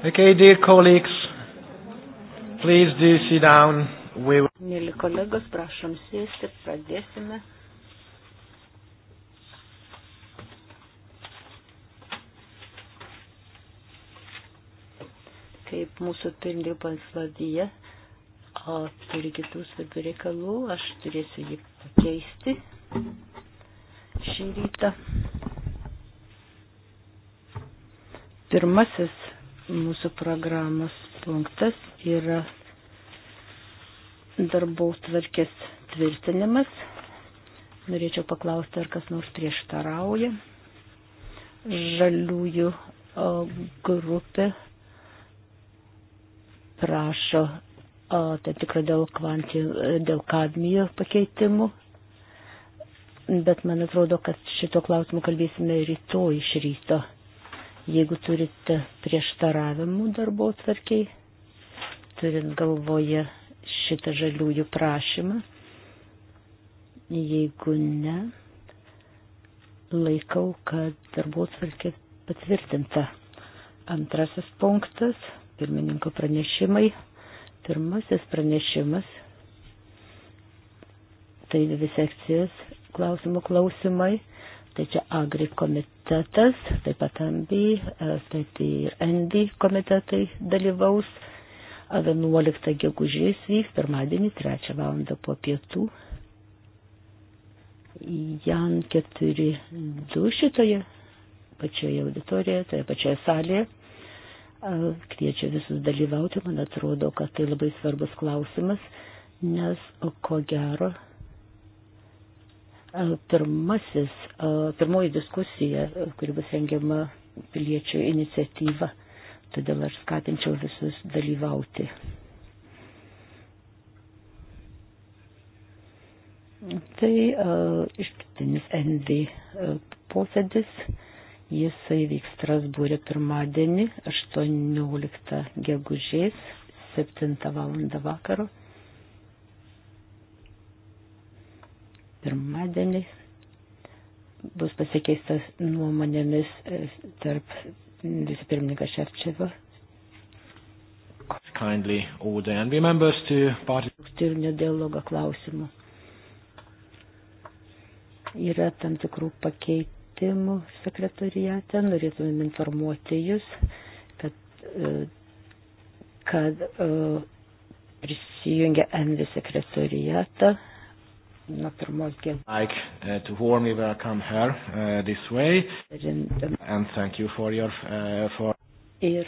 Okay, dear colleagues, please do sit down. We will... Mėly kolegos, prašom sėsti, pradėsime. Kaip mūsų pirmdirbans vadyje, o turi kitų svarbių reikalų, aš turėsiu jį pakeisti šį rytą. Pirmasis Mūsų programos punktas yra darbų tvarkės tvirtinimas. Norėčiau paklausti, ar kas nors prieštarauja. Žaliųjų grupė prašo tam tikrą dėl, kvantį, dėl kadmijo pakeitimų, bet man atrodo, kad šito klausimu kalbėsime rytoj iš ryto. Jeigu turite prieštaravimų darbo tvarkiai, turint galvoje šitą žaliųjų prašymą, jeigu ne, laikau, kad darbo tvarkė patvirtinta. Antrasis punktas - pirmininko pranešimai. Pirmasis pranešimas - tai dvi sekcijas klausimų klausimai Tai čia Agri komitetas, taip pat Ambi, e, Sveti ir Endi komitetai dalyvaus. 11 gegužės vyks pirmadienį 3 val. po pietų. Jan 4.2 šitoje pačioje auditorijoje, toje pačioje salėje. Kviečia visus dalyvauti, man atrodo, kad tai labai svarbus klausimas, nes ko gero pirmasis, pirmoji diskusija, kuri bus rengiama piliečių iniciatyva, todėl aš skatinčiau visus dalyvauti. Tai išplitinis NV posėdis, jisai vyks Strasbūrė pirmadienį 18 gegužės 7 val. vakaro. Pirmadienį bus pasikeistas nuomonėmis e, tarp vicepirmininkas Ševčevo. Kindly order and remembers to Turinio dialogo klausimų. Yra tam tikrų pakeitimų sekretorijate, norėtumėm informuoti jūs, kad, e, kad e, prisijungia NV sekretorijatą nuo pirmos gėlės. Like, uh, to warm you welcome her uh, this way. And thank you for your uh, for. Ir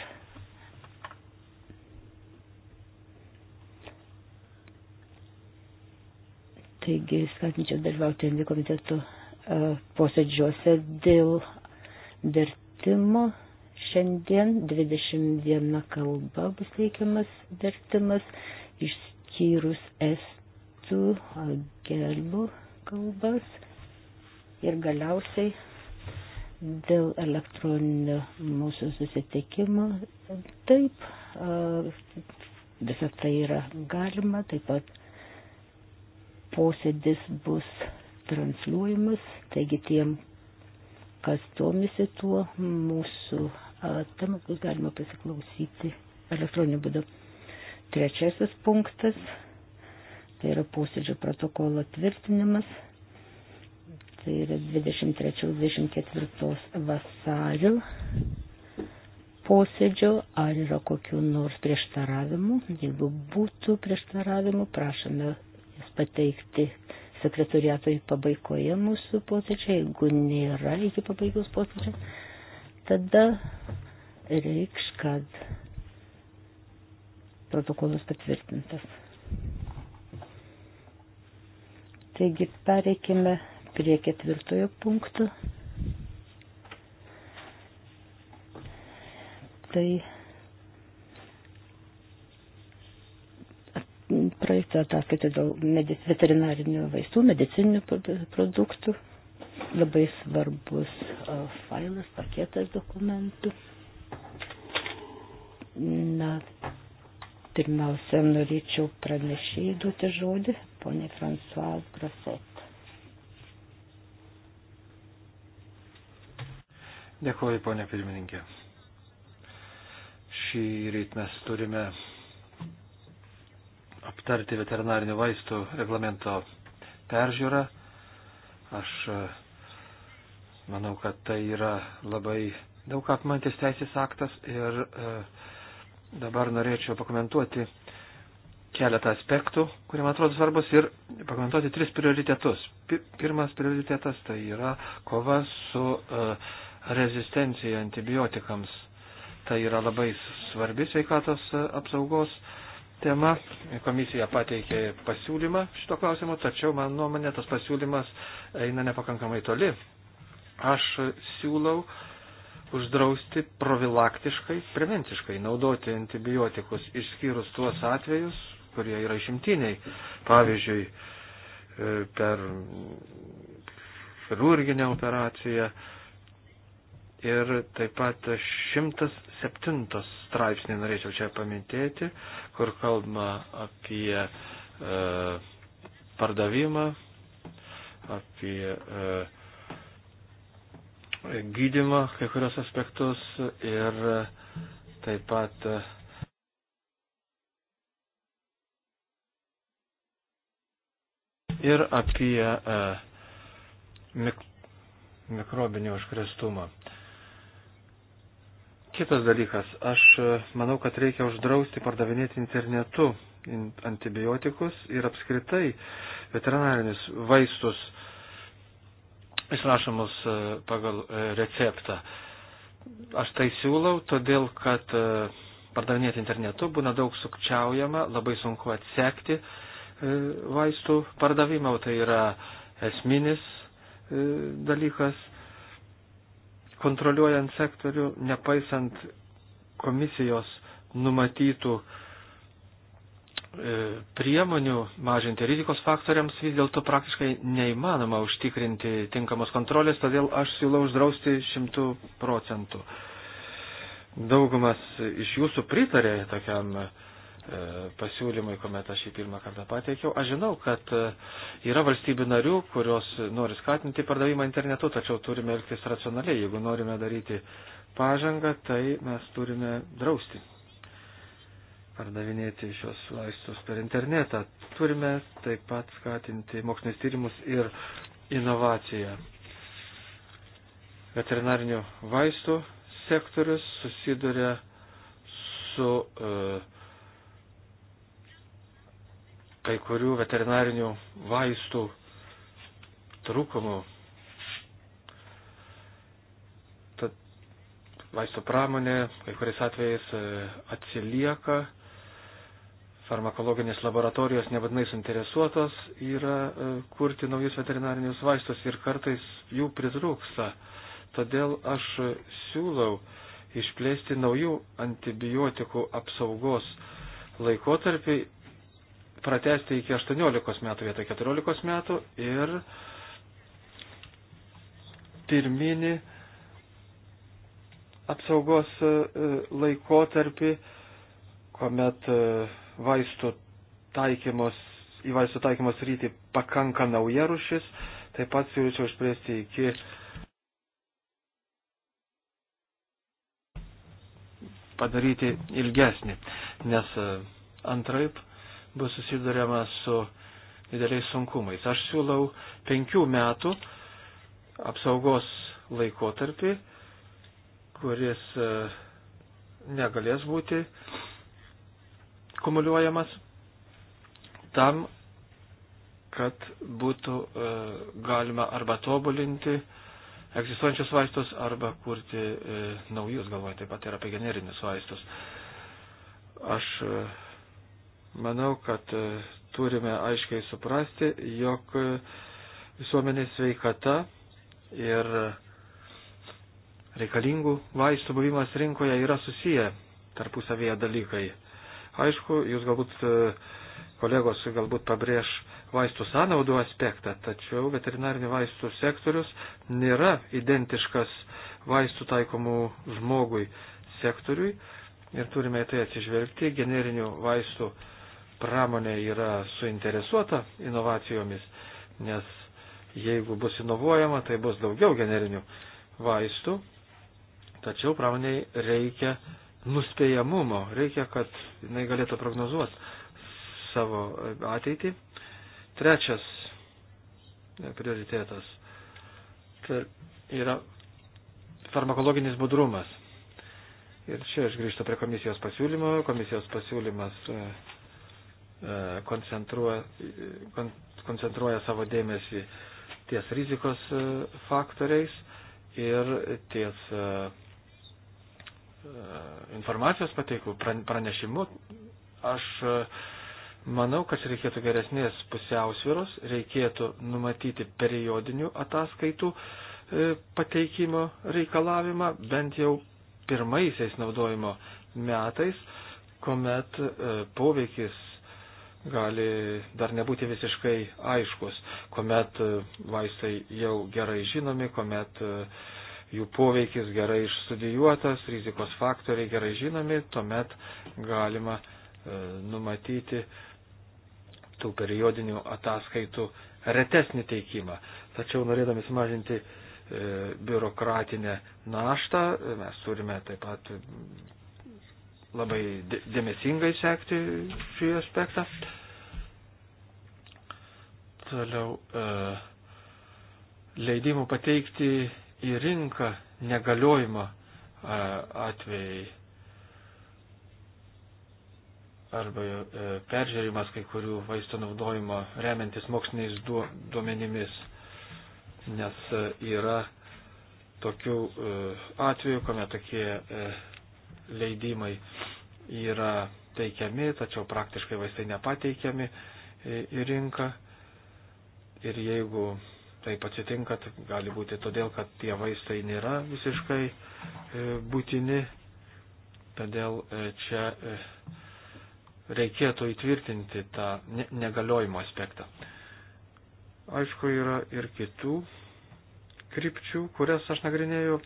Taigi skatinčiau dalyvauti Envi komiteto uh, e, posėdžiuose dėl vertimo. Šiandien 21 kalba bus teikiamas vertimas išskyrus estų su gelbų kalbas ir galiausiai dėl elektroninio mūsų susitikimo. Taip, visą tai yra galima, taip pat posėdis bus transliuojamas, taigi tiem, kas domisi tuo, mūsų temą bus galima pasiklausyti elektroniniu būdu. Trečiasis punktas Tai yra posėdžio protokolo tvirtinimas. Tai yra 23-24 vasario posėdžio. Ar yra kokiu nors prieštaravimu? Jeigu būtų prieštaravimu, prašome jas pateikti sekretoriatoj pabaigoje mūsų posėdžio. Jeigu nėra iki pabaigos posėdžio, tada reikš, kad protokolas patvirtintas. Taigi pereikime prie ketvirtojo punkto. Tai projekto ataskaita dėl medis, veterinarinių vaistų, medicininių produktų. Labai svarbus failas, paketas dokumentų. Na, pirmiausia, norėčiau pranešėjai duoti žodį, ponė François Groset. Dėkuoju, ponė pirmininkė. Šį rytą mes turime aptarti veterinarinių vaistų reglamento peržiūrą. Aš e, manau, kad tai yra labai daug apmantis teisės aktas ir e, dabar norėčiau pakomentuoti e, keletą aspektų, kurie man atrodo svarbus ir pakomentuoti tris prioritetus. Pirmas prioritetas tai yra kova su uh, rezistencija antibiotikams. Tai yra labai svarbi sveikatos e, apsaugos tema. Komisija pateikė pasiūlymą šito klausimu, tačiau man nuomonė tas pasiūlymas eina nepakankamai toli. Aš siūlau uždrausti profilaktiškai, prevenciškai naudoti antibiotikus, išskyrus tuos atvejus, kurie yra išimtiniai. Pavyzdžiui, e, per chirurginę operaciją ir taip pat 107 straipsnį norėčiau čia paminėti, kur kalbama apie e, pardavimą, apie e, gydimą kai kurios aspektus ir e, taip pat e, ir apie e, mik mikrobinį užkrestumą. Kitas dalykas, aš e, manau, kad reikia uždrausti pardavinėti internetu antibiotikus ir apskritai veterinarinis vaistus išrašomus e, pagal e, receptą. Aš tai siūlau, todėl kad pardavinėti internetu būna daug sukčiaujama, labai sunku atsekti E, vaistų pardavimo, tai yra esminis e, dalykas, kontroliuojant sektorių, nepaisant komisijos numatytų e, priemonių mažinti rizikos faktoriams vis dėlto praktiškai neįmanoma užtikrinti tinkamos kontrolės, todėl aš siūlau uždrausti 100 procentų. Daugumas iš jūsų pritarė tokiam uh, E, pasiūlymai, kuomet aš jį pirmą kartą pateikiau. Aš žinau, kad e, yra valstybių narių, kurios nori skatinti pardavimą internetu, tačiau turime elgtis racionaliai. Jeigu norime daryti pažangą, tai mes turime drausti pardavinėti šios vaistus per internetą. Turime taip pat skatinti mokslinis tyrimus ir inovaciją. Veterinarinių vaistų sektorius susiduria su uh, kai kurių veterinarinių vaistų trūkumų. Tad vaisto pramonė kai kuriais atvejais e, atsilieka, farmakologinės laboratorijos nebadnai suinteresuotos yra e, kurti naujus veterinarinius vaistus ir kartais jų pritrūksta. Todėl aš siūlau išplėsti naujų antibiotikų apsaugos laikotarpį pratesti iki 18 metų vietoj 14 metų ir pirminį apsaugos e, e, laikotarpį, kuomet e, vaistų taikymos, į vaistų taikymos rytį pakanka nauja rušis, taip pat siūlyčiau išplėsti iki padaryti ilgesnį, nes antraip bus susidurėma su dideliais sunkumais. Aš siūlau penkių metų apsaugos laikotarpį, kuris e, negalės būti kumuliuojamas tam, kad būtų e, galima arba tobulinti egzistuojančius vaistus, arba kurti e, naujus, galvojant taip pat ir apie generinius vaistus. Aš e, Manau, kad e, turime aiškiai suprasti, jog e, visuomenės sveikata ir reikalingų vaistų buvimas rinkoje yra susiję tarpusavėje dalykai. Aišku, jūs galbūt, e, kolegos, galbūt pabrėž vaistų sąnaudų aspektą, tačiau veterinarinių vaistų sektorius nėra identiškas vaistų taikomų žmogui sektoriui ir turime į tai atsižvelgti generinių vaistų pramonė yra suinteresuota inovacijomis, nes jeigu bus inovuojama, tai bus daugiau generinių vaistų, tačiau pramoniai reikia nuspėjamumo, reikia, kad jinai galėtų prognozuoti savo ateitį. Trečias prioritetas tai yra farmakologinis budrumas. Ir čia aš grįžtu prie komisijos pasiūlymo. Komisijos pasiūlymas e, E, koncentruoja, koncentruoja savo dėmesį ties rizikos e, faktoriais ir ties e, informacijos pateikų pranešimu. Aš manau, kad reikėtų geresnės pusiausviros, reikėtų numatyti periodinių ataskaitų pateikimo reikalavimą, bent jau pirmaisiais naudojimo metais, kuomet poveikis gali dar nebūti visiškai aiškus, kuomet e, vaistai jau gerai žinomi, kuomet e, jų poveikis gerai išstudijuotas, rizikos faktoriai gerai žinomi, tuomet galima e, numatyti tų periodinių ataskaitų retesnį teikimą. Tačiau norėdami sumažinti biurokratinę naštą, mes turime taip pat labai dėmesingai sekti šį aspektą. Toliau e, leidimų pateikti į rinką negaliojimo e, atvejai arba e, peržiūrimas kai kurių vaistų naudojimo remiantis moksliniais duomenimis, nes yra tokių atvejų, kuomet tokie leidimai yra teikiami, tačiau praktiškai vaistai nepateikiami į rinką. Ir jeigu taip atsitinka, tai gali būti todėl, kad tie vaistai nėra visiškai e, būtini. Todėl e, čia e, reikėtų įtvirtinti tą negaliojimo aspektą. Aišku, yra ir kitų krypčių, kurias aš nagrinėjau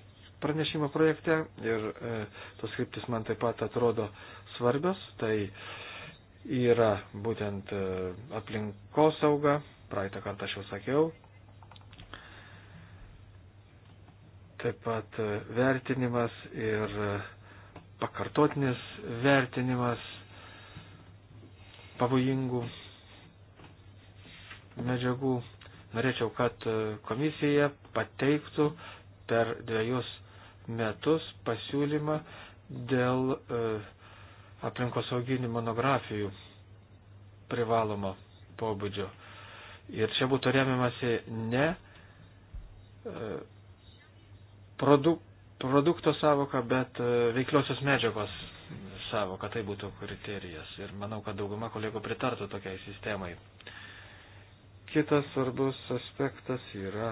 pranešimo projekte ir e, tos kryptis man taip pat atrodo svarbios. Tai yra būtent e, aplinkosauga, praeitą kartą aš jau sakiau. Taip pat e, vertinimas ir e, pakartotinis vertinimas pavojingų medžiagų norėčiau, kad e, komisija pateiktų per dviejus metus pasiūlymą dėl e, aplinkosauginių monografijų privalomo pobūdžio. Ir čia būtų remiamasi ne e, produ, produkto savoka, bet e, veikliosios medžiagos savoka, tai būtų kriterijas. Ir manau, kad dauguma kolegų pritartų tokiai sistemai. Kitas svarbus aspektas yra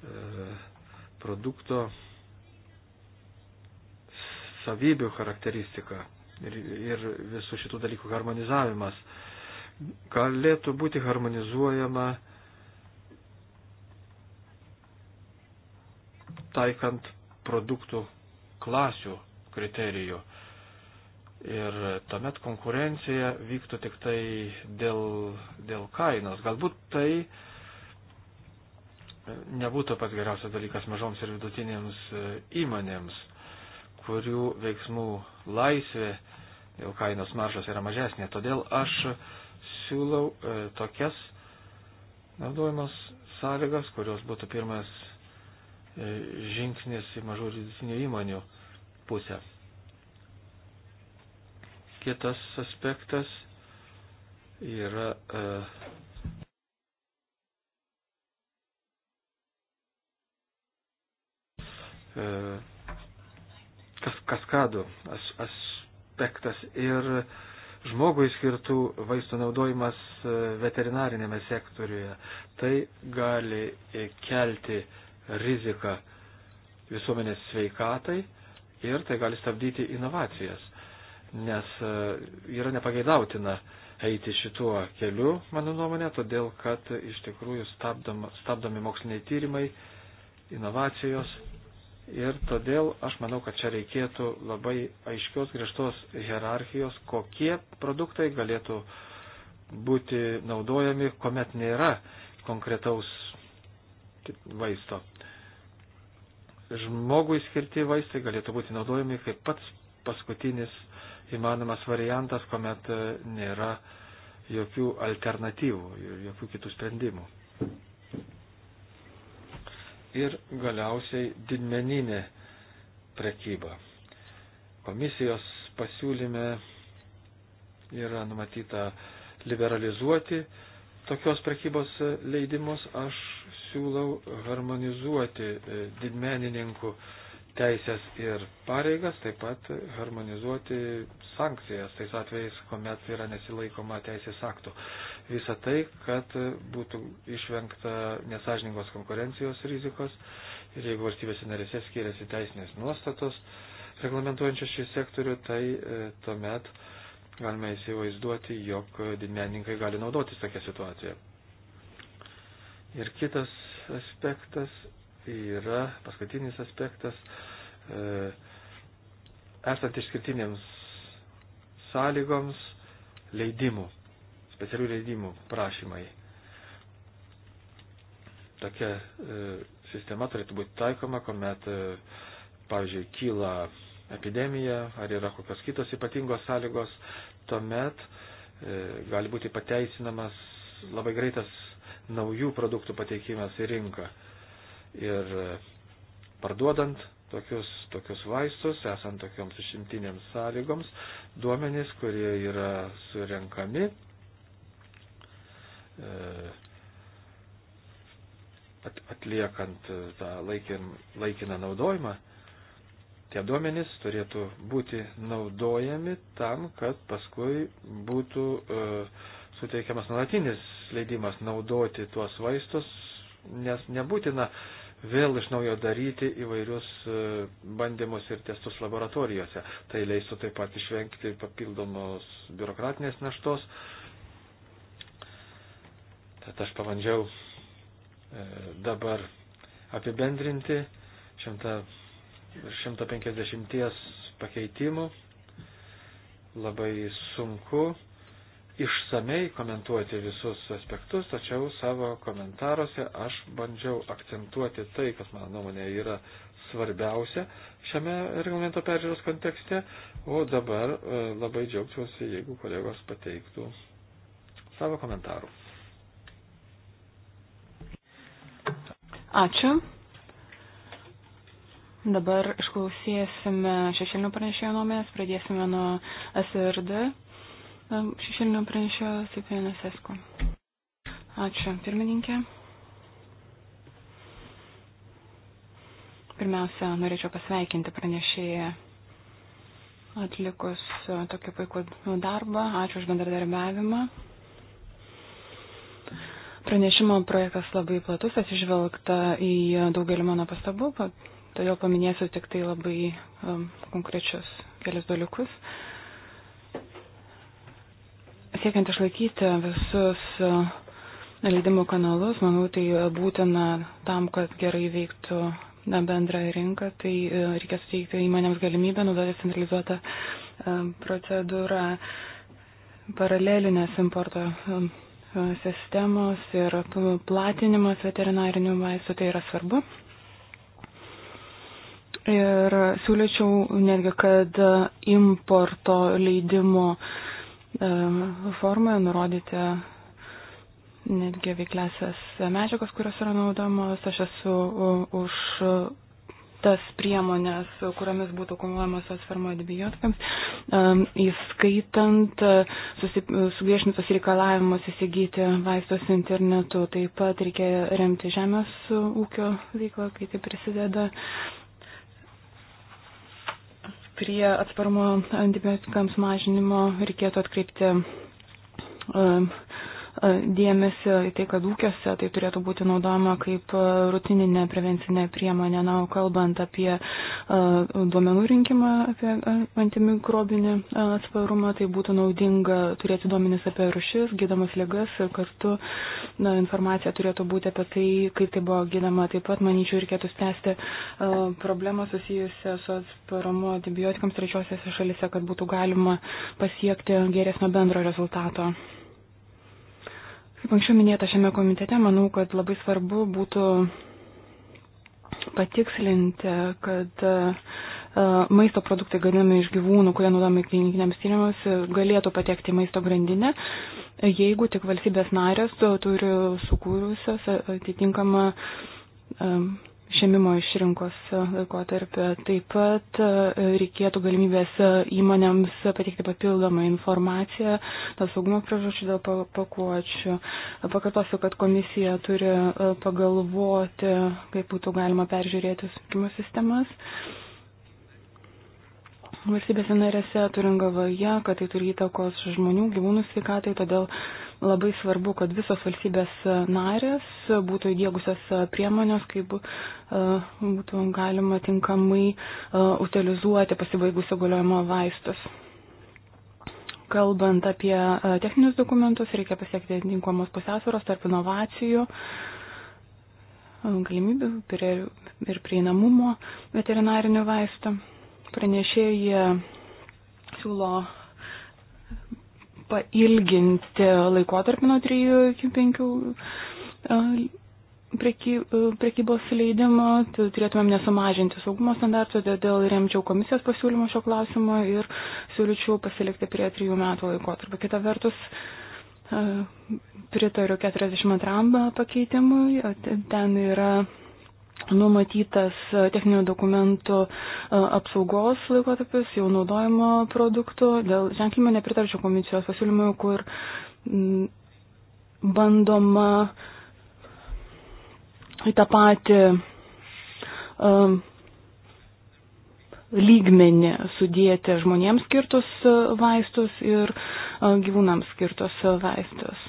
e, produkto savybių charakteristika ir, ir visų šitų dalykų harmonizavimas galėtų būti harmonizuojama taikant produktų klasių kriterijų. Ir tuomet konkurencija vyktų tik tai dėl, dėl kainos. Galbūt tai uh, nebūtų pats geriausias dalykas mažoms ir vidutinėms e, įmonėms, kurių veiksmų laisvė, jau kainos maržas yra mažesnė. Todėl aš siūlau e, tokias naudojamos sąlygas, kurios būtų pirmas e, žingsnis į mažų ir vidutinių įmonių pusę. Kitas aspektas yra e, kas, e, kaskadų as, aspektas ir žmogui skirtų vaistų naudojimas e, veterinarinėme sektoriuje. Tai gali e, kelti riziką visuomenės sveikatai ir tai gali stabdyti inovacijas, nes yra nepageidautina eiti šituo keliu, mano nuomonė, todėl kad iš tikrųjų stabdom, stabdomi moksliniai tyrimai, inovacijos Ir todėl aš manau, kad čia reikėtų labai aiškios griežtos hierarchijos, kokie produktai galėtų būti naudojami, kuomet nėra konkretaus vaisto. Žmogui skirti vaistai galėtų būti naudojami kaip pats paskutinis įmanomas variantas, kuomet nėra jokių alternatyvų ir jokių kitų sprendimų ir galiausiai didmeninė prekyba. Komisijos pasiūlyme yra numatyta liberalizuoti tokios prekybos leidimus, aš siūlau harmonizuoti e, didmenininkų teisės ir pareigas, taip pat harmonizuoti sankcijas tais atvejais, kuomet yra nesilaikoma teisės aktų visą tai, kad būtų išvengta nesažiningos konkurencijos rizikos ir jeigu valstybėse narėse skiriasi teisinės nuostatos reglamentuojančios šį sektorių, tai e, tuomet galime įsivaizduoti, jog didmenininkai gali naudotis tokią situaciją. Ir kitas aspektas yra, paskutinis aspektas, e, esant išskirtinėms sąlygoms leidimų specialių leidimų prašymai. Tokia e, sistema turėtų būti taikoma, kuomet, e, pavyzdžiui, kyla epidemija ar yra kokios kitos ypatingos sąlygos, tuomet e, gali būti pateisinamas labai greitas naujų produktų pateikimas į rinką. Ir e, parduodant tokius, tokius vaistus, esant tokioms išimtinėms sąlygoms, duomenys, kurie yra surenkami, E, atliekant e, tą laikin, laikiną naudojimą, tie duomenys turėtų būti naudojami tam, kad paskui būtų e, suteikiamas nuolatinis leidimas naudoti tuos vaistus, nes nebūtina vėl iš naujo daryti įvairius e, bandymus ir testus laboratorijose. Tai leistų taip pat išvengti papildomos biurokratinės naštos. E, Tad aš pabandžiau e, dabar apibendrinti 150 pakeitimų. Labai sunku išsamei komentuoti visus aspektus, tačiau savo komentaruose aš bandžiau akcentuoti tai, kas mano nuomonė yra svarbiausia šiame reglamento peržiūros kontekste, o dabar e, labai džiaugčiausi, jeigu kolegos pateiktų savo komentarų. Ačiū. Dabar išklausėsime šešėlinio pranešėjo nuomonės, pradėsime nuo SRD šešėlinio pranešėjo Sipienės Esko. Ačiū, pirmininkė. Pirmiausia, norėčiau pasveikinti pranešėją atlikus tokį puikų darbą. Ačiū už bendradarbiavimą. Pranešimo projektas labai platus, atsižvelgta į daugelį mano pastabų, todėl paminėsiu tik tai labai um, konkrečius kelias dalykus. Siekiant išlaikyti visus uh, leidimų kanalus, manau, tai būtina tam, kad gerai veiktų na, bendrą rinką, tai uh, reikia suteikti įmonėms galimybę naudoti centralizuotą uh, procedūrą paralelinės importo. Um, sistemos ir platinimas veterinarinių vaistų, tai yra svarbu. Ir siūlyčiau netgi, kad importo leidimo e, formoje nurodyti netgi veiklesias medžiagas, kurios yra naudojamos. Aš esu už tas priemonės, kuriamis būtų kumuojamas atsvarmo antibiotikams, įskaitant e, sugriešintus reikalavimus įsigyti vaistus internetu. Taip pat reikia remti žemės ūkio veiklą, kai tai prisideda prie atsparumo antibiotikams mažinimo reikėtų atkreipti dėmesį į tai, kad ūkiuose tai turėtų būti naudojama kaip rutininė prevencinė priemonė. Na, o kalbant apie duomenų rinkimą, apie antimikrobinį atsparumą, tai būtų naudinga turėti duomenis apie rušis, gydamas ligas ir kartu na, informacija turėtų būti apie tai, kaip tai buvo gydama. Taip pat, manyčiau, reikėtų stęsti problemą susijusią su atsparumu antibiotikams trečiosiose šalise, kad būtų galima pasiekti geresnio bendro rezultato. Kaip anksčiau minėta šiame komitete, manau, kad labai svarbu būtų patikslinti, kad e, maisto produktai gaminami iš gyvūnų, kurie naudojami klinikiniams tyrimams, galėtų patekti į maisto grandinę, jeigu tik valstybės narės turi sukūrusios e, atitinkamą e, išėmimo iš rinkos laikotarpio. Taip pat e, reikėtų galimybės e, įmonėms pateikti papildomą informaciją dėl saugumo priežasčių, dėl pakuočių. Pakartosiu, kad komisija turi e, pagalvoti, kaip būtų galima peržiūrėti sutikimo sistemas. Valstybėse narėse turint galvoje, kad tai turi įtakos žmonių, gyvūnų sveikatai, todėl uh, Labai svarbu, kad visos valstybės narės būtų įdėgusios priemonės, kaip e, būtų galima tinkamai e, utilizuoti pasibaigusio galiojimo vaistus. Kalbant apie e, techninius dokumentus, reikia pasiekti tinkamos pusiausvėros tarp inovacijų galimybių ir prieinamumo veterinarinių vaistų. Pranešėjai siūlo pailginti laikotarpį nuo 3 iki 5 e, e, prekybos leidimo, tai turėtumėm nesumažinti saugumo standartų, todėl tai remčiau komisijos pasiūlymą šio klausimo ir siūlyčiau pasilikti prie 3 metų laikotarpio. Kita vertus, e, pritariu 42 pakeitimui, ten yra numatytas e, techninių dokumentų e, apsaugos laikotarpis jau naudojimo produktų. Dėl ženklimo nepritarčiau komisijos pasiūlymui, kur mm, bandoma į tą patį um, lygmenį sudėti žmonėms skirtus vaistus ir gyvūnams skirtus vaistus.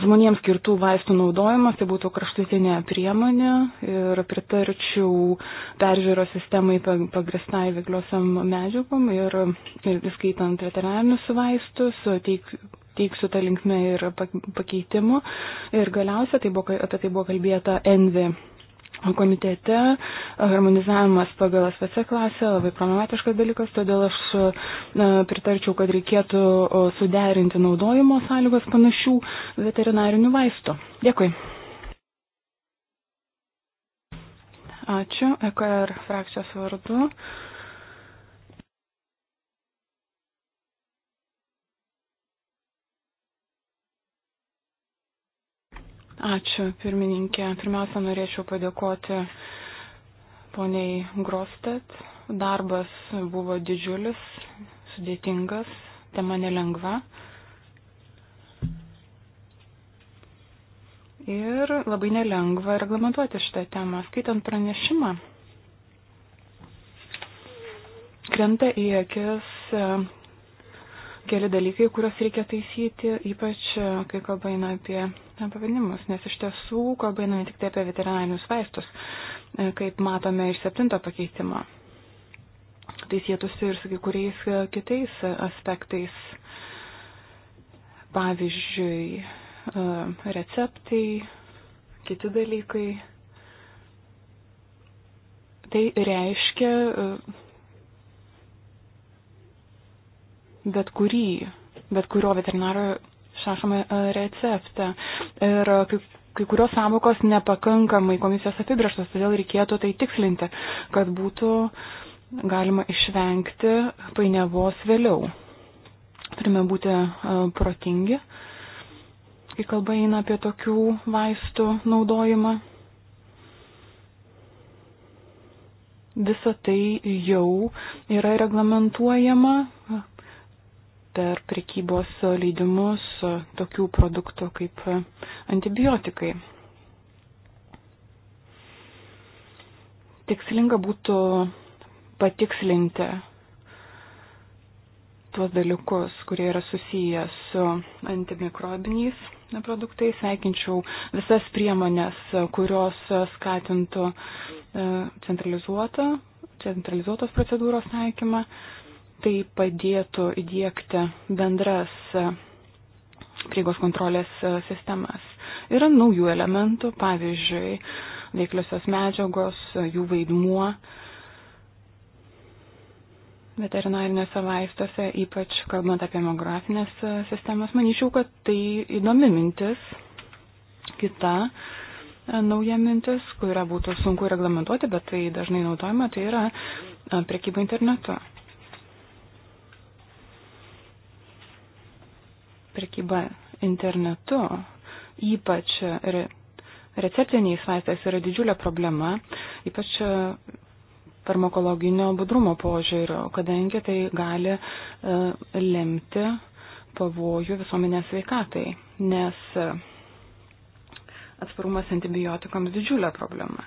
žmonėms skirtų vaistų naudojimas tai būtų kraštutinė priemonė ir pritarčiau peržiūros sistemai pagristai veikliosiam medžiagom ir, ir įskaitant veterinarinius vaistus, teik, teiksiu tą linkmę ir pakeitimų. Ir galiausia tai buvo, apie tai buvo kalbėta Envi komitete harmonizavimas pagal SPC klasę labai problematiškas dalykas, todėl aš e, pritarčiau, kad reikėtų suderinti naudojimo sąlygos panašių veterinarinių vaistų. Dėkui. Ačiū. EKR frakcijos vardu. Ačiū, pirmininkė. Pirmiausia, norėčiau padėkoti poniai Grostet. Darbas buvo didžiulis, sudėtingas, tema nelengva. Ir labai nelengva reglamentuoti šitą temą. Skaitant pranešimą, krenta į akis e, keli dalykai, kuriuos reikia taisyti, ypač e, kai kalba eina apie pavadinimus, nes iš tiesų kalba eina ne tik tai apie veterinarinius vaistus, e, kaip matome iš septinto pakeitimo. Tai sėtusi ir su kai kuriais e, kitais aspektais, pavyzdžiui, e, receptai, kiti dalykai. Tai reiškia bet kurį, bet kurio veterinaro šešame recepte. Ir e, kaip kai kurios savokos nepakankamai komisijos apibrieštos, todėl reikėtų tai tikslinti, kad būtų galima išvengti painiavos vėliau. Turime būti e, protingi, kai kalba eina apie tokių vaistų naudojimą. Visa tai jau yra reglamentuojama per prekybos leidimus tokių produktų kaip antibiotikai. Tikslinga būtų patikslinti tuos dalykus, kurie yra susiję su antimikrobiniais produktais. Sveikinčiau visas priemonės, kurios skatintų e, centralizuotą, centralizuotos procedūros taikymą. Tai padėtų įdėkti bendras e, prieigos kontrolės e, sistemas. Yra naujų elementų, pavyzdžiui, veikliosios medžiagos, e, jų vaidmuo veterinarinėse vaistuose, ypač kalbant apie mografinės sistemas. Manyčiau, kad tai įdomi mintis. Kita nauja mintis, kurią būtų sunku reglamentuoti, bet tai dažnai naudojama, tai yra prekyba internetu. Prekyba internetu, ypač re, receptiniais vaistais, yra didžiulė problema, ypač e, farmakologinio budrumo požiūriu, kadangi tai gali uh, lemti pavojų visuomenės veikatai, nes e, atsparumas antibiotikams didžiulė problema.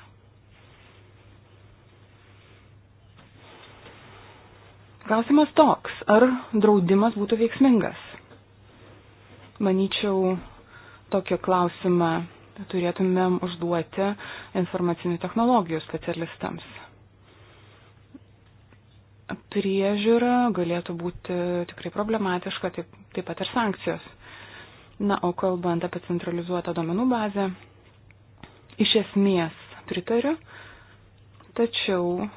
Klausimas toks, ar draudimas būtų veiksmingas? Manyčiau, tokį klausimą turėtumėm užduoti informacinių technologijų specialistams. Priežiūra galėtų būti tikrai problematiška, taip, taip pat ir sankcijos. Na, o kalbant apie centralizuotą domenų bazę, iš esmės pritariu, tačiau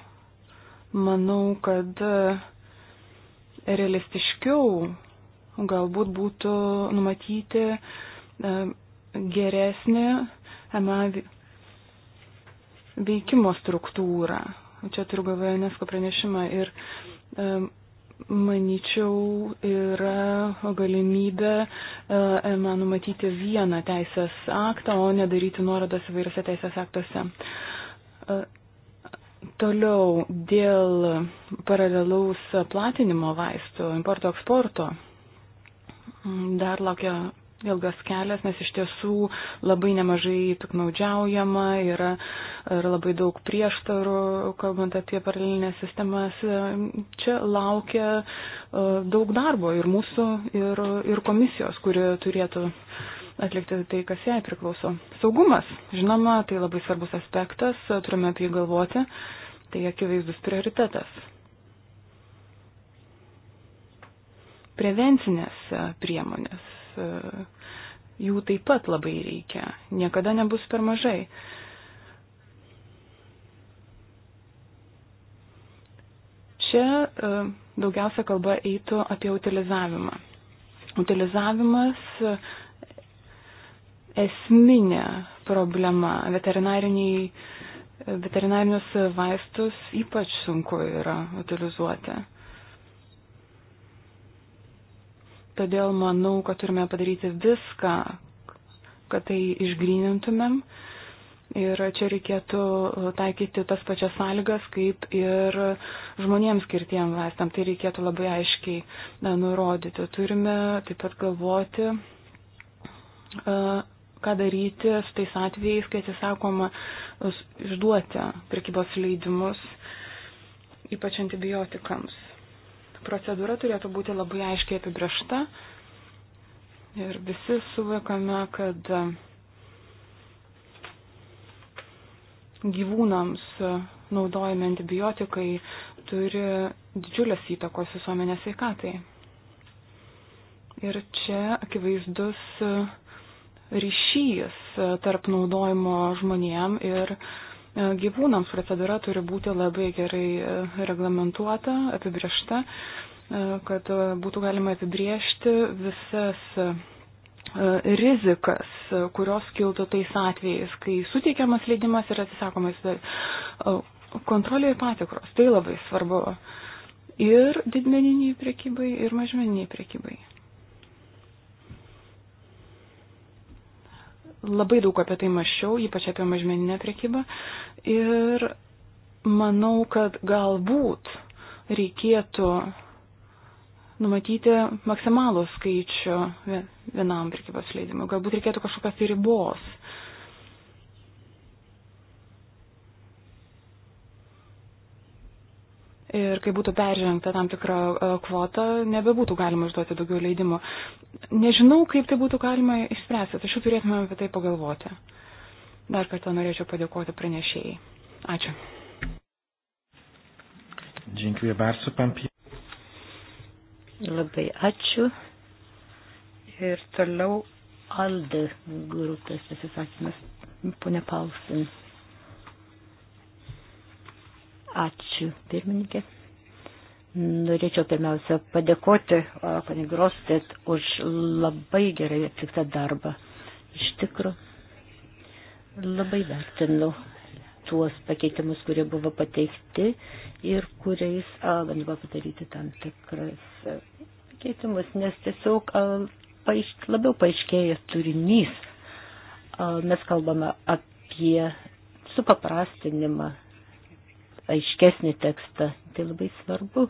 manau, kad realistiškiau galbūt būtų numatyti e, geresnį MA veikimo struktūrą. Čia turiu galvoje UNESCO pranešimą ir e, manyčiau yra galimybė EMA numatyti vieną teisės aktą, o nedaryti nuorodas įvairiose teisės aktuose. E, toliau dėl paralelaus platinimo vaistų, importo eksporto Dar laukia ilgas kelias, nes iš tiesų labai nemažai piknaudžiaujama, yra, yra labai daug prieštarų, kalbant apie paralelinės sistemas. Čia laukia e, daug darbo ir mūsų, ir, ir komisijos, kuri turėtų atlikti tai, kas jai priklauso. Saugumas, žinoma, tai labai svarbus aspektas, turime apie jį galvoti, tai akivaizdus prioritetas. prevencinės e, priemonės. E, jų taip pat labai reikia. Niekada nebus per mažai. Čia e, daugiausia kalba eitų apie utilizavimą. Utilizavimas esminė problema. Veterinarinius vaistus ypač sunku yra utilizuoti. Todėl manau, kad turime padaryti viską, kad tai išgrynintumėm. Ir čia reikėtų taikyti tas pačias sąlygas, kaip ir žmonėms skirtiem vaistam. Tai reikėtų labai aiškiai na, nurodyti. Turime taip pat galvoti, ką daryti su tais atvejais, kai atsisakoma išduoti prekybos leidimus, ypač antibiotikams. Procedūra turėtų būti labai aiškiai apibriešta ir visi suvokame, kad e, gyvūnams e, naudojami antibiotikai turi didžiulės įtakos visuomenės veikatai. Ir čia akivaizdus e, ryšys tarp naudojimo žmonėm ir uh, E, gyvūnams procedūra turi būti labai gerai e, reglamentuota, apibriešta, e, kad būtų galima apibriežti visas rizikas, kurios kiltų tais atvejais, kai suteikiamas leidimas ir atsisakomas kontrolė ir patikros. Tai labai svarbu ir didmeniniai priekybai, ir mažmeniniai priekybai. labai daug apie tai maščiau, ypač apie mažmeninę prekybą. Ir manau, kad galbūt reikėtų numatyti maksimalų skaičių vienam prekybos leidimui. Galbūt reikėtų kažkokios tai ribos. Uh, ir kai būtų peržengta tam tikra e, kvota, nebebūtų galima išduoti daugiau leidimų. Nežinau, kaip tai būtų galima išspręsti, tačiau turėtume apie tai pagalvoti. Dar kartą norėčiau padėkoti pranešėjai. Ačiū. Dziękuję bardzo, pan Labai ačiū. Ir toliau Alde grupės pasisakymas, ponia Paulsin. Ačiū, pirmininkė. Norėčiau pirmiausia padėkoti panė Grostėt už labai gerai atliktą darbą. Iš tikrųjų, labai vertinu tuos pakeitimus, kurie buvo pateikti ir kuriais bandoma padaryti tam tikras pakeitimus, nes tiesiog a, paaišk, labiau paaiškėja turinys. A, mes kalbame apie supaprastinimą aiškesnį tekstą. Tai labai svarbu,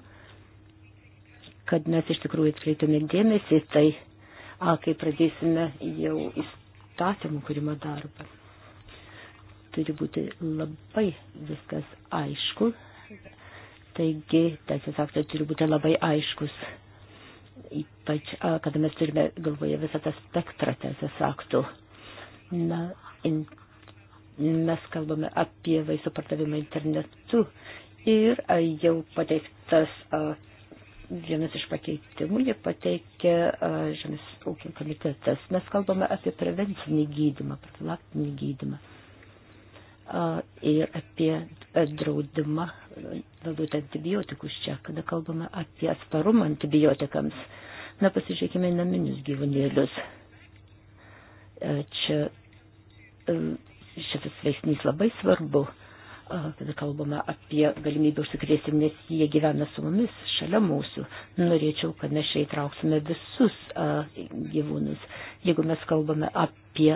kad mes iš tikrųjų atkreiptume dėmesį tai, a, kai pradėsime jau įstatymų kūrimo darbą. Turi būti labai viskas aišku. Taigi, teisės aktai turi būti labai aiškus ypač, kada mes turime galvoje visą tą spektrą teisės aktų. Na, in, mes kalbame apie vaisių pardavimą internetu ir jau pateiktas vienas iš pakeitimų, jie pateikė Žemės ūkio komitetas. Mes kalbame apie prevencinį gydimą, profilaktinį gydimą ir apie draudimą naudoti antibiotikus čia, kada kalbame apie atsparumą antibiotikams. Na, pasižiūrėkime naminius gyvūnėlius. Čia šitas veiksnys labai svarbu, kada kalbame apie galimybę užsikrėsti, nes jie gyvena su mumis, šalia mūsų. Norėčiau, kad mes čia įtrauksime visus gyvūnus. Jeigu mes kalbame apie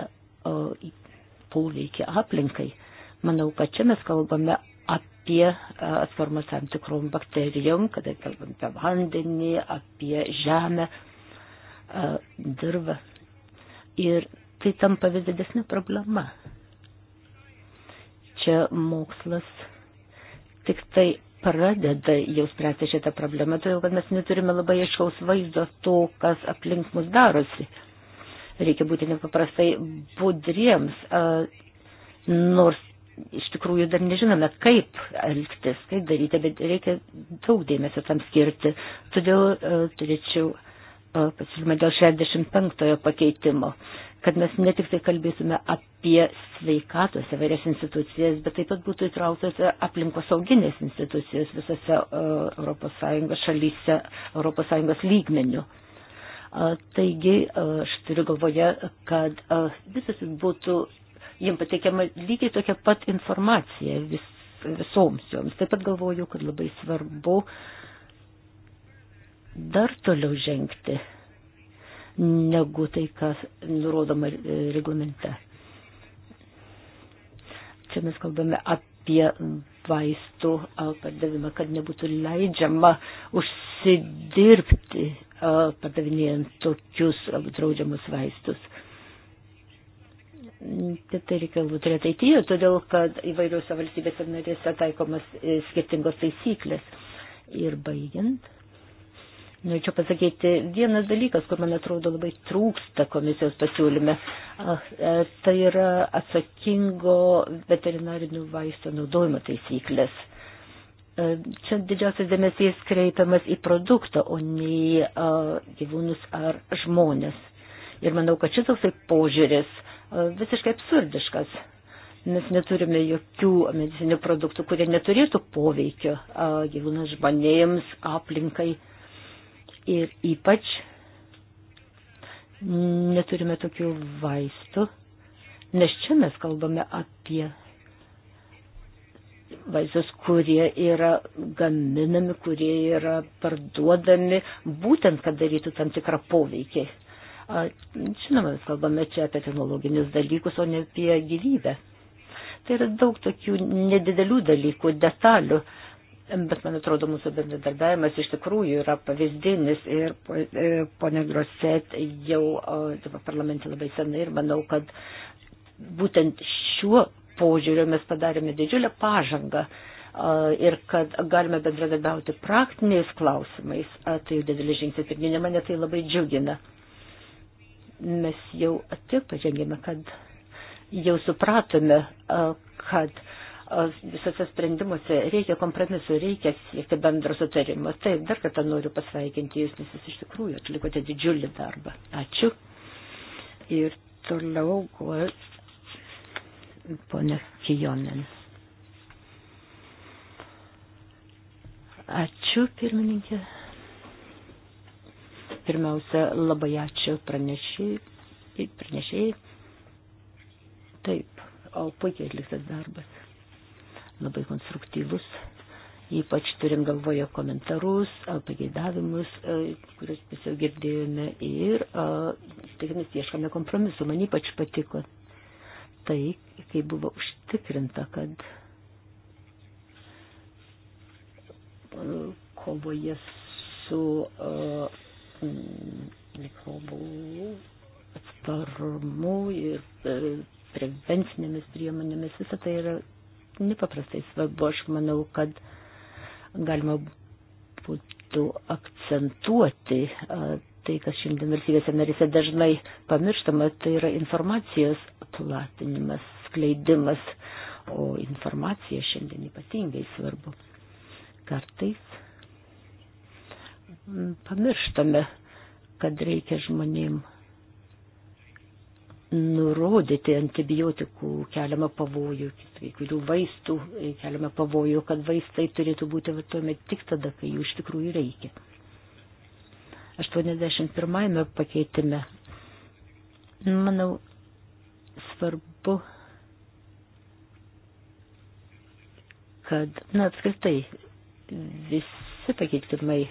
poveikį aplinkai, manau, kad čia mes kalbame apie atsparumą tam tikrom bakterijom, kada kalbame apie vandenį, apie žemę, dirvą. Ir tai tampa vis didesnė problema čia mokslas tik tai pradeda jau spręsti šitą problemą, todėl kad mes neturime labai aiškaus vaizdo to, kas aplink mus darosi. Reikia būti nepaprastai budriems, nors iš tikrųjų dar nežinome, kaip elgtis, kaip daryti, bet reikia daug dėmesio tam skirti. Todėl turėčiau pasiūlymą dėl 65 pakeitimo kad mes ne tik tai kalbėtume apie sveikatos įvairias institucijas, bet taip pat būtų įtrauktos aplinkosauginės institucijos visose ES šalyse, ES lygmenių. E, taigi, e, aš turiu galvoje, kad e, visas būtų, jiems pateikiama lygiai tokia pat informacija vis, visoms joms. Taip pat galvoju, kad labai svarbu dar toliau žengti negu tai, kas nurodoma reglamente. Čia mes kalbame apie vaistų pardavimą, kad nebūtų leidžiama užsidirbti pardavinėjant tokius draudžiamus vaistus. Tai reikia būti ateityje, todėl kad įvairiuose valstybėse narėse taikomas skirtingos taisyklės. Ir baigiant. Norėčiau pasakyti vienas dalykas, kur man atrodo labai trūksta komisijos pasiūlyme. Ah, eh, tai yra atsakingo veterinarinių vaistų naudojimo taisyklės. Eh, čia didžiausias dėmesys kreipiamas į produktą, o ne į eh, gyvūnus ar žmonės. Ir manau, kad šitoksai požiūris visiškai absurdiškas. Mes neturime jokių medicinių produktų, kurie neturėtų poveikio gyvūnams žmonėms, aplinkai. Ir ypač neturime tokių vaistų, nes čia mes kalbame apie vaistus, kurie yra gaminami, kurie yra parduodami, būtent, kad darytų tam tikrą poveikį. Žinoma, mes kalbame čia apie technologinius dalykus, o ne apie gyvybę. Tai yra daug tokių nedidelių dalykų, detalių, Bet man atrodo, mūsų bendradarbiavimas iš tikrųjų yra pavyzdinis ir e, ponė Groset jau parlamente labai senai ir manau, kad būtent šiuo požiūriu mes padarėme didžiulę pažangą ir kad galime bendradarbiauti praktiniais klausimais, tai jau didelis žingsnis pirminė mane tai labai džiugina. Mes jau tiek pažengėme, kad jau supratome, kad visose sprendimuose reikia kompromisų, reikia siekti bendro sutarimo. Taip, dar kartą noriu pasveikinti jūs, nes jūs iš tikrųjų atlikote didžiulį darbą. Ačiū. Ir toliau, ponė Kijonin. Ačiū, pirmininkė. Pirmiausia, labai ačiū pranešėjai. Taip, o puikiai atliktas darbas labai konstruktyvus, ypač turim galvoje komentarus, pageidavimus, kuriuos tiesiog girdėjome ir tikimės ieškame kompromisu. Man ypač patiko tai, kai buvo užtikrinta, kad kovoje su mikrobų atsparumu ir prevencinėmis priemonėmis, visą tai yra nepaprastai svarbu. Aš manau, kad galima būtų akcentuoti tai, kas šiandien valstybėse narise dažnai pamirštama, tai yra informacijos platinimas, skleidimas, o informacija šiandien ypatingai svarbu. Kartais pamirštame, kad reikia žmonėms nurodyti antibiotikų keliamą pavojų, kai kurių vaistų keliamą pavojų, kad vaistai turėtų būti vartojami tik tada, kai jų iš tikrųjų reikia. 81 pakeitime, manau, svarbu, kad, na, apskritai, visi pakeitimai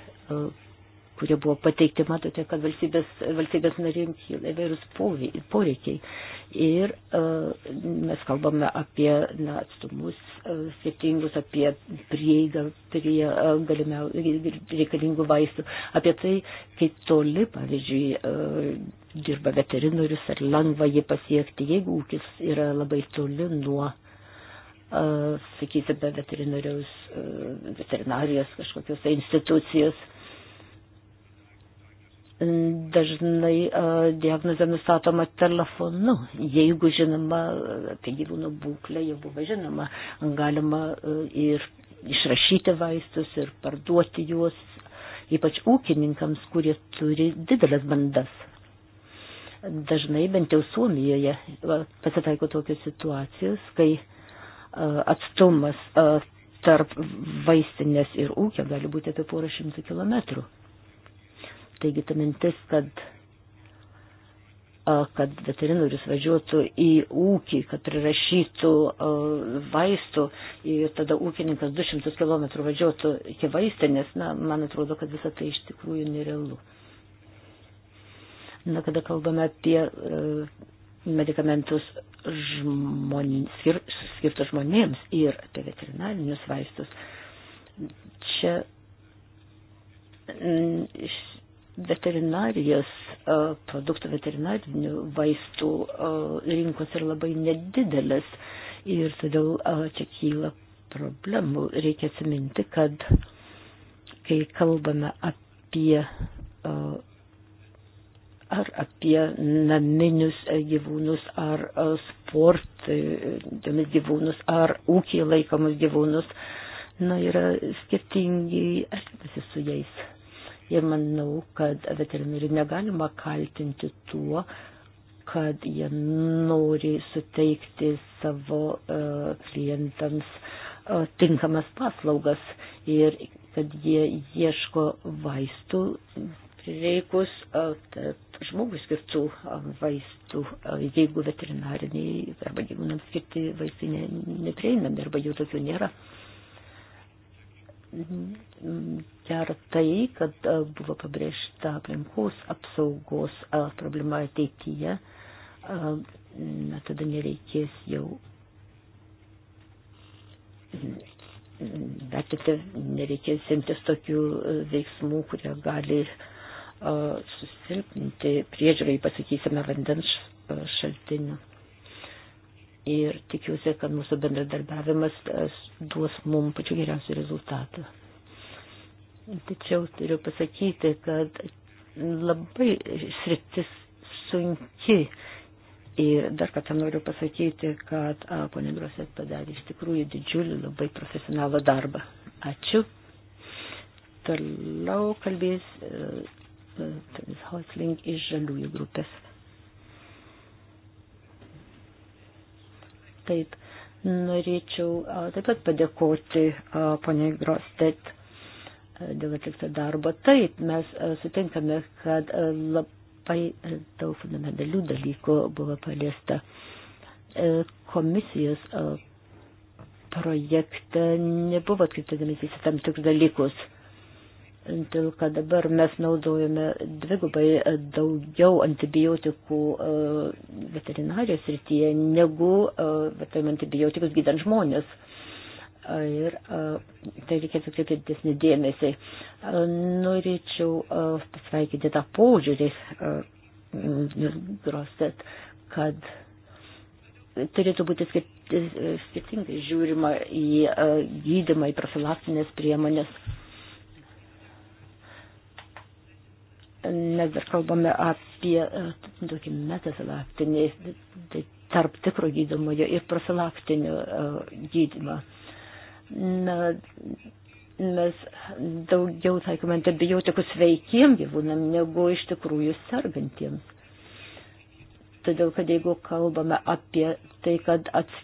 kurie buvo pateikti, matote, kad valstybės, valstybės narėm kyla įvairūs poreikiai. Ir uh, mes kalbame apie na, atstumus uh, skirtingus, apie prieigą prie uh, e, galimiau, reikalingų vaistų, apie tai, kaip toli, pavyzdžiui, uh, dirba veterinorius, ar lengva jį pasiekti, jeigu ūkis yra labai toli nuo uh, sakysime, veterinariaus, veterinarijos kažkokios tai institucijos dažnai diagnozė nustatoma telefonu. Jeigu žinoma apie gyvūnų būklę, jau buvo žinoma, galima ir išrašyti vaistus ir parduoti juos, ypač ūkininkams, kurie turi didelės bandas. Dažnai, bent jau Suomijoje, pasitaiko tokios situacijos, kai atstumas tarp vaistinės ir ūkio gali būti apie porą šimtų kilometrų. Taigi ta mintis, kad kad veterinorius važiuotų į ūkį, kad prirašytų vaistų ir tada ūkininkas 200 km važiuotų iki vaistinės, na, man atrodo, kad visą tai iš tikrųjų nerealu. Na, kada kalbame apie medikamentus žmonė, skir, skirtus žmonėms ir apie veterinarinius vaistus, čia veterinarijos e, produktų, veterinarinių vaistų e, rinkos yra labai nedidelis ir todėl e, čia kyla problemų. Reikia atsiminti, kad kai kalbame apie ar apie naminius gyvūnus, ar sportinius gyvūnus, ar ūkiai laikomus gyvūnus, na, yra skirtingi elgesi su jais. Ir manau, kad veterinarių negalima kaltinti tuo, kad jie nori suteikti savo uh, klientams uh, tinkamas paslaugas ir kad jie ieško vaistų prireikus, tad e, žmogus skirtų vaistų, jeigu veterinariniai arba gyvūnams skirti vaistai neprieinami arba jų tokių nėra. Uh, gera tai, kad e, buvo pabrėžta aplinkos apsaugos e, problema ateityje. E, na, tada nereikės jau vertinti, nereikės imtis tokių veiksmų, kurie gali susilpninti priežiūrai, pasakysime, vandens šaltinių ir tikiuosi, kad mūsų bendradarbiavimas e, duos mums pačiu geriausiu rezultatu. Tačiau turiu pasakyti, kad labai sritis sunki. Ir dar kartą noriu pasakyti, kad ponė Grosės padarė iš tikrųjų didžiulį, labai profesionalą darbą. Ačiū. Toliau kalbės e, e, Tomis Hosling iš Žaliųjų grupės. Taip, norėčiau taip pat padėkoti poniai Grostet dėl atlikto darbo. Taip, mes sutinkame, kad labai daug fundamentalių dalykų buvo paliesta. Komisijos projekte nebuvo atkreiptas dėmesys į tam tikrus dalykus Dėl kad dabar mes naudojame dvigubai e, daugiau antibiotikų e, veterinarijos rytyje negu e, vartojame antibiotikus gydant žmonės. Ir tai reikėtų kreipti didesnį dėmesį. Norėčiau pasveikinti tą požiūrį, Grostet, kad turėtų būti skirtingai žiūrima į gydimą, į profilaktinės priemonės. nes dar kalbame apie e, tokį metafilaktinį, tai tarp tikro gydomojo ir profilaktinio e, gydymą. Na, mes daugiau taikome antibiotikus veikiem gyvūnam negu iš tikrųjų sergantiems. Todėl, kad jeigu kalbame apie tai, kad, ats,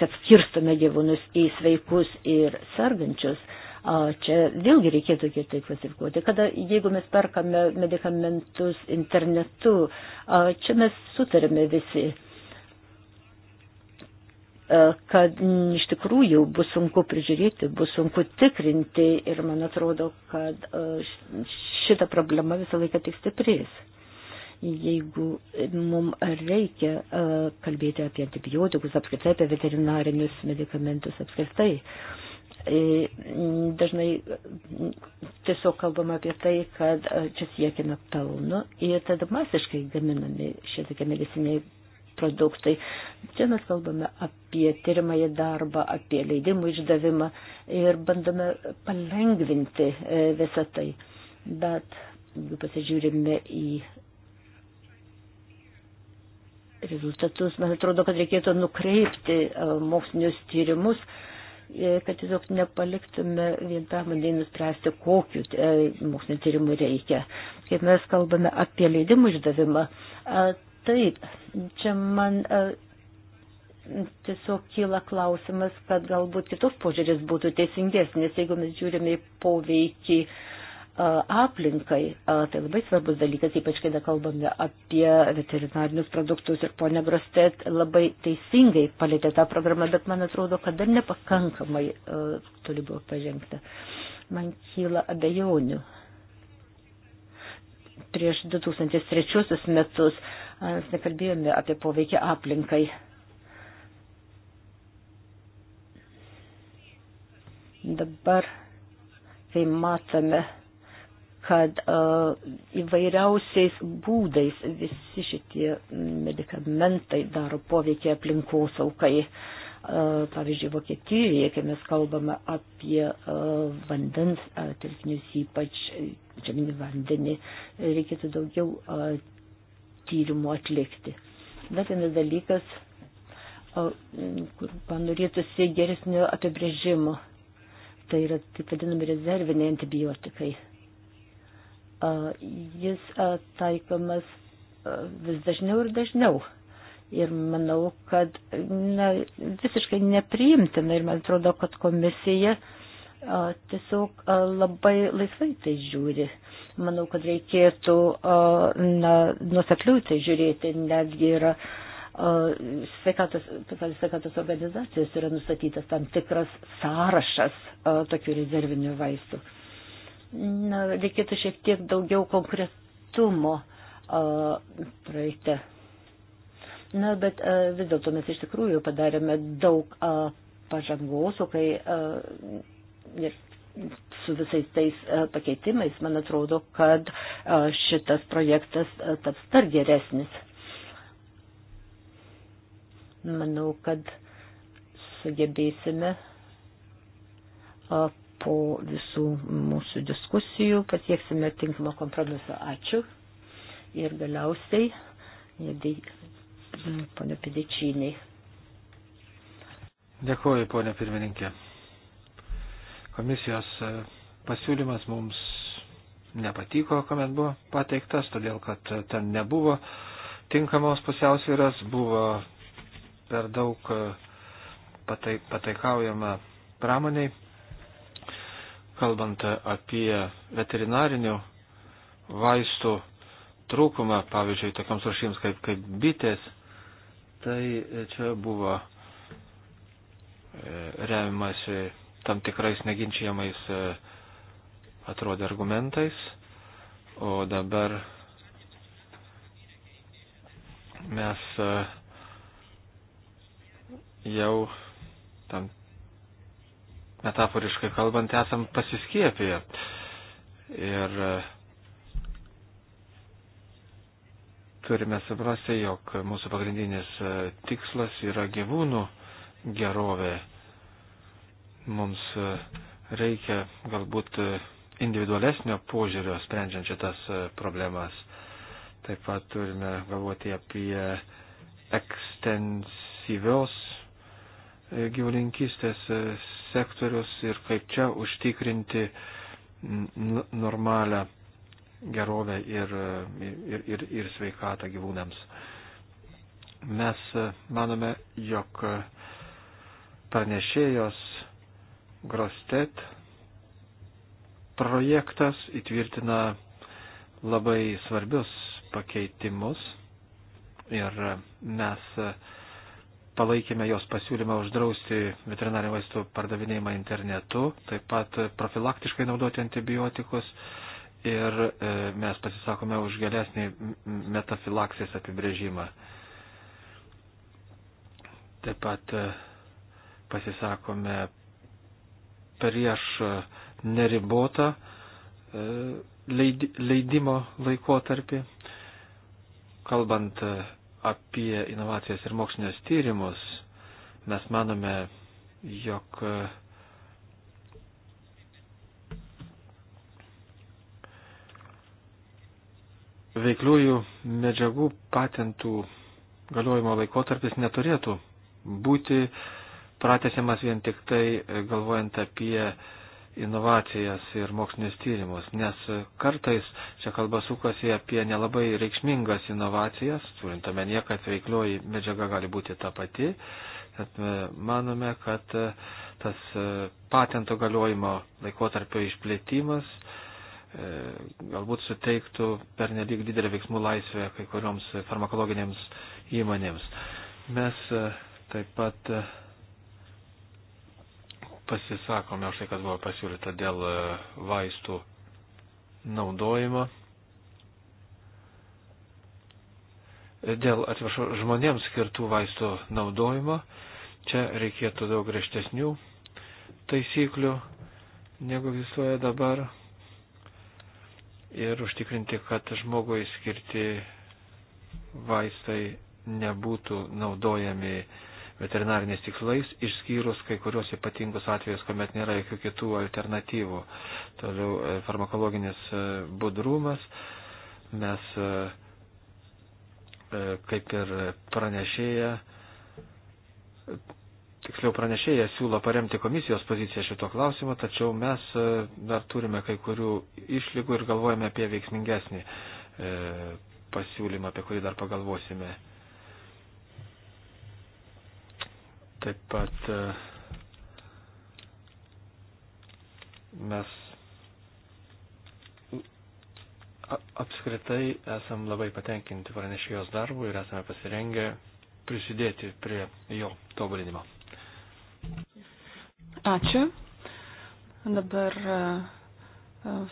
kad skirstome gyvūnus į sveikus ir sergančius, Čia vėlgi reikėtų kitaip klasifikuoti, kada jeigu mes perkame medikamentus internetu, čia mes sutarėme visi kad iš tikrųjų bus sunku prižiūrėti, bus sunku tikrinti ir man atrodo, kad šita problema visą laiką tik stiprės. Jeigu mums reikia kalbėti apie antibiotikus, apskritai apie veterinarinius medikamentus apskritai, E, dažnai tiesiog kalbama apie tai, kad e, čia siekime pelno ir tada masiškai gaminami šie tokie mediciniai produktai. Čia mes kalbame apie tyrimąjį darbą, apie leidimų išdavimą ir bandome palengvinti e, visą tai. Bet jeigu pasižiūrime į rezultatus, man atrodo, kad reikėtų nukreipti mokslinius tyrimus uh, E, kad tiesiog nepaliktume vien pramoniai nuspręsti, kokiu e, mokslinio tyrimu reikia. Kaip mes kalbame apie leidimų išdavimą, e, taip, čia man tiesiog kyla klausimas, kad galbūt kitos požiūris būtų teisingesnis, jeigu mes žiūrime į poveikį uh, aplinkai. Tai labai svarbus dalykas, ypač kai kalbame apie veterinarinius produktus ir ponia Grostet labai teisingai palėtė tą programą, bet man atrodo, kad dar nepakankamai toli buvo pažengta. Man kyla abejonių. Prieš 2003 metus mes nekalbėjome apie poveikį aplinkai. Dabar, kai matome kad uh, įvairiausiais būdais visi šitie medikamentai daro poveikį aplinkosaukai. Uh, e, pavyzdžiui, Vokietijoje, kai mes kalbame apie uh, vandens uh, telkinius, ypač žeminį vandenį, reikėtų daugiau uh, tyrimų atlikti. Dar vienas dalykas, uh, kur panorėtųsi geresnio apibrėžimo, tai yra taip vadinami rezerviniai antibiotikai. Uh, jis taikomas vis dažniau ir dažniau. Ir manau, kad na, visiškai nepriimtina ir man atrodo, kad komisija a, tiesiog a, labai laisvai tai žiūri. Manau, kad reikėtų a, na, nusekliau tai žiūrėti, netgi yra sveikatos, sveikatos organizacijos yra nustatytas tam tikras sąrašas a, tokių rezervinių vaistų. A, na, reikėtų šiek tiek daugiau konkretumo praeitę. Na, bet a, vis dėlto mes iš tikrųjų padarėme daug a, pažangos, o kai a, ir su visais tais a, pakeitimais, man atrodo, kad a, šitas projektas a, taps dar geresnis. Manau, kad sugebėsime a, po visų mūsų diskusijų pasieksime tinkamą kompromisą. Ačiū. Ir galiausiai, ponio Pidičiniai. Dėkuoju, ponė pirmininkė. Komisijos e, pasiūlymas mums nepatiko, kuomet buvo pateiktas, todėl kad e, ten nebuvo tinkamos pusiausvyras, buvo per daug e, patai, pataikaujama pramoniai kalbant apie veterinarinių vaistų trūkumą, pavyzdžiui, tokiams rušims kaip, kaip bitės, tai čia buvo e, remiamasi tam tikrais neginčiamais e, atrodė argumentais, o dabar mes e, jau tam metaforiškai kalbant, esam pasiskiepiję. Ir e, turime suprasti, jog mūsų pagrindinis e, tikslas yra gyvūnų gerovė. Mums e, reikia galbūt individualesnio požiūrio sprendžiant šitas problemas. Taip pat turime galvoti apie ekstensyvios gyvulinkystės sektorius ir kaip čia užtikrinti normalią gerovę ir, ir, ir, ir sveikatą gyvūnams. Mes manome, jog pranešėjos Grostet projektas įtvirtina labai svarbius pakeitimus ir mes palaikėme jos pasiūlymą uždrausti veterinarių vaistų pardavinėjimą internetu, taip pat profilaktiškai naudoti antibiotikus ir e, mes pasisakome už geresnį metafilaksės apibrėžimą. Taip pat e, pasisakome prieš neribotą e, leidimo laikotarpį, kalbant apie inovacijas ir mokslinius tyrimus, mes manome, jog e, veikliųjų medžiagų patentų galiojimo laikotarpis neturėtų būti pratesiamas vien tik tai e, galvojant apie inovacijas ir mokslinius tyrimus, nes kartais čia kalba sukasi apie nelabai reikšmingas inovacijas, turint omenyje, kad veiklioji medžiaga gali būti ta pati. Tad e, manome, kad e, tas e, patento galiojimo laikotarpio išplėtimas galbūt suteiktų per nelik didelę veiksmų laisvę kai kurioms farmakologinėms įmonėms. Mes taip pat pasisakome už tai, kad buvo pasiūlyta dėl e, vaistų naudojimo. E, dėl, atsiprašau, žmonėms skirtų vaistų naudojimo čia reikėtų daug griežtesnių taisyklių, negu egzistuoja dabar. Ir užtikrinti, kad žmogui skirti vaistai nebūtų naudojami uh, veterinariniais tikslais, išskyrus kai kurios ypatingus atvejus, kuomet nėra jokių kitų alternatyvų. Toliau e, farmakologinis e, budrumas. Mes, e, kaip ir pranešėja, tiksliau pranešėja siūlo paremti komisijos poziciją šito klausimo, tačiau mes dar turime kai kurių išlygų ir galvojame apie veiksmingesnį pasiūlymą, apie kurį dar pagalvosime. Taip pat e, mes apskritai esam labai patenkinti pranešėjos darbu ir esame pasirengę prisidėti prie jo tobulinimo. Ačiū. Dabar e,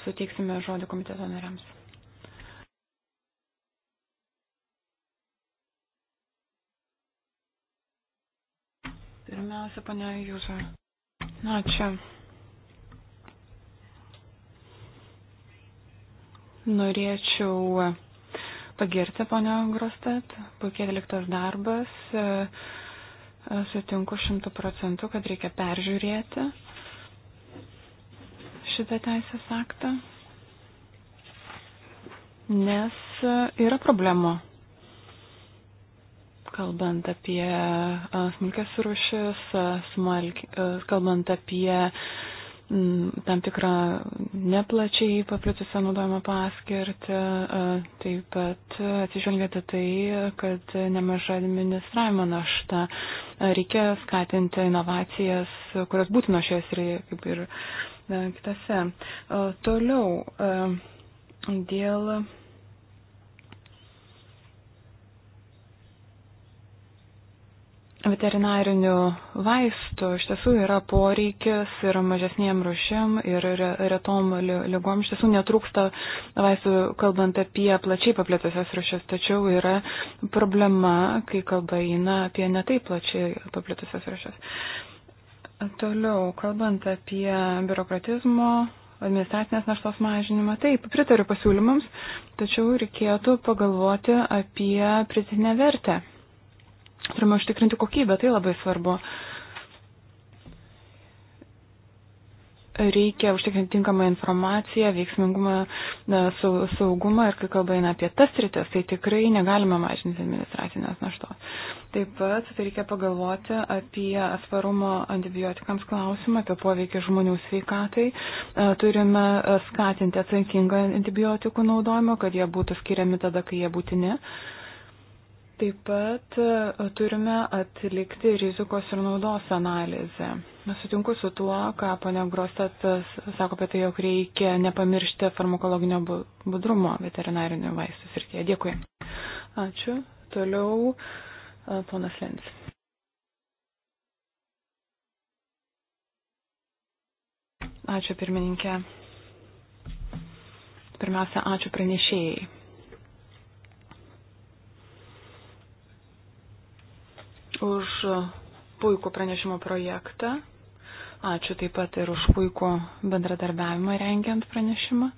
suteiksime žodį komiteto nariams. Pirmiausia, pane Jūza. Na, čia. Norėčiau pagirti ponio Grostet, puikiai atliktas darbas, sutinku šimtų procentų, kad reikia peržiūrėti šitą teisės aktą, nes yra problemų kalbant apie smulkės rūšis, smalk, kalbant apie tam tikrą neplačiai paplitusią naudojimą paskirtį, taip pat atsižvelgiate tai, kad nemaža administravimo našta. Reikia skatinti inovacijas, kurios būtino šioje srityje, kaip ir kitose. Toliau, dėl veterinarinių vaistų iš tiesų yra poreikis ir mažesniem rušim ir retom lygom. Iš tiesų netrūksta vaistų, kalbant apie plačiai paplitusias rušis, tačiau yra problema, kai kalba eina apie netai plačiai paplitusias rušis. Toliau, kalbant apie biurokratizmo administracinės naštos mažinimą. Taip, pritariu pasiūlymams, tačiau reikėtų pagalvoti apie pritinę vertę Turime užtikrinti kokybę, tai labai svarbu. Reikia užtikrinti tinkamą informaciją, veiksmingumą, saugumą ir kai kalba eina apie tas rytis, tai tikrai negalime mažinti administracinės naštos. Taip pat tai reikia pagalvoti apie atsparumo antibiotikams klausimą, apie poveikį žmonių sveikatai. E, turime skatinti atsakingą antibiotikų naudojimą, kad jie būtų skiriami tada, kai jie būtini. Ne Taip pat e, turime atlikti rizikos ir naudos analizę. Sutinku su tuo, ką ponia Grostatas e, sako apie tai, jog reikia nepamiršti farmakologinio budrumo veterinarinių vaistų srityje. Dėkui. Ačiū. Toliau e, ponas Lins. Ačiū pirmininkė. Pirmiausia, ačiū pranešėjai. už puikų pranešimo projektą. Ačiū taip pat ir už puikų bendradarbiavimą rengiant pranešimą.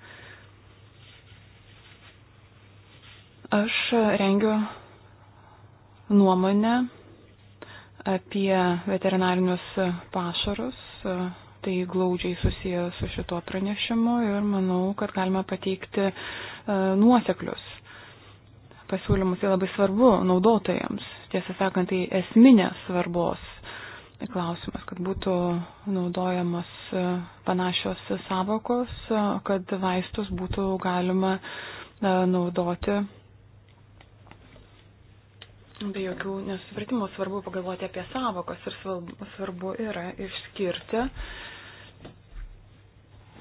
Aš rengiu nuomonę apie veterinarinius pašarus. Tai glaudžiai susiję su šituo pranešimu ir manau, kad galima pateikti e, nuoseklius pasiūlymus, tai labai svarbu naudotojams. Tiesą sakant, tai esminės svarbos klausimas, kad būtų naudojamos e, panašios savokos, e, kad vaistus būtų galima e, naudoti be jokių nesupratimų. Svarbu pagalvoti apie savokas ir svarbu yra išskirti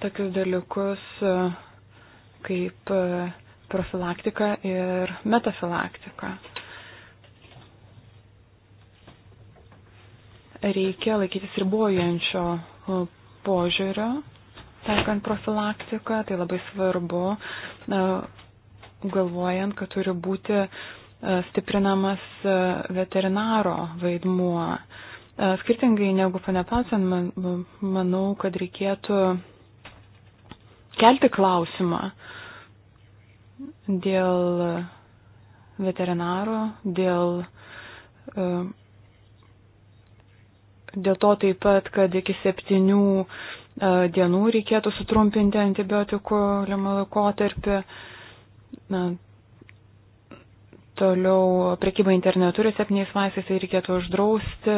tokius dalykus kaip profilaktiką ir metafilaktiką. Reikia laikytis ribojančio požiūrio, taikant profilaktiką, tai labai svarbu, galvojant, kad turi būti e, stiprinamas e, veterinaro vaidmuo. E, skirtingai negu panepatsan, manau, kad reikėtų kelti klausimą, dėl veterinaro, dėl, e, dėl to taip pat, kad iki septynių e, dienų reikėtų sutrumpinti antibiotikų laikotarpį. Na, toliau prekyba internetu receptiniais vaistais tai reikėtų uždrausti.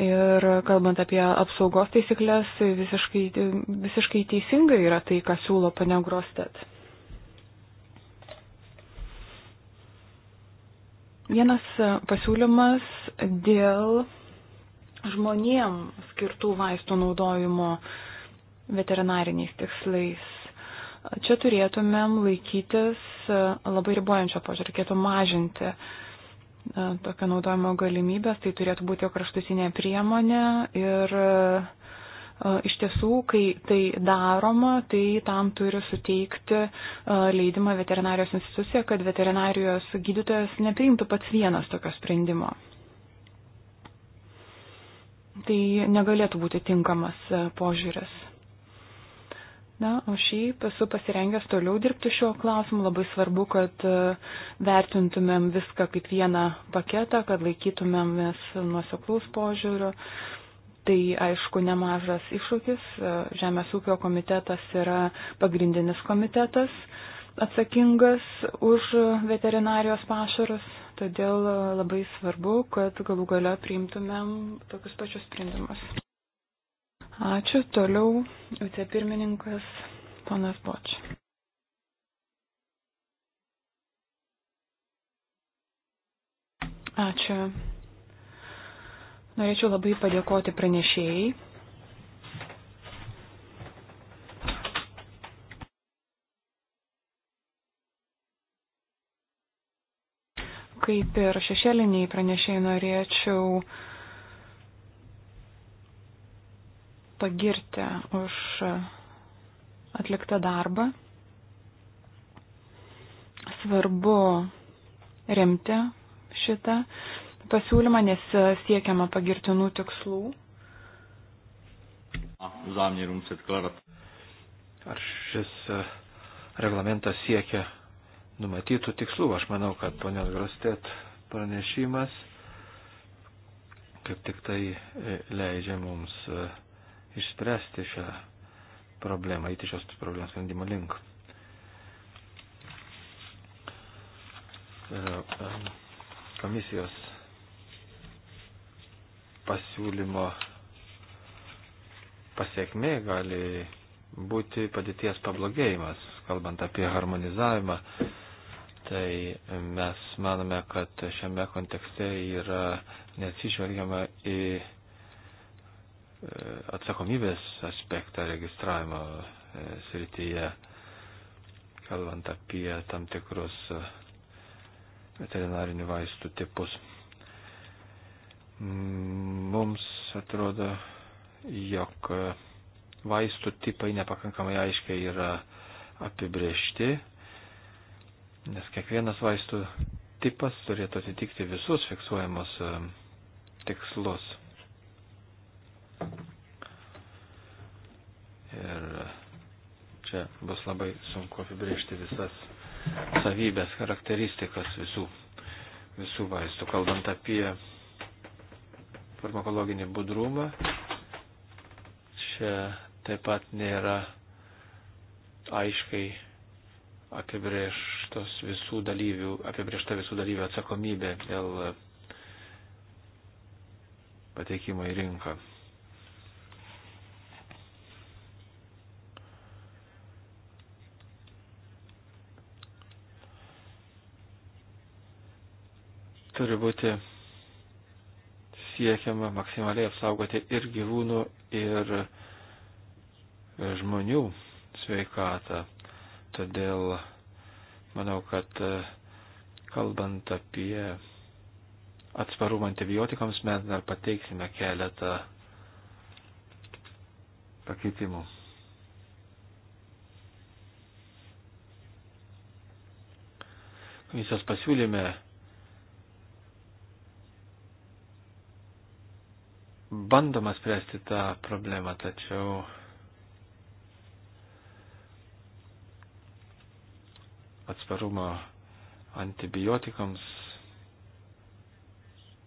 Ir kalbant apie apsaugos taisyklės, visiškai, visiškai teisinga yra tai, ką siūlo pane Grostet. Vienas e, pasiūlymas dėl žmonėm skirtų vaistų naudojimo veterinariniais tikslais. Čia turėtumėm laikytis e, labai ribojančio požiūrį, reikėtų mažinti e, tokio naudojimo galimybės, tai turėtų būti jo kraštutinė priemonė ir uh, Iš tiesų, kai tai daroma, tai tam turi suteikti leidimą veterinarijos institucija, kad veterinarijos gydytojas nepriimtų pats vienas tokio sprendimo. Tai negalėtų būti tinkamas požiūris. Na, o šiaip esu pasirengęs toliau dirbti šiuo klausimu. Labai svarbu, kad vertintumėm viską kaip vieną paketą, kad laikytumėmės nuoseklaus požiūrių. Uh, Tai aišku nemažas iššūkis. Žemės ūkio komitetas yra pagrindinis komitetas atsakingas už veterinarijos pašarus, todėl labai svarbu, kad galų gale priimtumėm tokius pačius sprendimus. Ačiū. Toliau vicepirmininkas ponas Boč. Ačiū. Norėčiau labai padėkoti pranešėjai. Kaip ir šešėliniai pranešėjai norėčiau pagirti už atliktą darbą. Svarbu remti šitą pasiūlymą, nes e, siekiama pagirtinų tikslų. Ar šis e, reglamentas siekia numatytų tikslų? Aš manau, kad ponios Grostėt pranešimas kaip tik tai e, leidžia mums išspręsti šią problemą, įti šios problemos sprendimo link. Komisijos pasiūlymo pasiekmė gali būti padėties pablogėjimas, kalbant apie harmonizavimą. Tai mes manome, kad šiame kontekste yra neatsižvelgiama į e, atsakomybės aspektą registravimo e, srityje, kalbant apie tam tikrus e, veterinarinių vaistų tipus. Mums atrodo, jog vaistų tipai nepakankamai aiškiai yra apibriešti, nes kiekvienas vaistų tipas turėtų atitikti visus fiksuojamos e, tikslus. Ir čia bus labai sunku apibriežti visas savybės, charakteristikas visų, visų vaistų. Kalbant apie farmakologinį budrumą. Čia taip pat nėra aiškai apibrieštos visų dalyvių, apibriešta visų dalyvių atsakomybė dėl pateikimo į rinką. Turi būti siekiama maksimaliai apsaugoti ir gyvūnų, ir e, žmonių sveikatą. Todėl manau, kad e, kalbant apie atsparumą antibiotikams, mes dar pateiksime keletą pakeitimų. Komisijos pasiūlyme bandoma spręsti tą problemą, tačiau atsparumo antibiotikams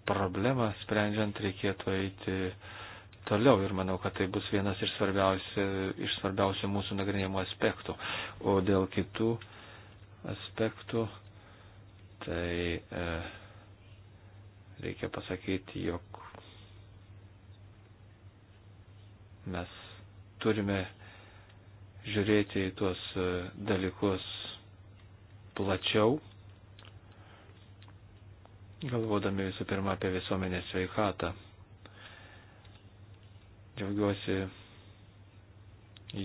problemą sprendžiant reikėtų eiti toliau ir manau, kad tai bus vienas iš svarbiausių, iš svarbiausių mūsų nagrinėjimo aspektų. O dėl kitų aspektų, tai e, reikia pasakyti, jog Mes turime žiūrėti į tuos e, dalykus plačiau, galvodami visų pirma apie visuomenės sveikatą. Džiaugiuosi,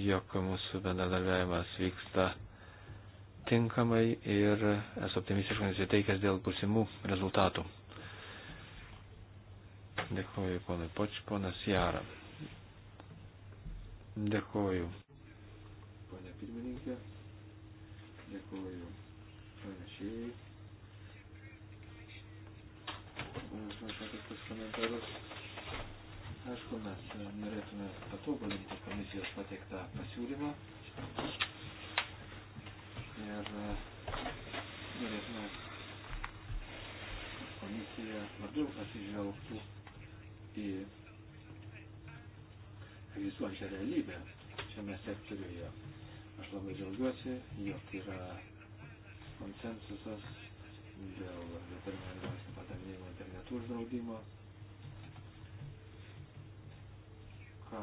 jog mūsų bendradarbiavimas vyksta tinkamai ir esu optimistiškai nusiteikęs dėl būsimų rezultatų. Dėkuoju ponui Poč, ponas Jara. Dėkoju. Pane pirmininkė, dėkoju pranešėjai. Už pasakytus komentarus. Aišku, mes norėtume patobulinti komisijos pateiktą pasiūlymą. Ir e, norėtume komisija labiau atsižvelgtų į egzistuojančią realybę šiame sektoriuje. Aš labai džiaugiuosi, jog yra konsensusas dėl veterinarijos pataminimo internetų uždraudimo. Ką,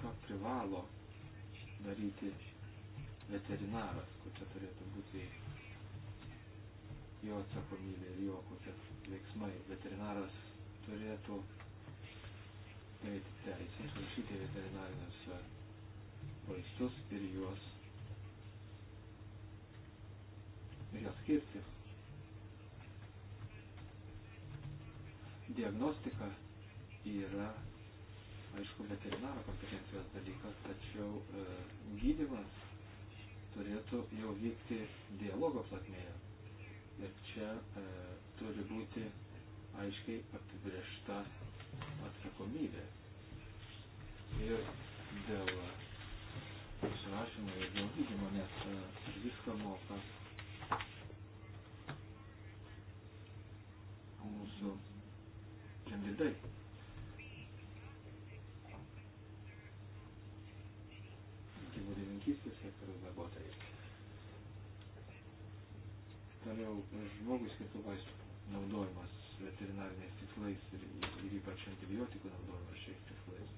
ką privalo daryti veterinaras, kur čia turėtų būti jo atsakomybė ir jo kokie veiksmai. Veterinaras turėtų teisę išrašyti veterinarinius vaistus ir juos ir juos skirti. Diagnostika yra, aišku, veterinaro kompetencijos dalykas, tačiau e, gydimas turėtų jau vykti dialogo platmėje. Ir čia e, turi būti aiškiai apibriešta atsakomybė. Ir dėl išrašymo ir dėl gydymo, nes e, viską moka mūsų žemdirbiai. Gyvulininkystės sektoriaus darbuotojai. Toliau e, žmogui skirtų vaistų naudojimas veterinarinės tikslais ir, ir ypač antibiotikų naudojimo šiais tikslais.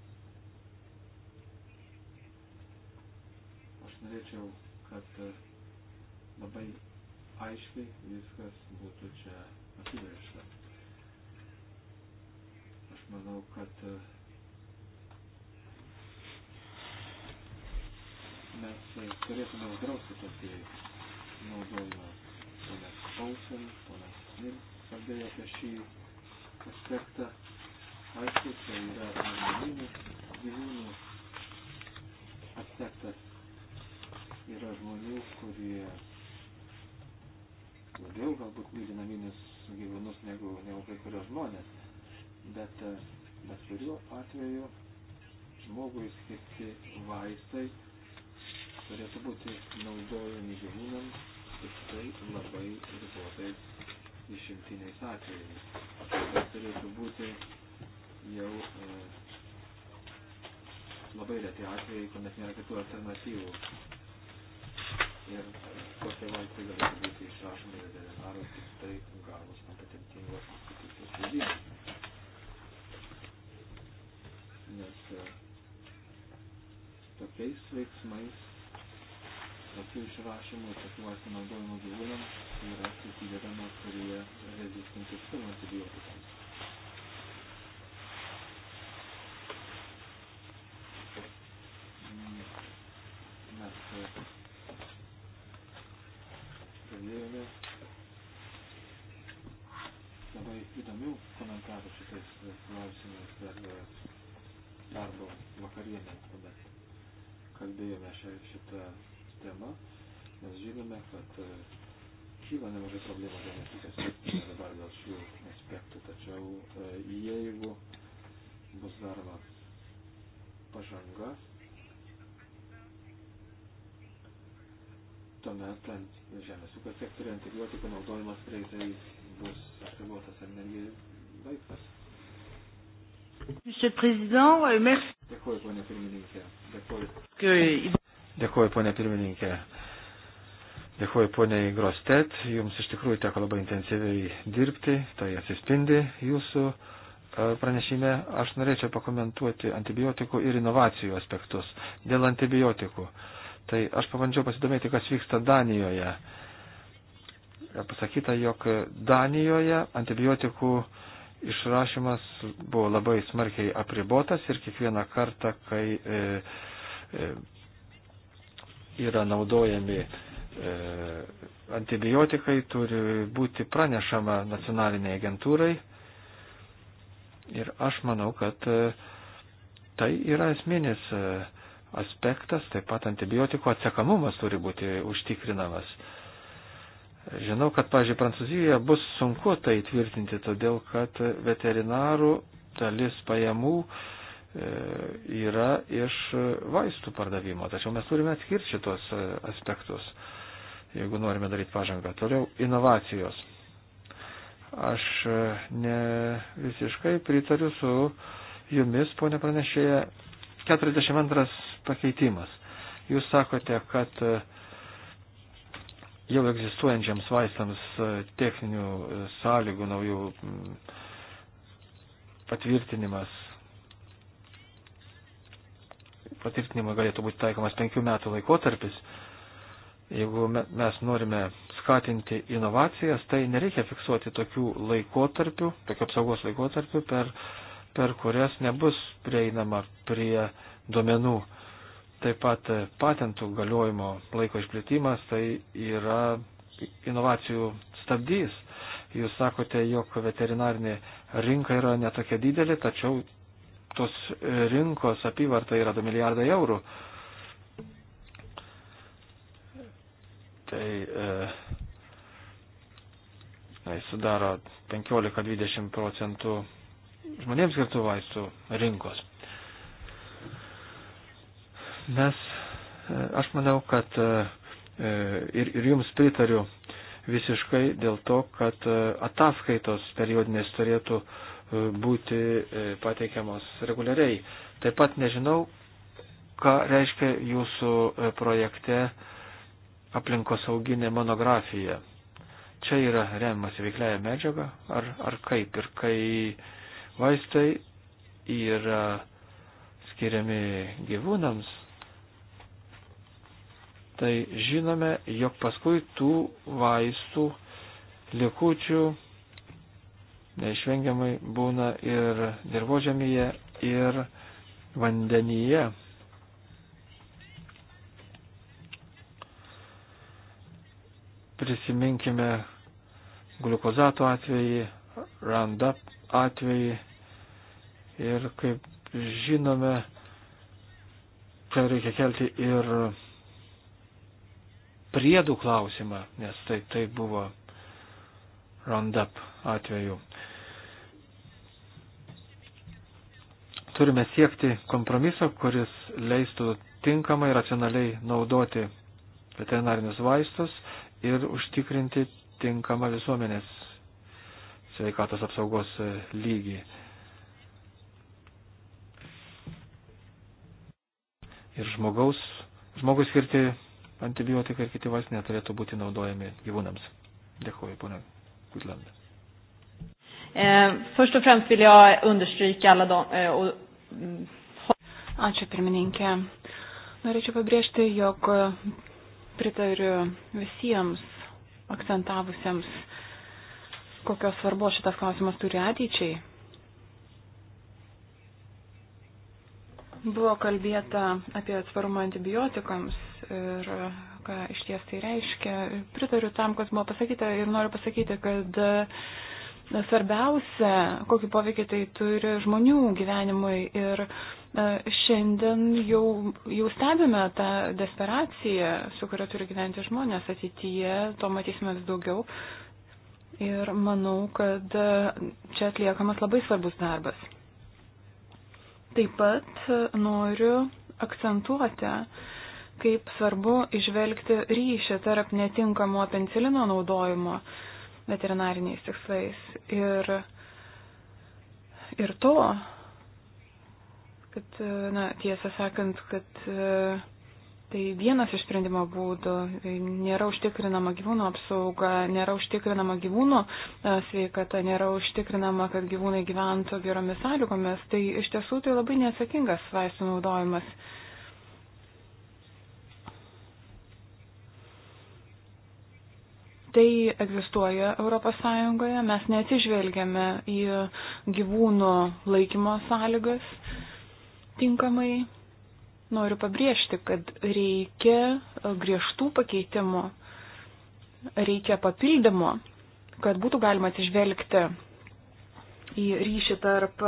Aš norėčiau, kad e, labai aiškiai viskas būtų čia apibrėžta. Aš manau, kad e, mes turėtume uždrausti tokį naudojimą. Ponas Paulsen, ponas Smith kalbėjo apie šį aspektą. Aišku, tai yra naminių gyvūnų aspektas. Yra žmonių, kurie labiau galbūt myli naminius gyvūnus negu, negu kai kurie žmonės. Bet, e, bet kuriuo atveju žmogui skirti vaistai turėtų būti naudojami gyvūnams tik tai labai ribotais išimtiniais atvejais turėtų būti jau e, labai reti atvejai, kuomet nėra kitų alternatyvų. Ir kokie vaistai galėtų būti išrašomi veterinarų tik tai gavus kompetentingos institucijos leidimą. Nes e, tokiais veiksmais tokių išrašymų, tokių vaistų naudojimo gyvūnams yra susidedama prie rezistentiškumo antibiotikams. Mes pradėjome labai įdomių komentarų šitais klausimais per darbo vakarienę, kuomet kalbėjome šitą tema. Mes žinome, kad e, kyla nemažai problemų dėl netikės dabar dėl šių aspektų, tačiau e, jeigu bus daroma pažanga, tuomet ant žemės ūkio sektoriuje antibiotikų naudojimas greitai bus aktyvuotas ar netgi baigtas. Monsieur le Président, merci. Dėkuoju, ponia pirmininkė. Dėkuoju. Dėkuoju, ponė pirmininkė. Dėkuoju poniai Grostet, jums iš tikrųjų teko labai intensyviai dirbti, tai atsispindi jūsų e, pranešime. Aš norėčiau pakomentuoti antibiotikų ir inovacijų aspektus. Dėl antibiotikų. Tai aš pabandžiau pasidomėti, kas vyksta Danijoje. E, pasakyta, jog Danijoje antibiotikų išrašymas buvo labai smarkiai apribotas ir kiekvieną kartą, kai e, e, yra naudojami e, antibiotikai, turi būti pranešama nacionaliniai agentūrai. Ir aš manau, kad e, tai yra esminis e, aspektas, taip pat antibiotikų atsekamumas turi būti užtikrinamas. Žinau, kad, pažiūrėjau, Prancūzijoje bus sunku tai tvirtinti, todėl kad veterinarų dalis pajamų uh, E, yra iš vaistų pardavimo. Tačiau mes turime atskirti šitos e, aspektus, jeigu norime daryti pažangą. Toliau inovacijos. Aš e, ne visiškai pritariu su jumis, ponė pranešėja, 42 pakeitimas. Jūs sakote, kad jau egzistuojančiams vaistams techninių sąlygų naujų patvirtinimas patvirtinimui galėtų būti taikomas penkių metų laikotarpis. Jeigu mes norime skatinti inovacijas, tai nereikia fiksuoti tokių laikotarpių, tokių apsaugos laikotarpių, per, per kurias nebus prieinama prie duomenų. Taip pat patentų galiojimo laiko išplėtimas tai yra inovacijų stabdys. Jūs sakote, jog veterinarinė rinka yra netokia didelė, tačiau tos rinkos apyvarta yra 2 milijardai eurų. Tai e, tai sudaro 15-20 procentų žmonėms skirtų vaistų rinkos. Mes, e, aš manau, kad e, ir, ir jums pritariu visiškai dėl to, kad e, ataskaitos periodinės turėtų e, būti e, pateikiamos reguliariai. Taip pat nežinau, ką reiškia jūsų e, projekte aplinkosauginė monografija. Čia yra remiamas veikliaja medžiaga, ar, ar kaip ir kai vaistai yra skiriami gyvūnams, tai žinome, jog paskui tų vaistų likučių neišvengiamai būna ir dirbožėmėje, ir vandenyje. Prisiminkime glukozato atvejį, Roundup atvejį ir kaip žinome, čia reikia kelti ir priedų klausimą, nes tai, tai buvo Roundup atveju. Turime siekti kompromiso, kuris leistų tinkamai racionaliai naudoti veterinarinius vaistus ir užtikrinti tinkamą visuomenės sveikatos apsaugos e, lygį. Ir žmogaus, žmogus skirti antibiotikai ir kiti vaistai neturėtų būti naudojami gyvūnams. Dėkuoju, ponia Gudland. Eh, först och främst vill jag understryka alla de, eh, och Ačiū pirmininkė. Norėčiau pabrėžti, jog pritariu visiems akcentavusiems, kokios svarbos šitas klausimas turi ateičiai. Buvo kalbėta apie atsparumą antibiotikams ir ką iš ties tai reiškia. Pritariu tam, kas buvo pasakyta ir noriu pasakyti, kad uh, Svarbiausia, kokį poveikį tai turi žmonių gyvenimui ir e, šiandien jau, jau stebime tą desperaciją, su kuria turi gyventi žmonės ateityje, to matysime vis daugiau. Ir manau, kad e, čia atliekamas labai svarbus darbas. Taip pat e, noriu akcentuoti, kaip svarbu išvelgti ryšį tarp netinkamo penicilino naudojimo veterinariniais tikslais. Ir, ir to, kad, na, tiesą sakant, kad tai vienas iš sprendimo būdų, tai nėra užtikrinama gyvūnų apsauga, nėra užtikrinama gyvūnų sveikata, nėra užtikrinama, kad gyvūnai gyventų geromis sąlygomis, tai iš tiesų tai labai neatsakingas vaistų naudojimas. Tai egzistuoja ES, mes neatsižvelgiame į gyvūnų laikymo sąlygas tinkamai. Noriu pabrėžti, kad reikia griežtų pakeitimų, reikia papildymo, kad būtų galima atsižvelgti į ryšį tarp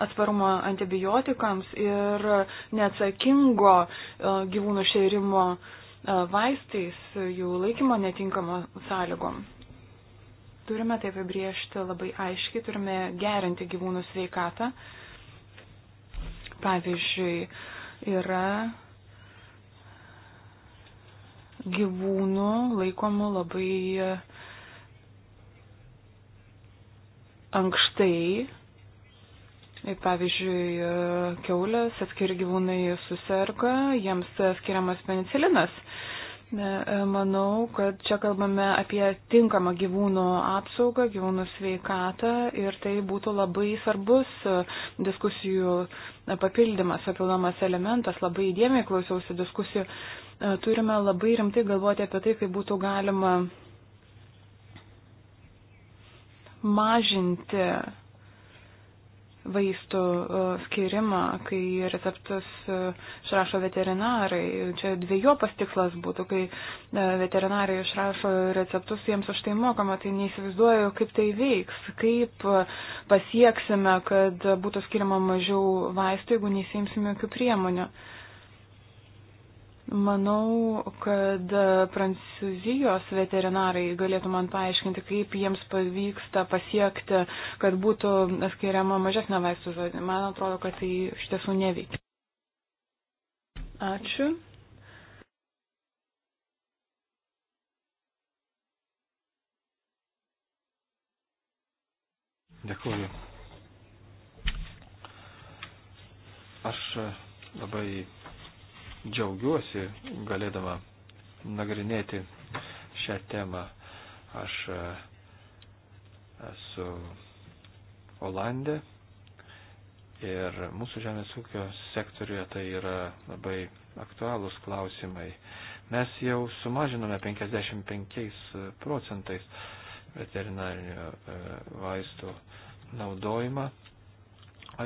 atsparumo antibiotikams ir neatsakingo e, gyvūnų šėrimo uh, E, vaistais, jų laikymo netinkamo sąlygom. Turime tai apibriežti labai aiškiai, turime gerinti gyvūnų sveikatą. Pavyzdžiui, yra gyvūnų laikomų labai ankštai Pavyzdžiui, e, keulės, atskiri gyvūnai susirga, jiems skiriamas penicilinas. E, manau, kad čia kalbame apie tinkamą gyvūnų apsaugą, gyvūnų sveikatą ir tai būtų labai svarbus e, diskusijų papildymas, papildomas elementas. Labai įdėmiai klausiausi diskusijų. Turime labai rimtai galvoti apie tai, kaip būtų galima mažinti vaistų e, skirimą, kai receptus e, išrašo veterinarai. Čia dviejopas tikslas būtų, kai e, veterinarai išrašo receptus, jiems už tai mokama, tai neįsivaizduoju, kaip tai veiks, kaip pasieksime, kad būtų skirima mažiau vaistų, jeigu neįsimsime jokių priemonių. Uh, Manau, kad prancūzijos veterinarai galėtų man paaiškinti, kaip jiems pavyksta pasiekti, kad būtų skiriama mažesnė vaistų žodį. Man atrodo, kad tai iš tiesų neveikia. Ačiū. Dėkuoju. Aš labai džiaugiuosi galėdama nagrinėti šią temą. Aš e, esu Olandė ir mūsų žemės ūkio sektoriuje tai yra labai aktualūs klausimai. Mes jau sumažinome 55 procentais veterinarinio e, vaistų naudojimą.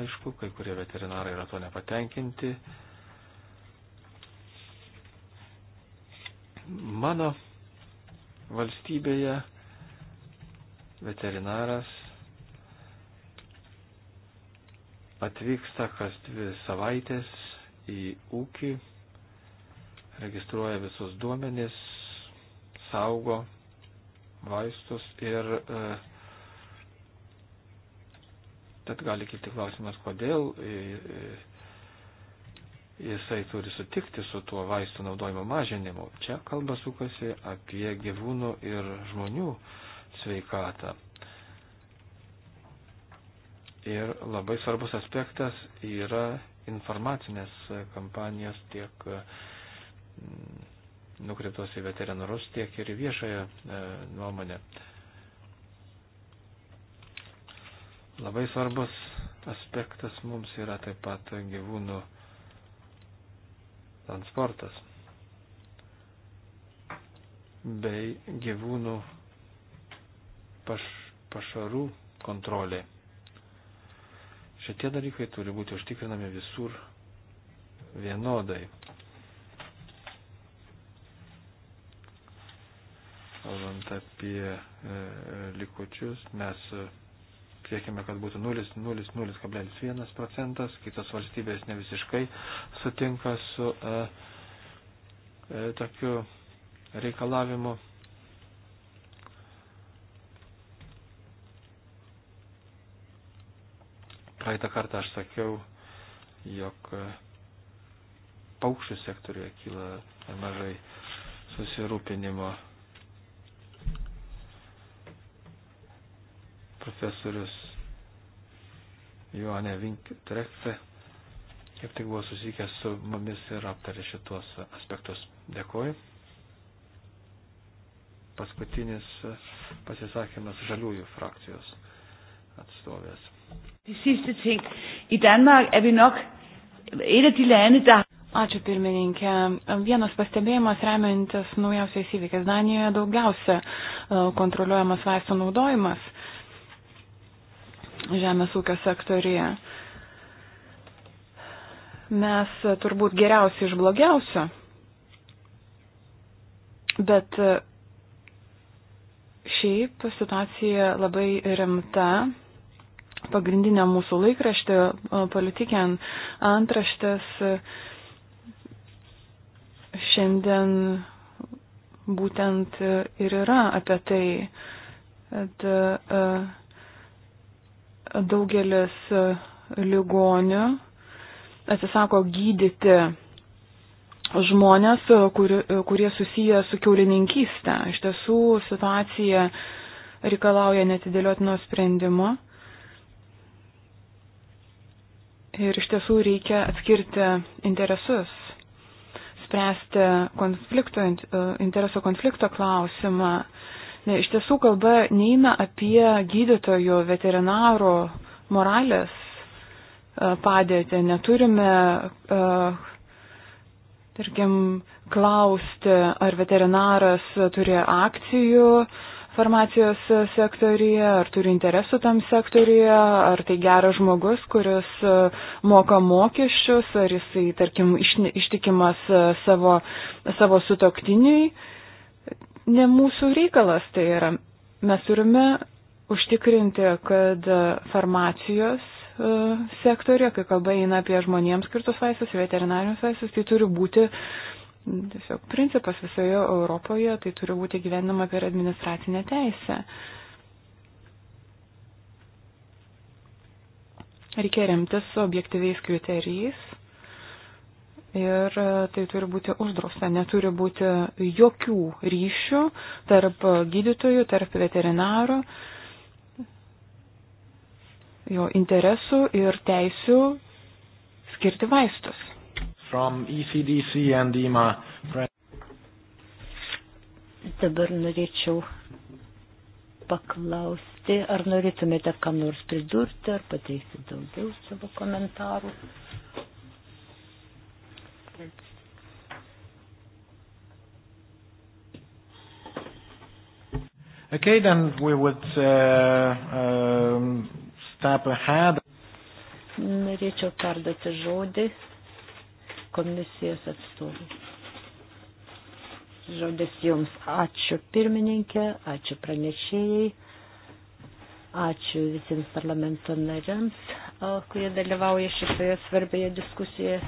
Aišku, kai kurie veterinarai yra to nepatenkinti, Mano valstybėje veterinaras atvyksta kas dvi savaitės į ūkį, registruoja visus duomenis, saugo vaistus ir e, tad gali kilti klausimas, kodėl e, e, jisai turi sutikti su tuo vaistų naudojimo mažinimu. Čia kalba sukasi apie gyvūnų ir žmonių sveikatą. Ir labai svarbus aspektas yra informacinės kampanijos tiek mm, nukreiptos į veterinarus, tiek ir į viešąją e, nuomonę. Labai svarbus aspektas mums yra taip pat gyvūnų transportas bei gyvūnų paš, pašarų kontrolė. Šitie dalykai turi būti užtikrinami visur vienodai. Kalbant apie e, likučius, mes e, siekime, kad būtų 0,001 procentas, kitos valstybės ne visiškai sutinka su e, e, tokiu reikalavimu. Praeitą kartą aš sakiau, jog e, paukščių sektoriuje kyla nemažai susirūpinimo profesorius Joanė Vinktrekse kaip tik buvo susikęs su mumis ir aptarė šitos aspektus. Dėkuoju. Paskutinis pasisakymas žaliųjų frakcijos atstovės. Ačiū pirmininkė. Vienas pastebėjimas remiantis naujausiais įvykiais. Danijoje daugiausia e, kontroliuojamas vaisto naudojimas žemės ūkio sektorija. Mes turbūt geriausi iš blogiausio, bet šiaip situacija labai rimta. Pagrindinė mūsų laikraštė, politikian antraštės šiandien būtent ir yra apie tai, kad uh, e, Daugelis e, ligonių atsisako gydyti žmonės, e, kur, e, kurie susiję su keulininkystė. Iš tiesų situacija reikalauja netidėliotino sprendimo. Ir iš tiesų reikia atskirti interesus, spręsti konflikto, intereso konflikto klausimą Ne, iš tiesų kalba neina apie gydytojų, veterinaro moralės e, padėtį. Neturime, e, tarkim, klausti, ar veterinaras turi akcijų farmacijos sektorija, ar turi interesų tam sektorija, ar tai geras žmogus, kuris e, moka mokesčius, ar jisai, tarkim, ištikimas savo, savo sutoktiniai. Uh, ne mūsų reikalas, tai yra mes turime užtikrinti, kad farmacijos e, sektorė, kai kalba eina apie žmonėms skirtus vaistus, veterinarius vaistus, tai turi būti tiesiog principas visoje Europoje, tai turi būti gyvenama per administracinę teisę. Reikia remtis objektyviais kriterijais ir e, tai turi būti uždrausta, neturi būti jokių ryšių tarp gydytojų, tarp veterinarų, jo interesų ir teisių skirti vaistus. E e Dabar norėčiau paklausti, ar norėtumėte kam nors pridurti ar pateikti daugiau savo komentarų patvirtintas. Okay, then we would uh, um, step ahead. Norėčiau perduoti žodį komisijos atstovui. Žodis jums. Ačiū pirmininkė, ačiū pranešėjai, ačiū visiems parlamento nariams, kurie dalyvauja šitoje svarbioje diskusijoje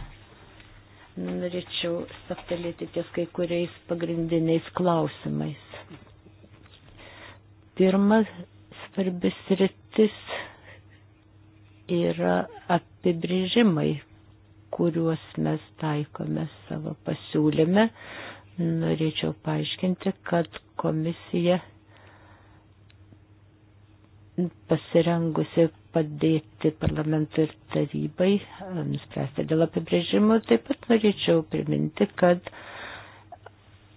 norėčiau saptelėti ties kai kuriais pagrindiniais klausimais. Pirmas svarbis rytis yra apibrėžimai, kuriuos mes taikome savo pasiūlyme. Norėčiau paaiškinti, kad komisija pasirengusi padėti parlamentui ir tarybai e, nuspręsti dėl apibrėžimų. Taip pat norėčiau priminti, kad,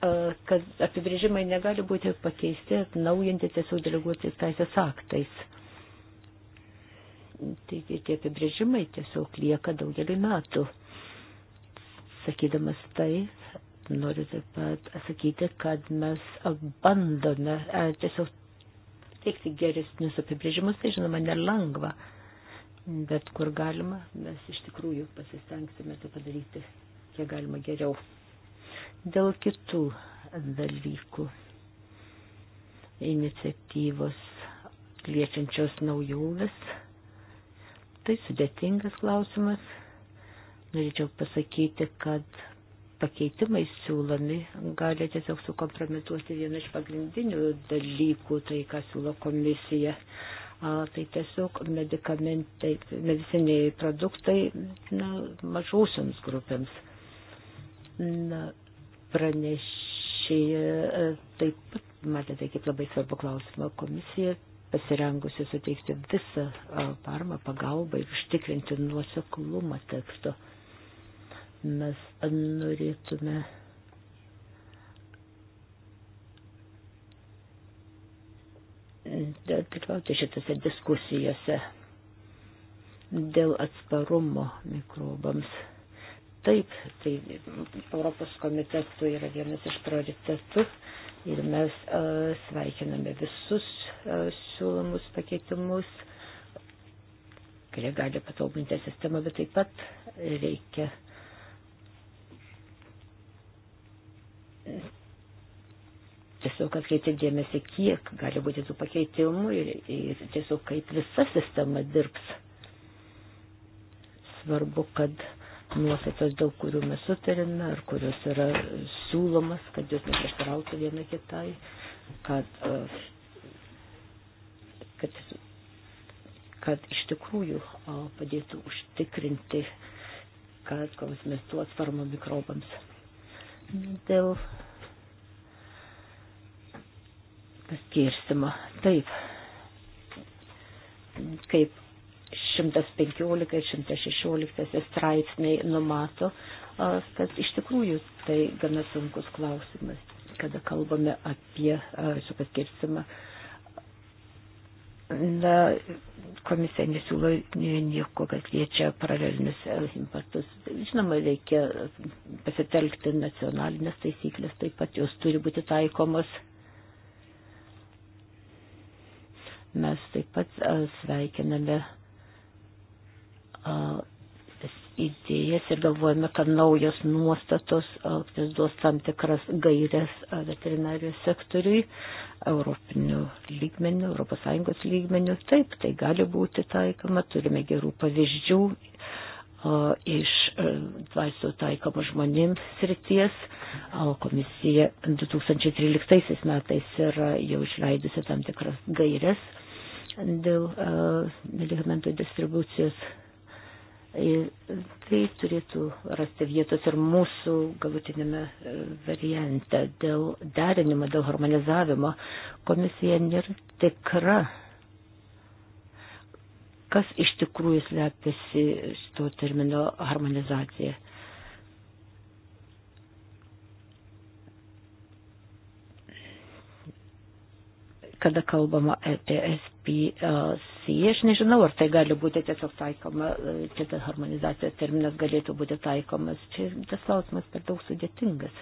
e, kad apibrėžimai negali būti pakeisti, atnaujinti tiesiog deleguotis teisės aktais. Taigi tie apibrėžimai tiesiog lieka daugelį metų. Sakydamas tai, noriu taip pat sakyti, kad mes bandome e, tiesiog pateikti geresnius apibrėžimus, tai žinoma, nelengva, bet kur galima, mes iš tikrųjų pasistengsime tai padaryti kiek galima geriau. Dėl kitų dalykų iniciatyvos liečiančios naujoves, tai sudėtingas klausimas. Norėčiau pasakyti, kad pakeitimai siūlomi gali tiesiog sukompromituoti vieną iš pagrindinių dalykų, tai ką siūlo komisija. A, tai tiesiog medikamentai, mediciniai produktai na, mažausiams grupėms. Na, pranešė e, taip pat, matėte, tai kaip labai svarbu klausimą komisija pasirengusi suteikti visą paramą, pagalbą ir užtikrinti nuoseklumą teksto mes norėtume dalyvauti šitose diskusijose dėl atsparumo mikrobams. Taip, tai Europos komitetų yra vienas iš prioritetų ir mes a, sveikiname visus a, siūlomus pakeitimus, kurie gali patobulinti sistemą, bet taip pat reikia tiesiog atkreipti dėmesį, kiek gali būti tų pakeitimų ir, ir tiesiog kaip visa sistema dirbs. Svarbu, kad nuostatos, dėl kurių mes sutarėme ar kurios yra siūlomas, kad jos neprieštarautų viena kitai, kad, uh, kad, kad iš tikrųjų uh, padėtų užtikrinti, kad komisijos tuo atsparmo mikrobams dėl paskirstimo. Taip, kaip 115 ir 116 straipsniai numato, kad iš tikrųjų tai gana sunkus klausimas, kada kalbame apie šį paskirstimą. Uh, Na, komisija nesiūlo nieko, kas liečia paralelinius importus. Žinoma, reikia pasitelkti nacionalinės taisyklės, taip pat jos turi būti taikomos. Mes taip pat sveikiname idėjas ir galvojame, kad naujos nuostatos aktas duos tam tikras gairias veterinarijos sektoriui, europinių lygmenių, ES lygmenių. Taip, tai gali būti taikoma, turime gerų pavyzdžių iš vaistų taikomų žmonėms srities. Komisija 2013 metais yra jau išleidusi tam tikras gairias dėl medikamentų distribucijos E, tai turėtų rasti vietos ir mūsų galutinėme e, variante dėl derinimo, dėl harmonizavimo. Komisija nėra tikra, kas iš tikrųjų slepiasi šito termino harmonizacija. Kada kalbama apie SPS susiję. Aš nežinau, ar tai gali būti tiesiog taikoma, e, čia tas harmonizacijos terminas galėtų būti taikomas. Čia tas klausimas per daug sudėtingas.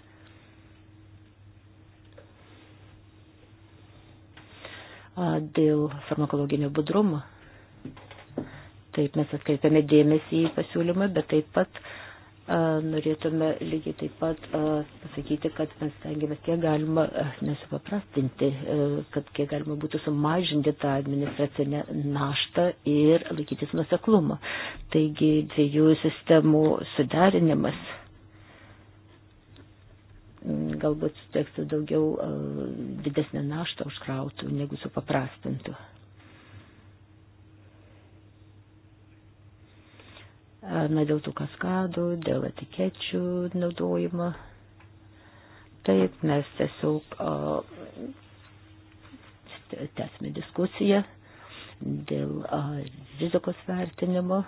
Dėl farmakologinio budrumo. Taip, mes atkreipiame dėmesį į pasiūlymą, bet taip pat uh, norėtume lygiai taip pat pasakyti, kad mes tengiamės kiek galima nesupaprastinti, kad kiek galima būtų sumažinti tą administracinę naštą ir laikytis nuseklumą. Taigi dviejų sistemų sudarinimas galbūt tekstų daugiau didesnę naštą užkrautų, negu supaprastintų. na, dėl tų kaskadų, dėl etikečių naudojimo. Taip, mes tiesiog tęsime diskusiją dėl a, rizikos vertinimo.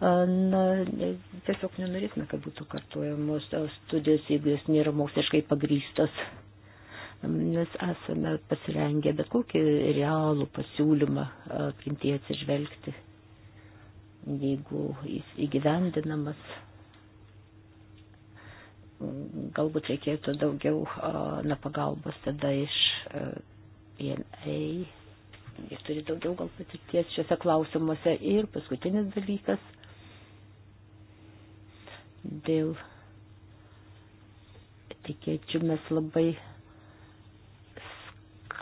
A, na, tiesiog nenorėtume, kad būtų kartuojamos studijos, jeigu jos nėra moksliškai pagrystos. Mes esame pasirengę bet kokį realų pasiūlymą priimti atsižvelgti jeigu jis įgyvendinamas, galbūt reikėtų daugiau na, pagalbos tada iš e, PMA. Jis turi daugiau gal patirties šiuose klausimuose. Ir paskutinis dalykas dėl etikečių mes labai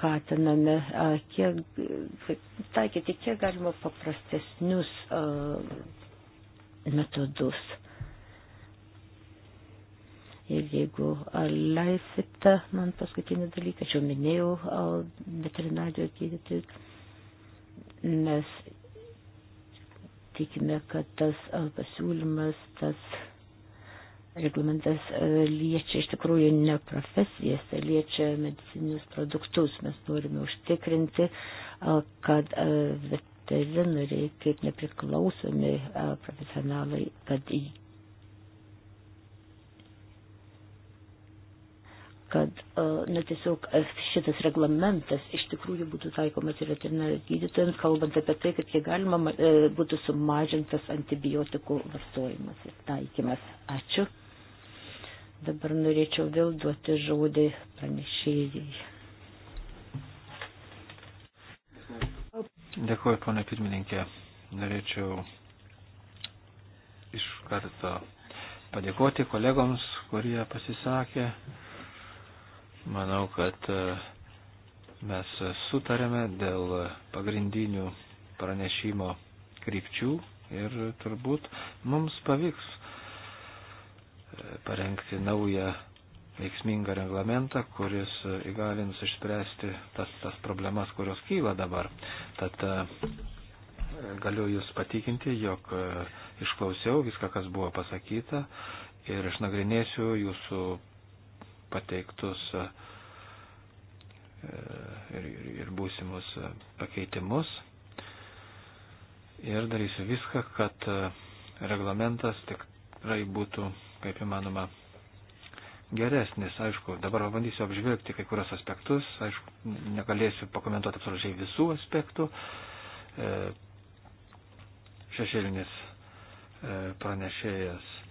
skatiname, kiek, taikyti kiek galima paprastesnius metodus. Ir jeigu leisite, man paskutinį dalyką, čia minėjau veterinarijos gydytojus, mes tikime, kad tas pasiūlymas, tas reglamentas e, liečia iš tikrųjų ne profesijas, tai liečia medicinius produktus. Mes norime užtikrinti, e, kad e, veterinariai kaip nepriklausomi profesionalai, kad, kad na, tiesiog šitas reglamentas iš tikrųjų būtų taikomas ir veterinarijos gydytojams, kalbant apie tai, kad kiek galima būtų sumažintas antibiotikų vartojimas ir taikymas. Ačiū. Dabar norėčiau vėl duoti žodį pranešėjai. Dėkuoju, ponė pirmininkė. Norėčiau iš karto padėkoti kolegoms, kurie pasisakė. Manau, kad e, mes sutarėme dėl pagrindinių pranešimo krypčių ir turbūt mums pavyks parengti naują veiksmingą reglamentą, kuris įgalins išspręsti tas, tas problemas, kurios kyla dabar. Tad e, galiu Jūs patikinti, jog e, išklausiau viską, kas buvo pasakyta ir išnagrinėsiu Jūsų pateiktus e, ir, ir, ir būsimus pakeitimus ir darysiu viską, kad reglamentas tikrai būtų kaip įmanoma geresnis. Aišku, dabar bandysiu apžvelgti kai kurios aspektus. Aišku, negalėsiu pakomentuoti absoliučiai visų aspektų. E, šešėlinis e, pranešėjas e,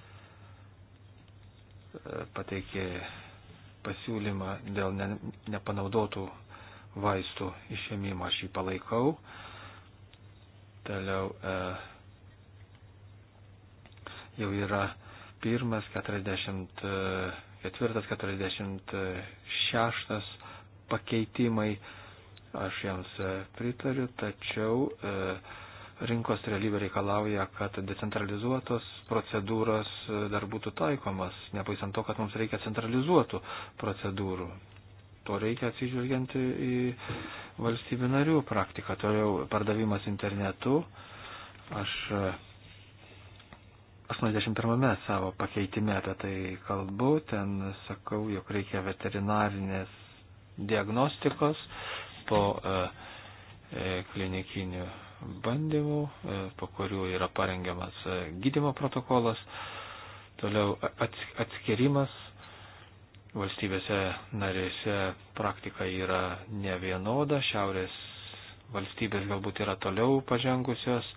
pateikė pasiūlymą dėl ne, nepanaudotų vaistų išėmimo. Aš jį palaikau. Toliau e, jau yra 44, 46 e, e, pakeitimai. Aš jiems e, pritariu, tačiau rinkos realybė reikalauja, kad decentralizuotos procedūros dar būtų taikomas, nepaisant to, kad mums reikia centralizuotų procedūrų. To reikia atsižvelgianti į valstybių narių praktiką. Toliau pardavimas internetu. Aš 81 savo pakeitime apie tai kalbu, ten sakau, jog reikia veterinarinės diagnostikos po e, e, klinikinių bandymų, e, po kurių yra parengiamas gydimo protokolas, toliau atskirimas. Valstybėse narėse praktika yra nevienoda, šiaurės valstybės galbūt yra toliau pažengusios,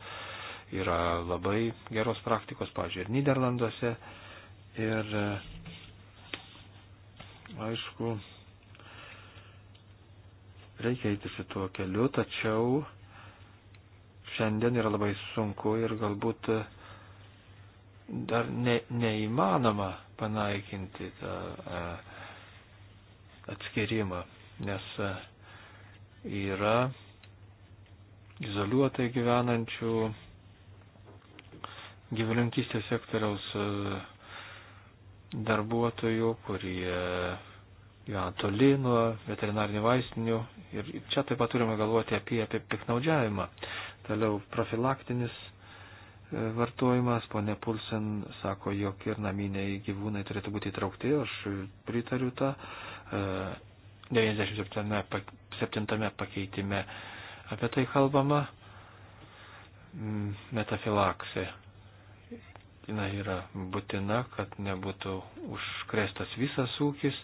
yra labai geros praktikos, pažiūrėjau, ir Niderlanduose. Ir aišku, reikia eiti šituo keliu, tačiau šiandien yra labai sunku ir galbūt dar ne, neįmanoma panaikinti tą a, e, atskirimą, nes a, e, yra izoliuotai gyvenančių gyvulinkystės sektoriaus e, darbuotojų, kurie gyvena toli nuo veterinarinių vaistinių. Ir čia taip pat turime galvoti apie, apie piknaudžiavimą. Toliau profilaktinis e, vartojimas. Pone Pulsen sako, jog ir naminiai gyvūnai turėtų būti įtraukti. Aš pritariu tą 97 e, pakeitime. Apie tai kalbama mm, metafilaksė. Jinai yra būtina, kad nebūtų užkrėstas visas ūkis.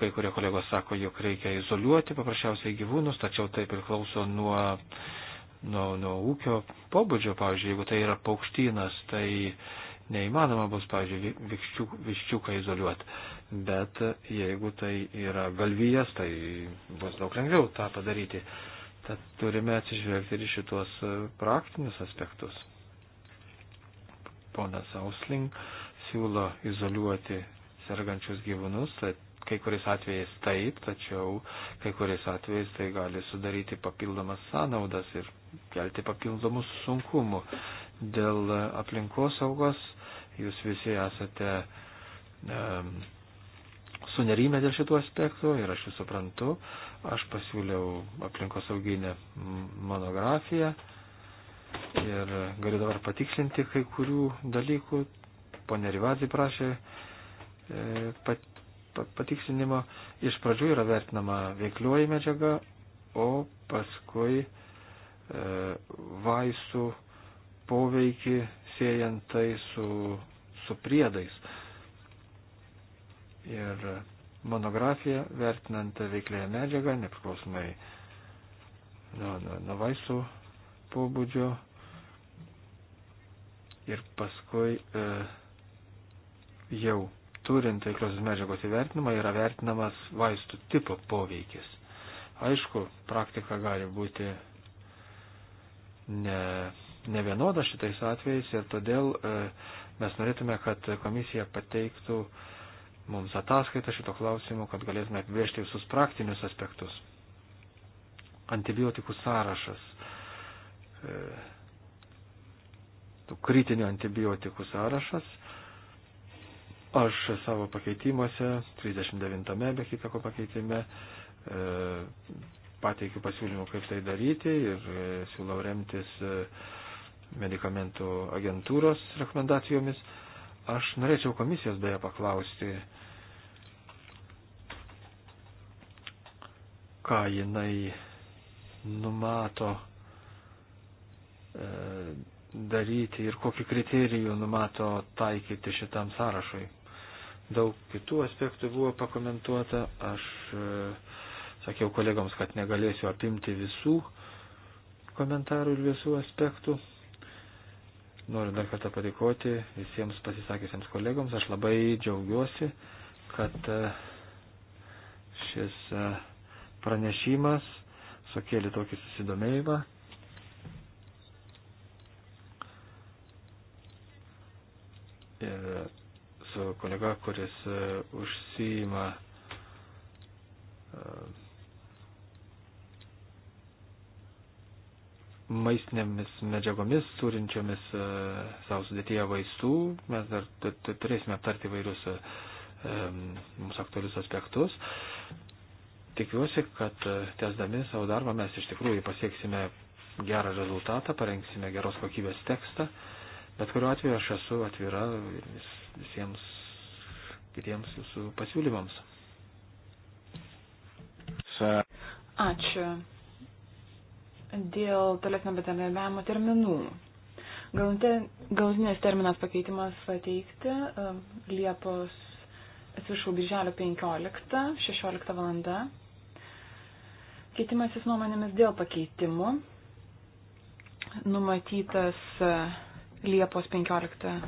Kai kurie kolegos sako, jog reikia izoliuoti paprasčiausiai gyvūnus, tačiau tai priklauso nuo, nuo, nuo ūkio pobūdžio. Pavyzdžiui, jeigu tai yra paukštynas, tai neįmanoma bus, pavyzdžiui, viščių, viščiuką izoliuoti. Bet jeigu tai yra galvijas, tai bus daug lengviau tą padaryti. Tad turime atsižvelgti ir šitos praktinius aspektus ponas Ausling siūlo izoliuoti sergančius gyvūnus, tai kai kuriais atvejais taip, tačiau kai kuriais atvejais tai gali sudaryti papildomas sąnaudas ir kelti papildomus sunkumų. Dėl aplinkosaugos jūs visi esate um, sunerimę dėl šitų aspektų ir aš jūs suprantu. Aš pasiūliau aplinkosauginę monografiją ir galiu dabar patikslinti kai kurių dalykų. Pone Rivazai prašė e, pat, pat, patikslinimo. Iš pradžių yra vertinama veiklioji medžiaga, o paskui e, vaistų poveikį siejant tai su, su priedais. Ir monografija vertinant veiklėje medžiagą, nepriklausomai nuo, nuo, nuo vaistų pobūdžio ir paskui e, jau turint veikliosios medžiagos įvertinimą yra vertinamas vaistų tipo poveikis. Aišku, praktika gali būti ne, ne vienoda šitais atvejais ir todėl e, mes norėtume, kad komisija pateiktų mums ataskaitą šito klausimu, kad galėtume apibrėžti visus praktinius aspektus. Antibiotikų sąrašas. E, E, tų kritinių antibiotikų sąrašas. Aš savo pakeitimuose, 39-ame be kitako pakeitime, e, pateikiu pasiūlymų, kaip tai daryti ir e, siūlau remtis medikamentų agentūros rekomendacijomis. Aš norėčiau komisijos beje paklausti, ką jinai numato E, daryti ir kokį kriterijų numato taikyti šitam sąrašui. Daug kitų aspektų buvo pakomentuota. Aš e, sakiau kolegams, kad negalėsiu apimti visų komentarų ir visų aspektų. Noriu dar kartą padėkoti visiems pasisakysiams kolegoms. Aš labai džiaugiuosi, kad e, šis pranešimas sukėlė tokį susidomėjimą E, su kolega, kuris e, užsijima e, maistinėmis medžiagomis, turinčiomis savo sudėtyje vaistų. Mes dar turėsime aptarti vairius mums aktualius aspektus. Tikiuosi, kad tesdami savo darbą mes iš tikrųjų pasieksime gerą rezultatą, parengsime geros kokybės tekstą. Bet kuriuo atveju aš esu atvira vis, visiems kitiems jūsų pasiūlymams. Ačiū. Dėl tolesnio bendradarbiavimo terminų. Galutinės terminas pakeitimas pateikti um, Liepos, atsiprašau, birželio 15, 16 valanda. Keitimasis nuomonėmis dėl pakeitimų numatytas Liepos 15-16.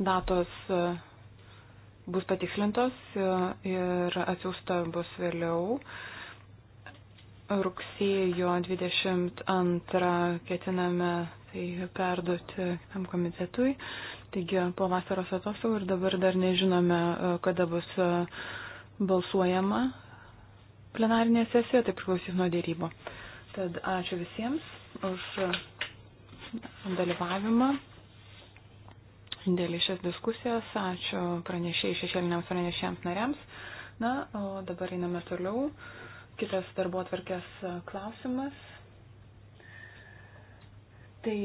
Datos e, bus patikslintos e, ir atsiųsta bus vėliau. Rugsėjo 22 ketiname tai perduoti tam komitetui. Taigi po vasaros atostogų ir dabar dar nežinome, e, kada bus balsuojama plenarinė sesija, tai priklausys nuo dėrybo. Tad ačiū visiems už dalyvavimą. Dėl šias diskusijas ačiū pranešėjai šešėliniams pranešėjams nariams. Na, o dabar einame toliau. Kitas darbo atvarkės klausimas. Tai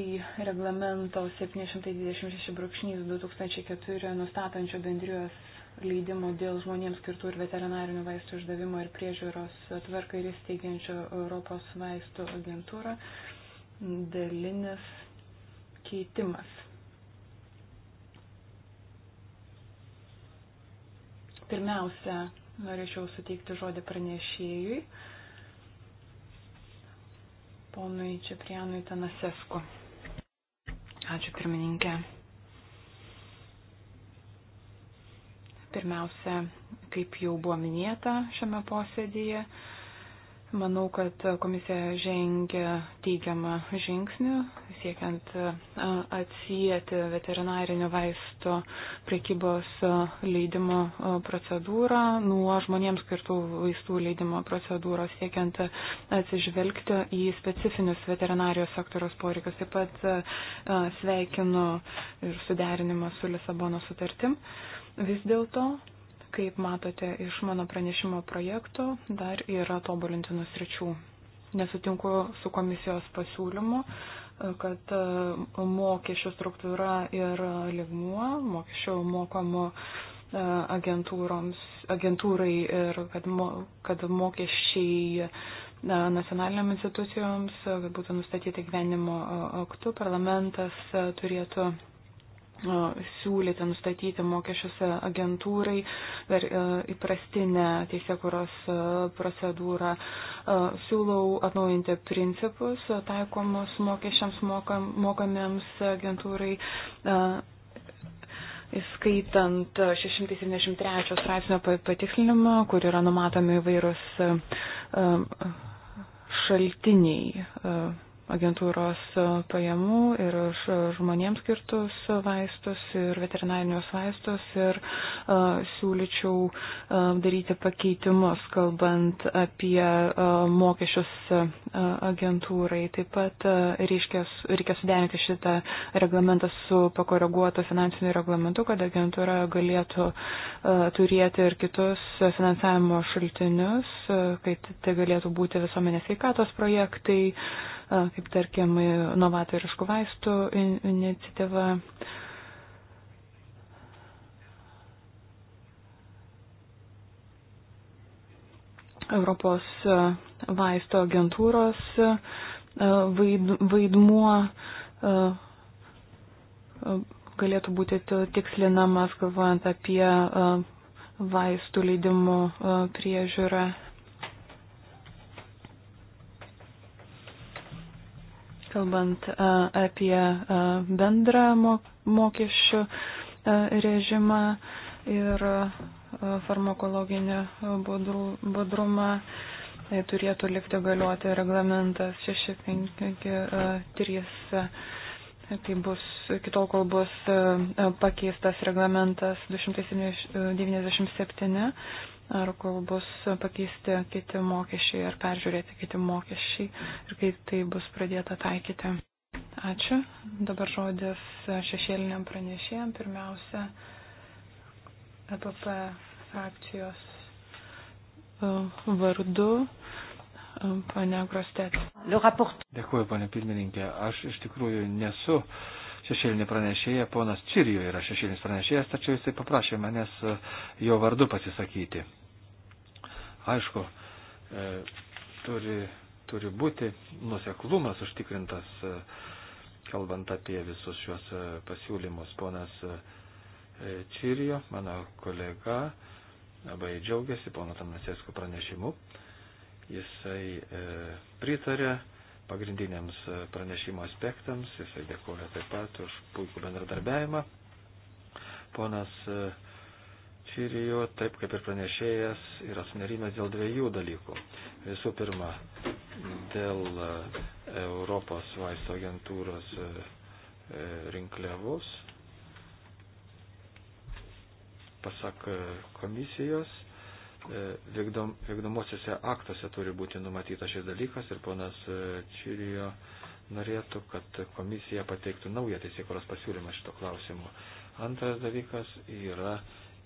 reglamento 726-2004 nustatančio bendrijos leidimo dėl žmonėms skirtų ir veterinarinių vaistų išdavimo ir priežiūros tvarkai ir įsteigiančio Europos vaistų agentūrą dalinis keitimas. Pirmiausia, norėčiau suteikti žodį pranešėjui, ponui Čiaprianui Tanasesku. Ačiū pirmininkė. Pirmiausia, kaip jau buvo minėta šiame posėdėje, Manau, kad komisija žengia teigiamą žingsnį, siekiant e, atsijėti veterinarinio vaisto prekybos e, leidimo e, procedūrą nuo žmonėms skirtų vaistų leidimo procedūros, siekiant atsižvelgti į specifinius veterinarijos sektoriaus poreikius. Taip pat sveikinu ir suderinimą su Lisabono sutartim. Vis dėlto Kaip matote iš mano pranešimo projekto, dar yra tobulintinų sričių. Nesutinku su komisijos pasiūlymu, kad e, mokesčių struktūra ir ligmuo, mokesčių mokamų e, agentūrai ir kad, mo, kad mokesčiai e, nacionaliniam institucijoms, kad būtų nustatyti gyvenimo aktu, parlamentas turėtų siūlyti nustatyti mokesčius agentūrai per e, įprastinę teisėkuros e, procedūrą. E, siūlau atnaujinti principus taikomus mokesčiams mokam, mokamiems agentūrai įskaitant 673 straipsnio patikslinimą, kur yra numatomi vairūs šaltiniai agentūros e, pajamų ir už žmonėms skirtus vaistus ir veterinarinius vaistus ir uh, siūlyčiau uh, daryti pakeitimus, kalbant apie uh, mokesčius uh, agentūrai. Taip pat uh, reiškia, reikia suderinti šitą reglamentą su pakoreguotu finansiniu reglamentu, kad agentūra galėtų uh, turėti ir kitus finansavimo šaltinius, uh, kad tai galėtų būti visuomenės veikatos projektai. Uh, kaip tarkim novatoriškų vaistų iniciatyva. Europos vaisto agentūros vaidmuo galėtų būti tikslinamas, galvojant apie vaistų leidimų priežiūrą. kalbant apie bendrą mokesčių režimą ir farmakologinį budrumą tai turėtų likti galioti reglamentas 653. Tai bus kitol, kol bus pakeistas reglamentas 297 ar kol bus pakeisti kiti mokesčiai, ar peržiūrėti kiti mokesčiai ir kaip tai bus pradėta taikyti. Ačiū. Dabar žodis šešėliniam pranešėjam. Pirmiausia, EPP frakcijos e, vardu. Pane Grostet. Dėkuoju, pane pirmininkė. Aš iš tikrųjų nesu uh, šešėlinį pranešėją. Ponas Čirijo yra šešėlinis pranešėjas, tačiau jisai paprašė manęs e, jo vardu pasisakyti. Aišku, e, turi, turi būti nuseklumas užtikrintas, e, kalbant apie visus šios e, pasiūlymus. Ponas e, e Čirijo, mano kolega, labai džiaugiasi pono Tanasėskų pranešimu. Jisai e, pritarė pagrindiniams e, pranešimo aspektams. Jisai dėkoja taip pat už puikų bendradarbiavimą. Ponas e, Čirijo, taip kaip ir pranešėjas, yra sunerimęs dėl dviejų dalykų. Visų pirma, dėl e, Europos vaisto agentūros rinkliavus, pasak komisijos, E, vykdom, vykdomosiuose aktuose turi būti numatytas šis dalykas ir ponas e, Čirijo norėtų, kad komisija pateiktų naują teisėkuros pasiūlymą šito klausimu. Antras dalykas yra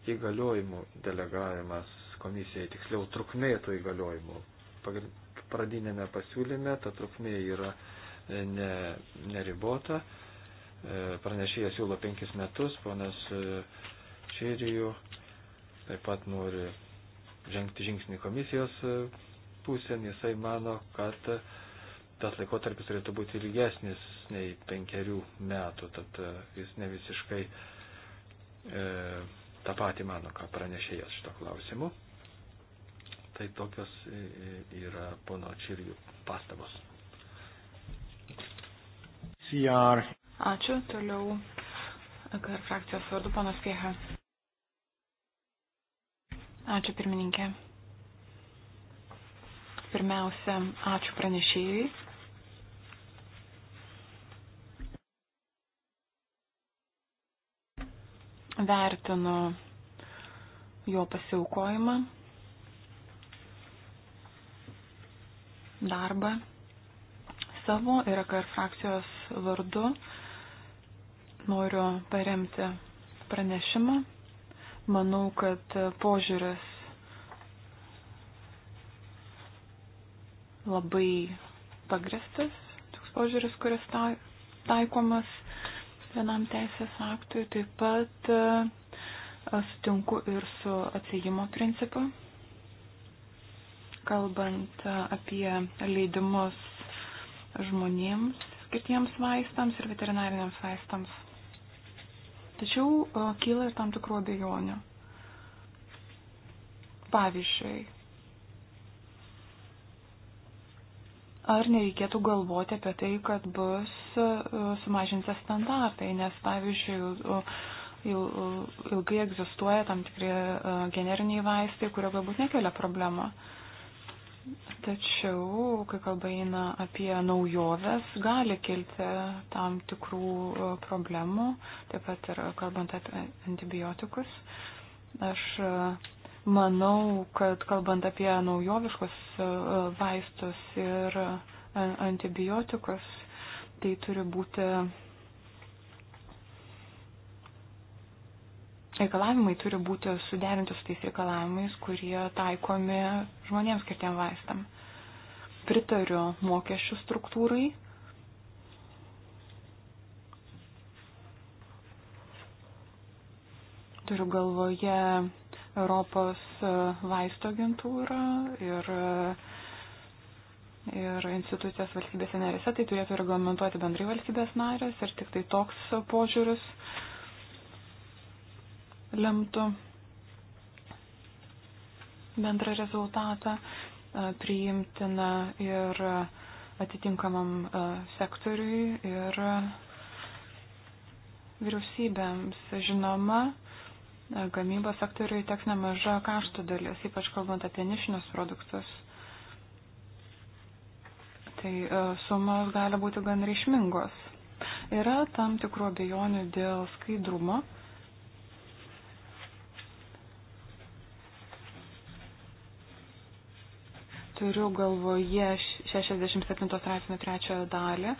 įgaliojimų delegavimas komisijai, tiksliau trukmė tų įgaliojimų. Pradinėme pasiūlyme ta trukmė yra e, ne, neribota. Pranešėjas siūlo penkis metus, ponas Čirijų taip pat nori žengti žingsnį komisijos e, pusėn, jisai mano, kad e, tas laikotarpis turėtų būti ilgesnis nei penkerių metų, tad e, jis ne visiškai e, tą patį mano, ką pranešėjas šito klausimu. Tai tokios yra pono Čirijų pastabos. CR. Ačiū, toliau. Frakcijos vardu, panas Pieha. Ačiū pirmininkė. Pirmiausia, ačiū pranešėjui. Vertinu jo pasiaukojimą, darbą savo ir AKR frakcijos vardu noriu paremti pranešimą. Manau, kad požiūris labai pagristas, toks požiūris, kuris taikomas vienam teisės aktui. Taip pat e, sutinku ir su atsijimo principu, kalbant e, apie leidimus žmonėms skirtiems vaistams ir veterinariniams vaistams. Tačiau e, kyla ir tam tikrų abejonių. Pavyzdžiui, ar nereikėtų galvoti apie tai, kad bus e, sumažinti standartai, nes pavyzdžiui, jau e, ilgai egzistuoja tam tikri generiniai vaistai, kurio galbūt nekelia problema. Uh, Tačiau, kai kalba eina apie naujoves, gali kilti tam tikrų e, problemų, taip pat ir kalbant apie antibiotikus. Aš e, manau, kad kalbant apie naujoviškus e, vaistus ir antibiotikus, tai turi būti reikalavimai turi būti suderinti su tais reikalavimais, kurie taikomi žmonėms skirtiem vaistam. Pritariu mokesčių struktūrai. Turiu galvoje Europos e, vaisto agentūrą ir, e, ir institucijas valstybėse narėse. Tai turėtų reglamentuoti bendrai valstybės narės ir tik tai toks požiūris uh, lemtų bendrą rezultatą e, priimtina ir atitinkamam e, sektoriui ir vyriausybėms. Žinoma, e, gamybos sektoriui teks nemaža kaštų dalis, ypač kalbant apie nišinius produktus. Tai sumos gali būti gan reikšmingos. Yra tam tikrų abejonių dėl skaidrumo Turiu galvoje 67 straipsnio trečiojo dalį.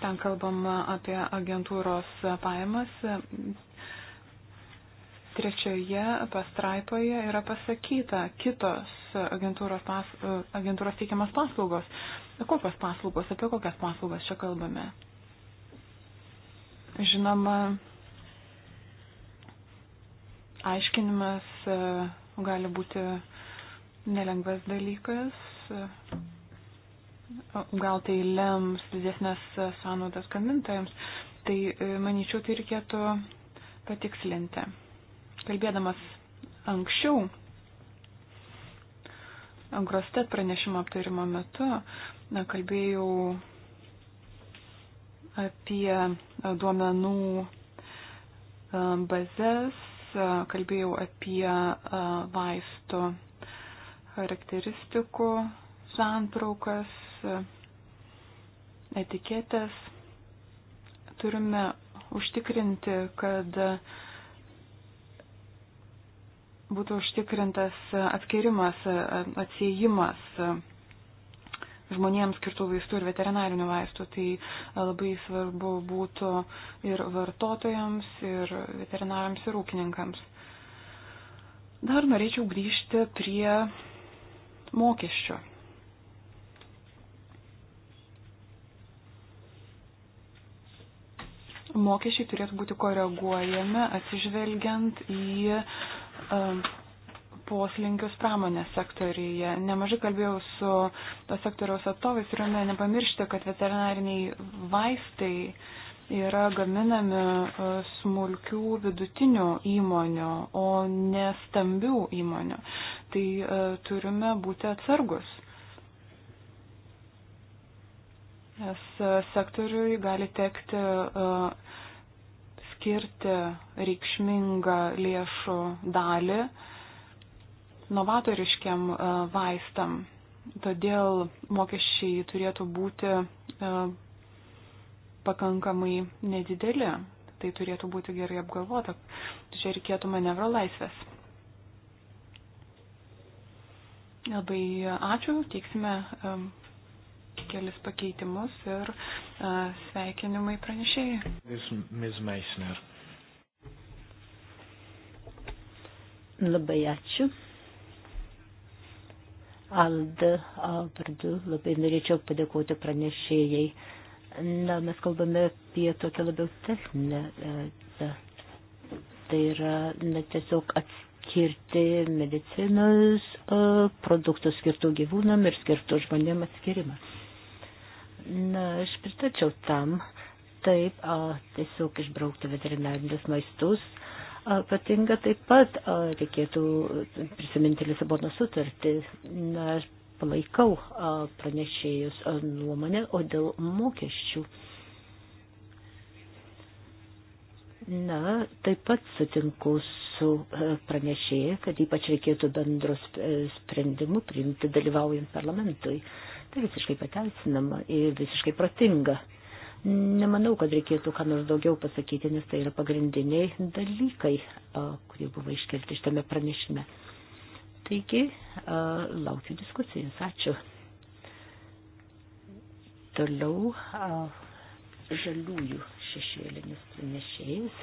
Ten kalbama apie agentūros pajamas. Trečioje pastraipoje yra pasakyta kitos agentūros, pas, agentūros teikiamas paslaugos. Kokios paslaugos, apie kokias paslaugas čia kalbame? Žinoma, aiškinimas e, gali būti nelengvas dalykas. Gal tai lems didesnės sąnaudas gamintojams. Tai, e, manyčiau, tai reikėtų patikslinti. Kalbėdamas anksčiau, Angrostet pranešimo aptarimo metu, na, kalbėjau apie duomenų e, bazės, kalbėjau apie e, vaistų charakteristikų, santraukas, etiketės. Turime užtikrinti, kad būtų užtikrintas atskirimas, atsiejimas žmonėms skirtų vaistų ir veterinarinių vaistų. Tai labai svarbu būtų ir vartotojams, ir veterinarams, ir ūkininkams. Dar norėčiau grįžti prie mokesčio. Mokesčiai turėtų būti koreguojami atsižvelgiant į um, poslinkius pramonės sektoriuje. Nemažai kalbėjau su to sektoriaus atstovais ir ne, nepamiršti, kad veterinariniai vaistai yra gaminami e, smulkių vidutinių įmonių, o ne stambių įmonių tai e, turime būti atsargus. Nes e, sektoriui gali tekti e, skirti reikšmingą lėšų dalį novatoriškiam vaistam. Todėl mokesčiai turėtų būti pakankamai nedideli. Tai turėtų būti gerai apgalvota. Čia reikėtų manevro laisvės. Labai ačiū, teiksime um, kelis pakeitimus ir uh, sveikinimai pranešėjai. Ms. Meisner. Labai ačiū. Alda vardu labai norėčiau padėkoti pranešėjai. Na, mes kalbame apie tokią labiau techninę. E, tai yra na, tiesiog atskirti skirti medicinos e, produktų skirtų gyvūnam ir skirtų žmonėm atskirimą. Na, aš pritačiau tam, taip, a, tiesiog išbraukti veterinarinius maistus. A, patinga taip pat a, reikėtų prisiminti Lisabono sutartį. Na, aš palaikau a, pranešėjus a, nuomonę, o dėl mokesčių. A, Na, taip pat sutinku su e, pranešėja, kad ypač reikėtų bendros e, sprendimų priimti dalyvaujant parlamentui. Tai visiškai pateisinama ir visiškai protinga. Nemanau, kad reikėtų ką nors daugiau pasakyti, nes tai yra pagrindiniai dalykai, kurie buvo iškelti šitame pranešime. Taigi, laukiu diskusijos. Ačiū. Toliau žaliųjų šešėlinius pranešėjus.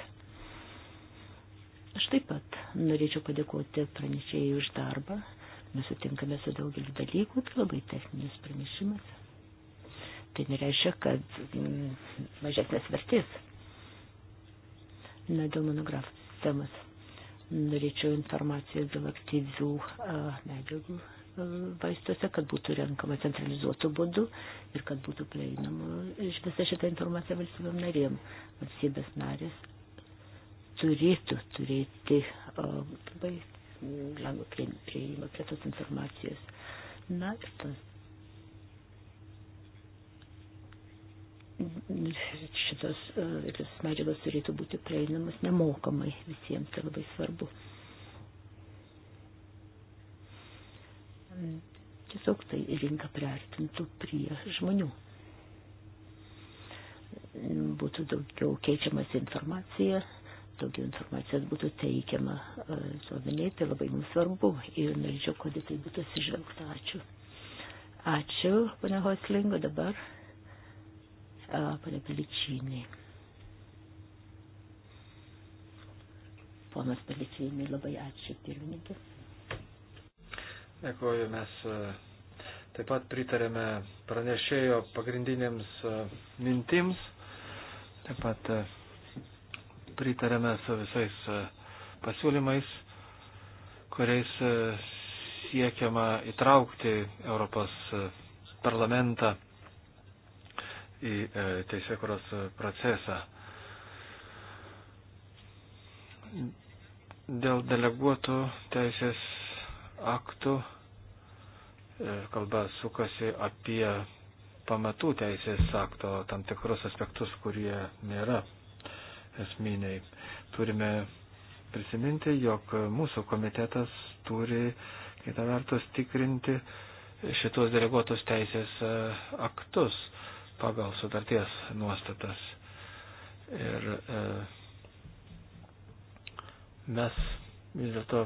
Aš taip pat norėčiau padėkoti pranešėjai už darbą. Mes sutinkame su daugeliu dalykų, tai labai techninis pranešimas. Tai nereiškia, kad mm, mažesnės vertės. Na, dėl monografų temas norėčiau informacijos dėl aktyvių medžiagų vaistuose, kad būtų renkama centralizuotų būdų ir kad būtų prieinama visą šitą informaciją valstybėm narėm. Valstybės narės turėtų turėti labai lengvą prieimą prie tos informacijos. Na ir tas. Šitos e, medžiagos turėtų būti prieinamas nemokamai visiems, tai labai svarbu. tiesiog tai rinką priartintų prie žmonių. Būtų daugiau keičiamas informacija, daugiau informacijos būtų teikiama visuomeniai, e, tai labai mums svarbu ir norėčiau, kad tai būtų atsižvelgta. Ačiū. Ačiū, ponia Hoslingo, dabar ponia Peličinė. Ponas Peličinė, labai ačiū pirmininkės. Dėkuoju, mes e, taip pat pritarėme pranešėjo pagrindinėms e, mintims, taip pat e, pritarėme su visais pasiūlymais, kuriais siekiama įtraukti Europos parlamentą į teisėkuros procesą. Dėl deleguotų teisės aktų kalba sukasi apie pamatų teisės akto tam tikrus aspektus, kurie nėra esminiai. Turime prisiminti, jog mūsų komitetas turi, kitą vertus, tikrinti šitos deleguotus teisės e, aktus pagal sutarties nuostatas. Ir e, mes vis dėlto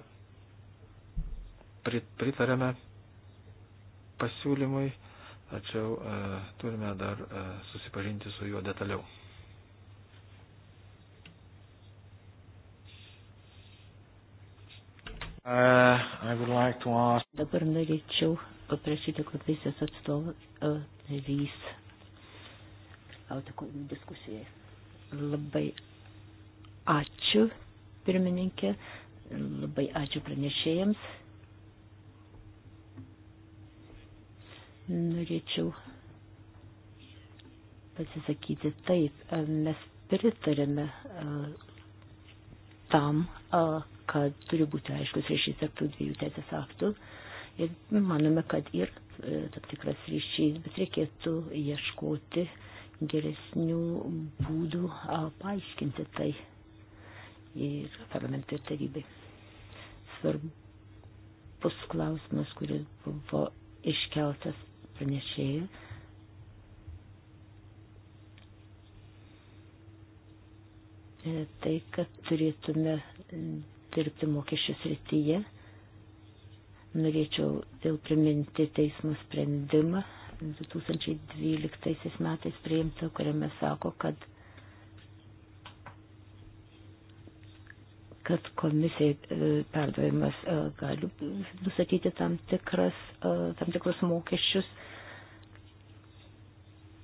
pritarėme pasiūlymui, tačiau e, turime dar e, susipažinti su juo detaliau. Uh, like ask... Dabar norėčiau paprašyti komisijos atstovų e, narys dalyvauti diskusijai. Labai ačiū pirmininkė, labai ačiū pranešėjams. Norėčiau pasisakyti taip, mes pritarėme tam, kad turi būti aiškus ryšys tarp tų dviejų teisės aktų ir manome, kad ir e, tam tikras ryšys, bet reikėtų ieškoti geresnių būdų paaiškinti tai ir parlamentui ir tarybai. Svarbus klausimas, kuris buvo iškeltas pranešėjų. E, tai, kad turėtume dirbti mokesčių srityje, norėčiau vėl priminti teismo sprendimą 2012 metais priimtą, kuriame sako, kad kad komisijai e, perdavimas e, gali nustatyti tam, tikras, tam tikrus mokesčius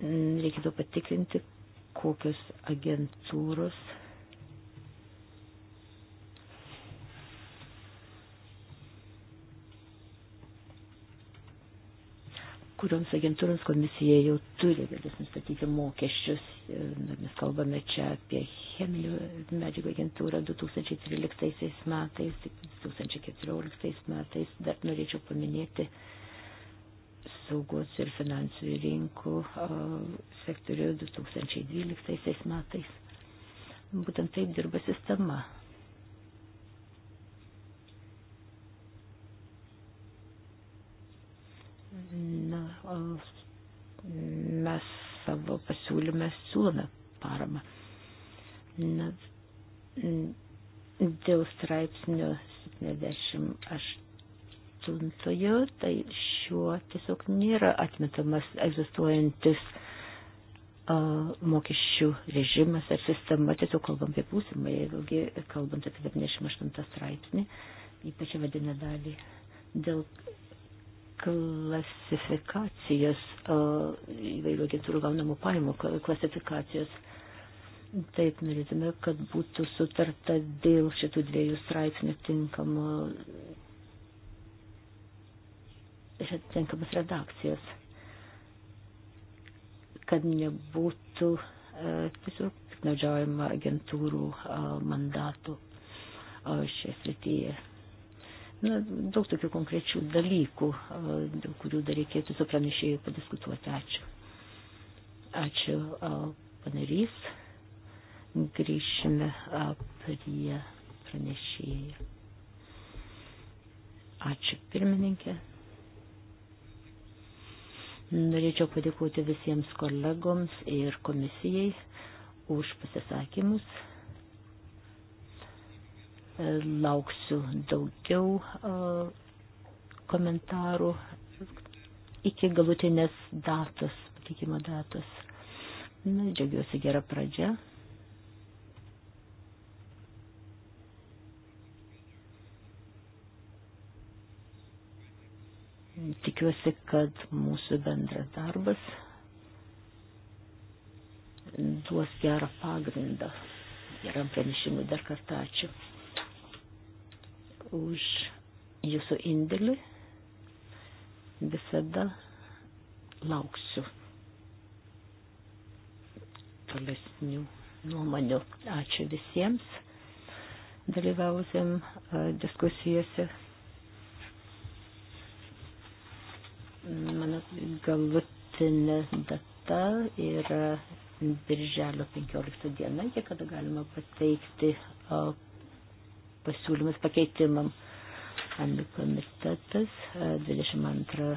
Mm, reikėtų patikrinti, kokios agentūros kurioms agentūroms komisija jau turi galės nustatyti mokesčius. Mes kalbame čia apie cheminių medžiagų agentūrą 2013 metais, 2014 metais. Dar norėčiau paminėti apsaugos ir finansų rinkų sektoriuje 2012 metais. Būtent taip dirba sistema. Na, mes savo pasiūlymę siūlome paramą. Na, dėl straipsnio 78 aštuntojo, tai šiuo tiesiog nėra atmetamas egzistuojantis uh, mokesčių režimas ar sistema, tiesiog kalbam apie būsimą, vėlgi kalbant apie 78 straipsnį, ypač vadinę dalį, dėl klasifikacijos, uh, įvairių agentūrų gaunamų pajamų klasifikacijos. Taip norėtume, kad būtų sutarta dėl šitų dviejų straipsnių tinkamo iš atitinkamos redakcijos, kad nebūtų e, tiesiog piknaudžiaujama agentūrų e, mandatų e, šioje srityje. Na, daug tokių konkrečių dalykų, e, dėl kurių dar reikėtų su pranešėjai padiskutuoti. Ačiū. Ačiū, e, panarys. Grįšime e, prie pranešėjai. Ačiū pirmininkė. Norėčiau padėkoti visiems kolegoms ir komisijai už pasisakymus. Lauksiu daugiau komentarų iki galutinės datos, patikimo datos. Na, džiaugiuosi gerą pradžią. tikiuosi, kad mūsų bendras darbas duos gerą pagrindą. Geram pranešimui dar kartą ačiū už jūsų indėlį. Visada lauksiu tolesnių nuomonių. Ačiū visiems dalyvausiam e, diskusijose. Mano galutinė data yra birželio 15 diena, jie kada galima pateikti pasiūlymus pakeitimam. Andų komitetas 22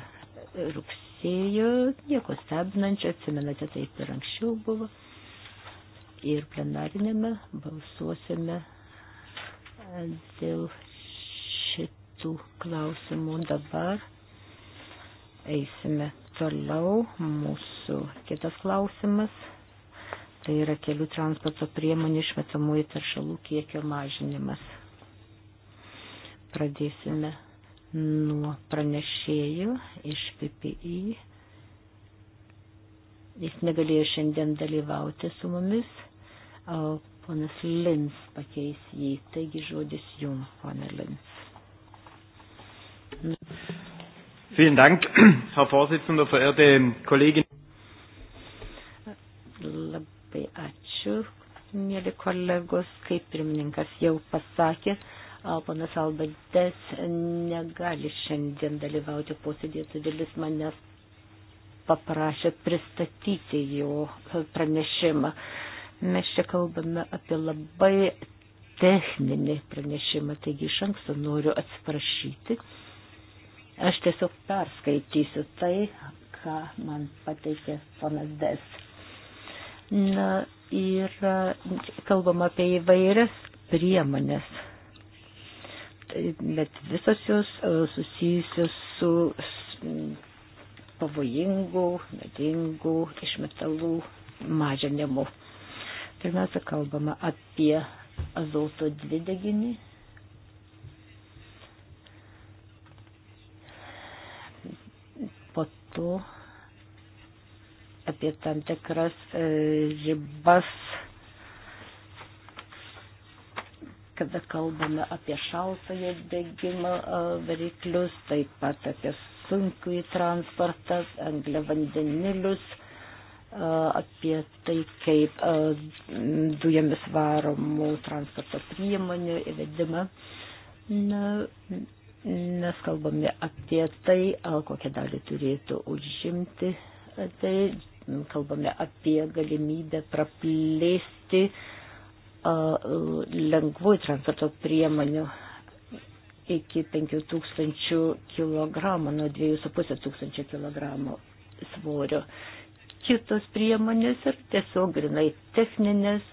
rugsėjo, nieko stebinančio, atsimenate, taip ir anksčiau buvo. Ir plenarinėme balsuosime dėl šitų klausimų dabar. Eisime toliau. Mūsų kitas klausimas. Tai yra kelių transporto priemonių išmetamųjų taršalų kiekio mažinimas. Pradėsime nuo pranešėjų iš PPI. Jis negalėjo šiandien dalyvauti su mumis, o ponas Lins pakeis jį. Taigi žodis jums, ponė Lins. Vielen Dank, Herr Vorsitzender, verehrte Kolleginnen. Labai ačiū, mėly kolegos, kaip pirmininkas jau pasakė, ponas Albadas negali šiandien dalyvauti posėdėje, todėl jis manęs paprašė pristatyti jo pranešimą. Mes čia kalbame apie labai techninį pranešimą, taigi iš anksto noriu atsiprašyti Aš tiesiog perskaitysiu tai, ką man pateikė ponas Des. Na, ir e, kalbam apie įvairias priemonės, tai bet visos jos e, susijusios su pavojingų, medingų išmetalų mažinimu. Pirmiausia, kalbama apie azoto dvideginį metu apie tam tikras e, ribas, kada kalbame apie šaltąją degimo e, variklius, taip pat apie sunkų į transportą, anglė vandenilius, e, apie tai, kaip dujomis varomų transporto priemonių įvedimą. Na, nes kalbame apie tai, kokią dalį turėtų užimti. Tai kalbame apie galimybę praplėsti lengvųjų transporto priemonių iki 5000 kg nuo 2500 kg svorio. Kitos priemonės yra tiesiog grinai techninės,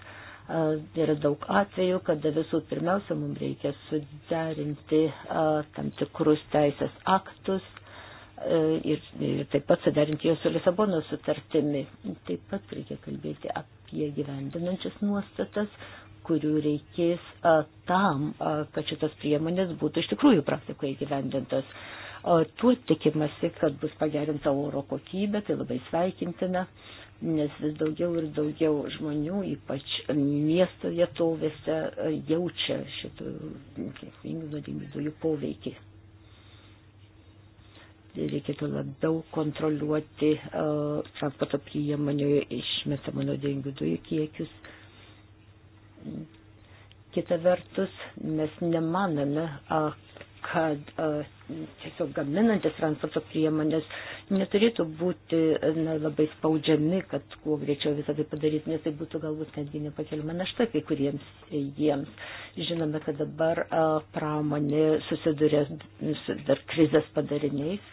Yra daug atvejų, kada visų pirmiausia mums reikia suderinti tam tikrus teisės aktus ir, ir taip pat suderinti juos su Lisabono sutartimi. Taip pat reikia kalbėti apie gyvendinančias nuostatas, kurių reikės a, tam, a, kad šitos priemonės būtų iš tikrųjų praktikoje gyvendintos. O tuo tikimasi, kad bus pagerinta oro kokybė, tai labai sveikintina. A, nes vis daugiau ir daugiau žmonių, ypač miesto vietovėse, jaučia šitų kenksmingų nuodingų dujų poveikį. Reikėtų labiau kontroliuoti uh, transporto priemonių išmetamų nuodingų dujų kiekius. Kita vertus, mes nemaname, uh, kad tiesiog gaminantis transporto priemonės neturėtų būti na, labai spaudžiami, kad kuo greičiau visą tai padaryti, nes tai būtų galbūt netgi nepakeliama našta kai kuriems jiems. Žinome, kad dabar a, pramonė susiduria su dar krizės padariniais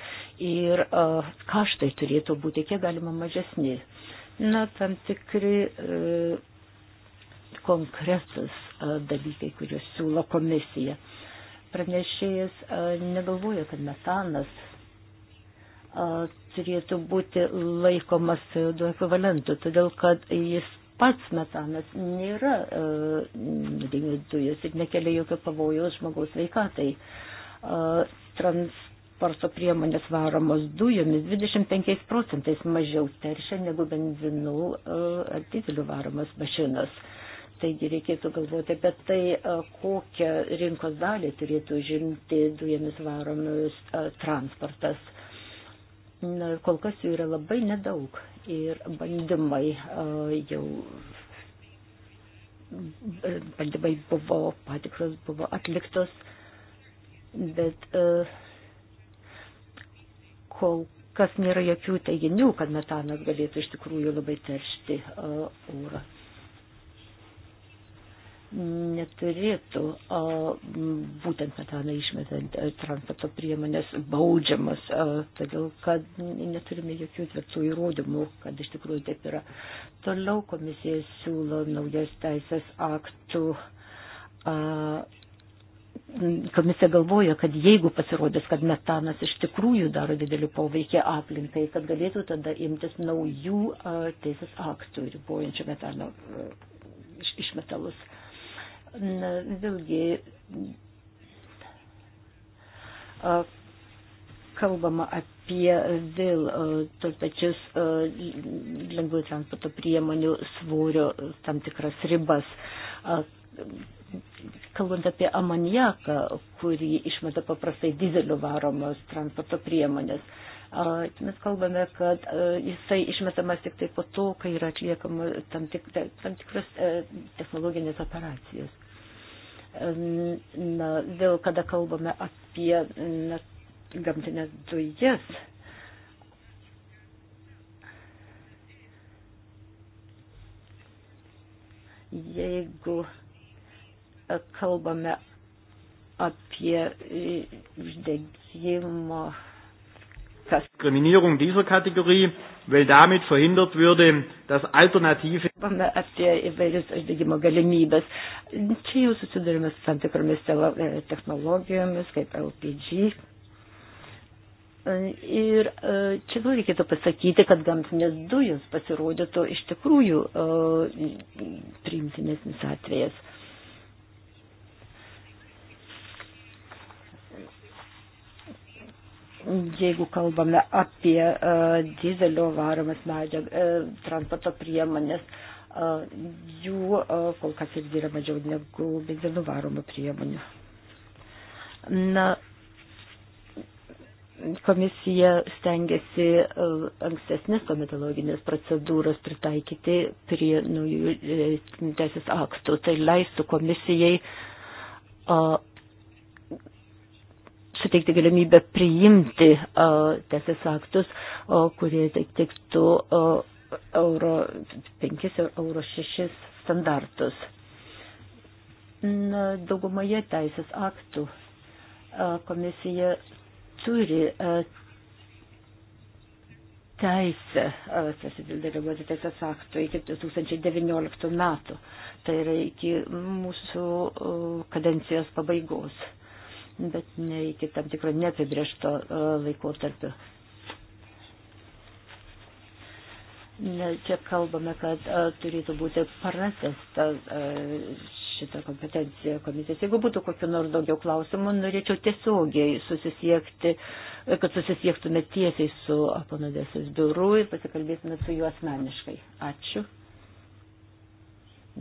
ir a, kaštai turėtų būti kiek galima mažesni. Na, tam tikri e, a, konkretus dalykai, kuriuos siūlo komisija pranešėjas negalvoja, kad metanas turėtų būti laikomas CO2 ekvivalentu, todėl kad jis pats metanas nėra nuodėmės dujos ir nekelia jokio pavojaus žmogaus veikatai. Transporto priemonės varomos dujomis 25 procentais mažiau teršia negu benzinų ar dizelių varomos mašinos. Taigi reikėtų galvoti apie tai, kokią rinkos dalį turėtų žimti dujomis varomis transportas. Na, kol kas jų yra labai nedaug ir bandymai jau bandymai buvo, patikros buvo atliktos, bet kol kas nėra jokių teiginių, kad metanas galėtų iš tikrųjų labai teršti orą neturėtų a, būtent metaną išmetant e, transporto priemonės baudžiamas, a, e, todėl kad neturime jokių tvirtų įrodymų, kad iš tikrųjų taip yra. Toliau komisija siūlo naujas teisės aktų. A, komisija galvoja, kad jeigu pasirodys, kad metanas iš tikrųjų daro didelį poveikį aplinkai, kad galėtų tada imtis naujų a, teisės aktų ribojančių metano a, iš, išmetalus na, vėlgi kalbama apie vėl tos pačius lengvųjų transporto priemonių svorio tam tikras ribas. Kalbant apie amoniaką, kurį išmeta paprastai dizelio varomos transporto priemonės, Mes kalbame, kad jisai išmetamas tik tai po to, kai yra atliekama tam, tik, tam tikras e, technologinės operacijos. E, na, vėl kada kalbame apie na, gamtinės dujas, jeigu e, kalbame apie uždegimo kas. Diskriminierung dieser Kategorie, weil damit verhindert würde, dass alternative. Kalbame apie įvairias uždegimo galimybės. Čia jau susidurime su tam tikromis e, technologijomis, kaip LPG. E, ir e, čia gal reikėtų pasakyti, kad gamtinės dujos pasirodytų iš tikrųjų priimtinesnis atvejas. jeigu kalbame apie e, dizelio varomas medžiagas, e, transporto priemonės, e, jų kol kas irgi yra mažiau negu benzinų varomų priemonių. Na, komisija stengiasi ankstesnės komitologinės procedūros pritaikyti prie naujų teisės aktų. Tai leistų komisijai suteikti galimybę priimti teisės aktus, o, kurie tiktų euro 5 ir euro 6 standartus. Na, daugumoje teisės aktų komisija turi teisę susidėlioti teisės aktų iki 2019 metų, tai yra iki mūsų kadencijos pabaigos bet ne iki tam tikro neapibriešto e, laikotarpio. Ne, čia kalbame, kad a, e, turėtų būti pratesta e, šitą kompetenciją komisijos. Jeigu būtų kokiu nors daugiau klausimų, norėčiau tiesiogiai susisiekti, kad susisiektume tiesiai su aponadėsis biuru ir pasikalbėsime su juo asmeniškai. Ačiū.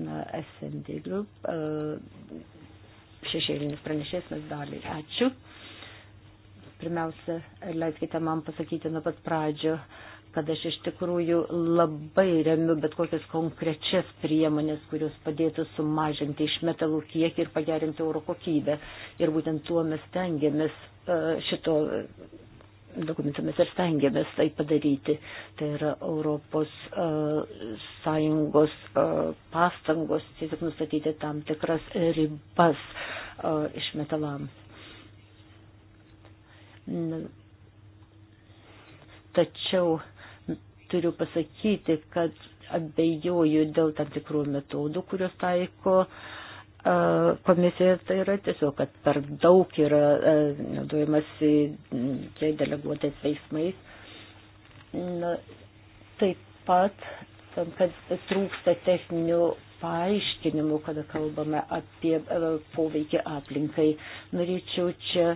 Na, SND Group. Uh, šešėlinis pranešėsmės daliai. Ačiū. Pirmiausia, leiskite man pasakyti nuo pat pradžio, kad aš iš tikrųjų labai remiu bet kokias konkrečias priemonės, kurios padėtų sumažinti išmetalų kiekį ir pagerinti oro kokybę. Ir būtent tuo mes tengiamės e, šito dokumentą mes ir stengiamės tai padaryti. Tai yra Europos uh, Sąjungos uh, pastangos tiesiog nustatyti tam tikras ribas uh, e, išmetalam. Tačiau turiu pasakyti, kad abejoju dėl tam tikrų metodų, kurios taiko uh, komisija tai yra tiesiog, kad per daug yra naudojamas čia deleguotais veiksmais. Na, taip pat, tam, kad trūksta techninių paaiškinimų, kada kalbame apie poveikį aplinkai, norėčiau čia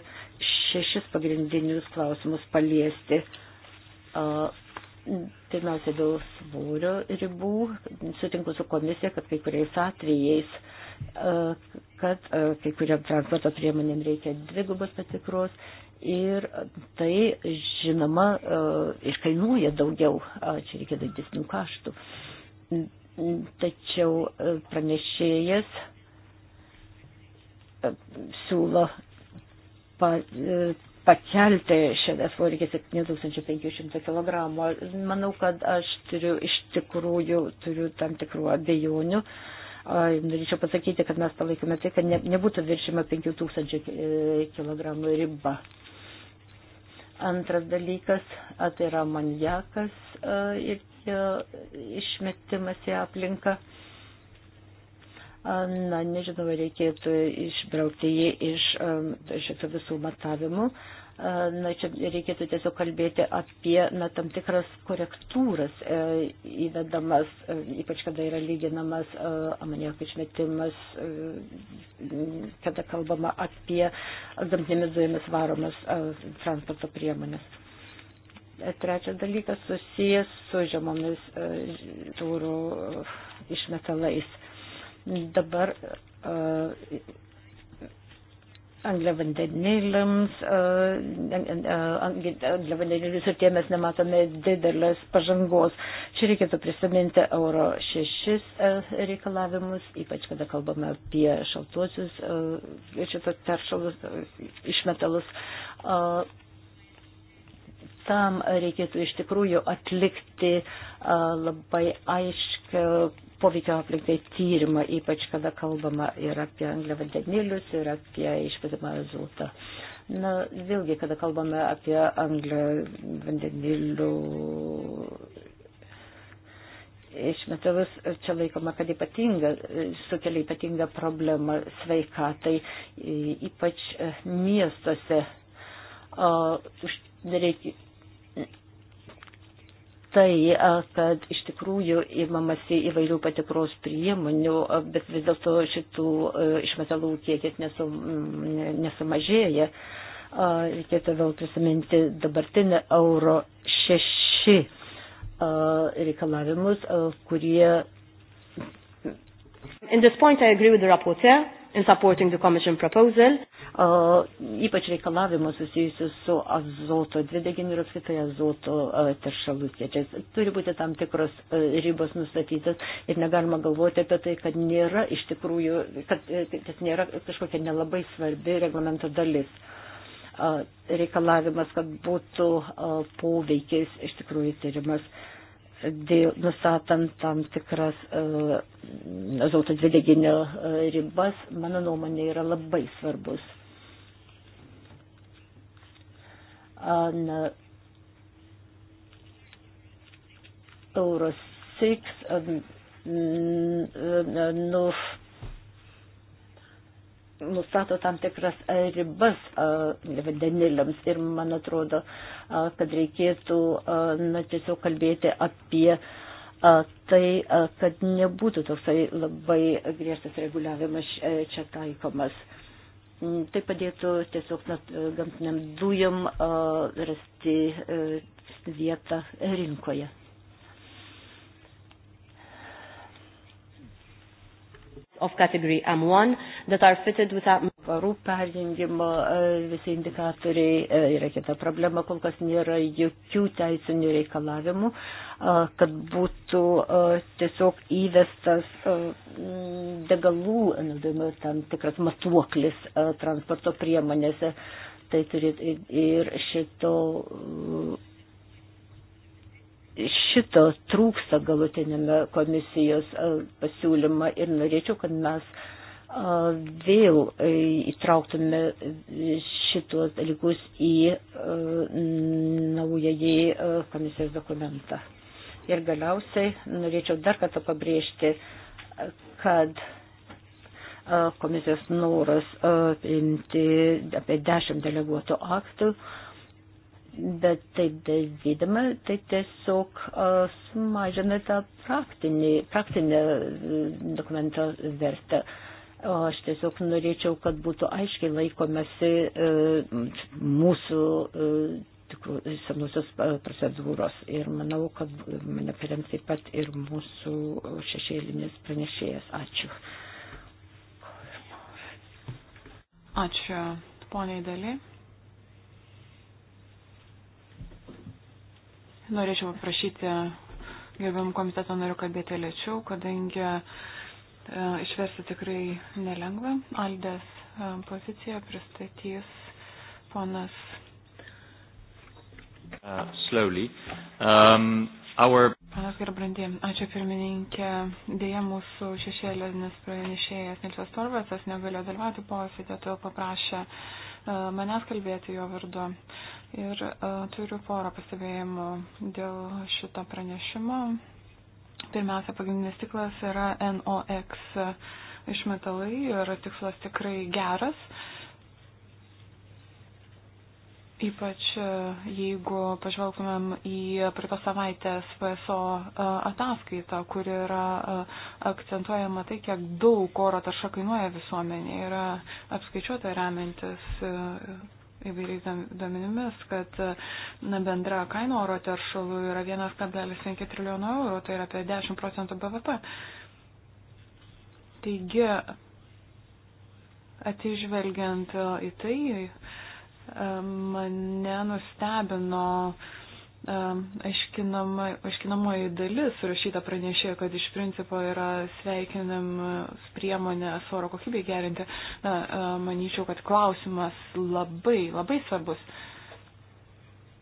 šešis pagrindinius klausimus paliesti. Uh, Pirmiausia, dėl svorio ribų sutinku su komisija, kad kai kuriais atvejais, e, kad e, kai kuriam transporto priemonėm reikia dvigubos patikros ir tai, žinoma, e, iškainuoja daugiau, čia reikia didesnių kaštų. Tačiau pranešėjas siūlo pa, pakelti šiame svorį 7500 kg. Manau, kad aš turiu iš tikrųjų, turiu tam tikrų abejonių. Norėčiau pasakyti, kad mes palaikome tai, kad ne, nebūtų viršima 5000 kg e, riba. Antras dalykas, tai yra manjakas ir išmetimas į aplinką na, nežinau, reikėtų išbraukti jį iš šito visų matavimų. Na, čia reikėtų tiesiog kalbėti apie, na, tam tikras korektūras e, įvedamas, e, ypač kada yra lyginamas e, amoniako išmetimas, e, kada kalbama apie gamtinėmis dujomis varomas e, transporto priemonės. E, trečias dalykas susijęs su žemomis e, tūrų e, išmetalais. E, Dabar uh, e, angliavandeniliams, e, e, angliavandenilius ir tie mes nematome didelės pažangos. Čia reikėtų prisiminti euro 6 reikalavimus, ypač kada kalbame apie šaltuosius šitos teršalus išmetalus tam reikėtų iš tikrųjų atlikti labai aiškę poveikio aplinkai tyrimą, ypač kada kalbama ir apie angliavandenilius, ir apie išmetamą rezultatą. Na, vėlgi, kada kalbame apie angliavandenilių išmetalus čia laikoma, kad ypatinga, sukelia ypatingą problemą sveikatai, ypač miestuose. O, reikia, tai, kad iš tikrųjų įmamasi įvairių patikros priemonių, bet vis dėlto šitų išmetalų kiekis nesum, nesumažėja. Reikėtų vėl prisiminti dabartinę euro 6 reikalavimus, kurie. In this point I agree with the rapporteur in supporting the Commission proposal ypač reikalavimus susijusius su azoto dvideginiu ir apskritai azoto teršalų kiečiais. Turi būti tam tikros ribos nustatytas ir negalima galvoti apie tai, kad nėra iš tikrųjų, kad e, tai, tas nėra kažkokia nelabai svarbi reglamento dalis reikalavimas, kad būtų poveikis iš tikrųjų tyrimas dėl nustatant tam tikras azoto dvideginio ribas, mano nuomonė, yra labai svarbus on Euro 6 nu, nustato tam tikras ribas vandeniliams ir man atrodo, kad reikėtų na, tiesiog kalbėti apie tai, kad nebūtų toksai labai griežtas reguliavimas e, čia taikomas. Mm, tai padėtų tiesiog gamtiniam dujom rasti e, vietą rinkoje. of category M1 that are fitted with that. Parų perjungimo e, visi indikatoriai e, yra kita problema, kol kas nėra jokių teisinių reikalavimų, e, kad būtų tiesiog įvestas degalų naudojimas tam tikras matuoklis transporto priemonėse. Tai turėtų ir šito šito trūksta galutinėme komisijos pasiūlymą ir norėčiau, kad mes vėl įtrauktume šitos dalykus į naująjį komisijos dokumentą. Ir galiausiai norėčiau dar kartą pabrėžti, kad komisijos noras priimti apie dešimt deleguotų aktų uh, Bet taip darydama, tai tiesiog sumažina tą praktinį, praktinę e, dokumento vertę. O aš tiesiog norėčiau, kad būtų aiškiai laikomasi e, mūsų e, tikrų senusios procedūros. Ir manau, kad mane parems taip pat ir mūsų šešėlinis pranešėjas. Ačiū. Ačiū, poniai Dali. Norėčiau paprašyti gerbiamų komiteto noriu kalbėti lėčiau, kadangi e, išversti tikrai nelengva. Aldės e, poziciją pristatys ponas. Uh, slowly. Um, our... Panas Gerbrandė, ačiū pirmininkė. Dėja, mūsų šešėlinis pranešėjas Nilsas Torvasas negalėjo dalyvauti posėdė, todėl paprašė uh, E, manęs kalbėti jo vardu. Ir e, turiu porą pastebėjimų dėl šito pranešimo. Pirmiausia, pagrindinis tiklas yra NOX išmetalai ir tikslas tikrai geras. Uh, Ypač e, jeigu pažvelgtumėm į praeitos savaitės PSO e, ataskaitą, kur yra e, akcentuojama tai, kiek daug oro tarša kainuoja visuomenė, yra apskaičiuota remiantis įvairiais duomenimis, kad na, bendra kaina oro teršalų yra 1,5 trilijono eurų, tai yra apie 10 procentų BVP. Taigi, atsižvelgiant į tai, mane nustebino aiškinamoji dalis rašyta pranešėjo, kad iš principo yra sveikinam priemonės oro kokybei gerinti. Na, manyčiau, kad klausimas labai, labai svarbus.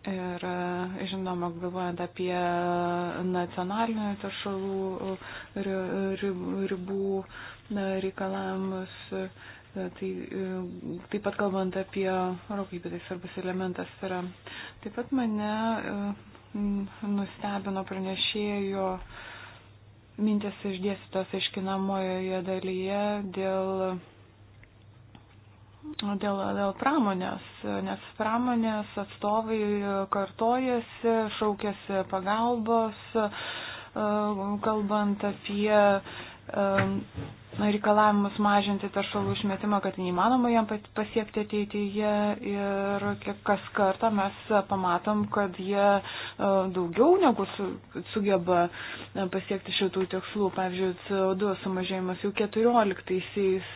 Ir e, žinoma, galvojant apie nacionalinių teršalų e, ribų reikalavimus. Ir, E, tai e, taip pat kalbant apie oro kokybę, tai svarbus elementas yra. Taip pat mane e, nustebino pranešėjo mintis išdėstytos aiškinamojoje dalyje dėl dėl, dėl pramonės, nes pramonės atstovai kartojasi, šaukėsi pagalbos, kalbant apie reikalavimus mažinti taršalų išmetimą, kad neįmanoma jam pasiekti ateityje ir kas kartą mes pamatom, kad jie e, daugiau negu sugeba e, pasiekti šitų tikslų. Pavyzdžiui, CO2 sumažėjimas jau 14-aisiais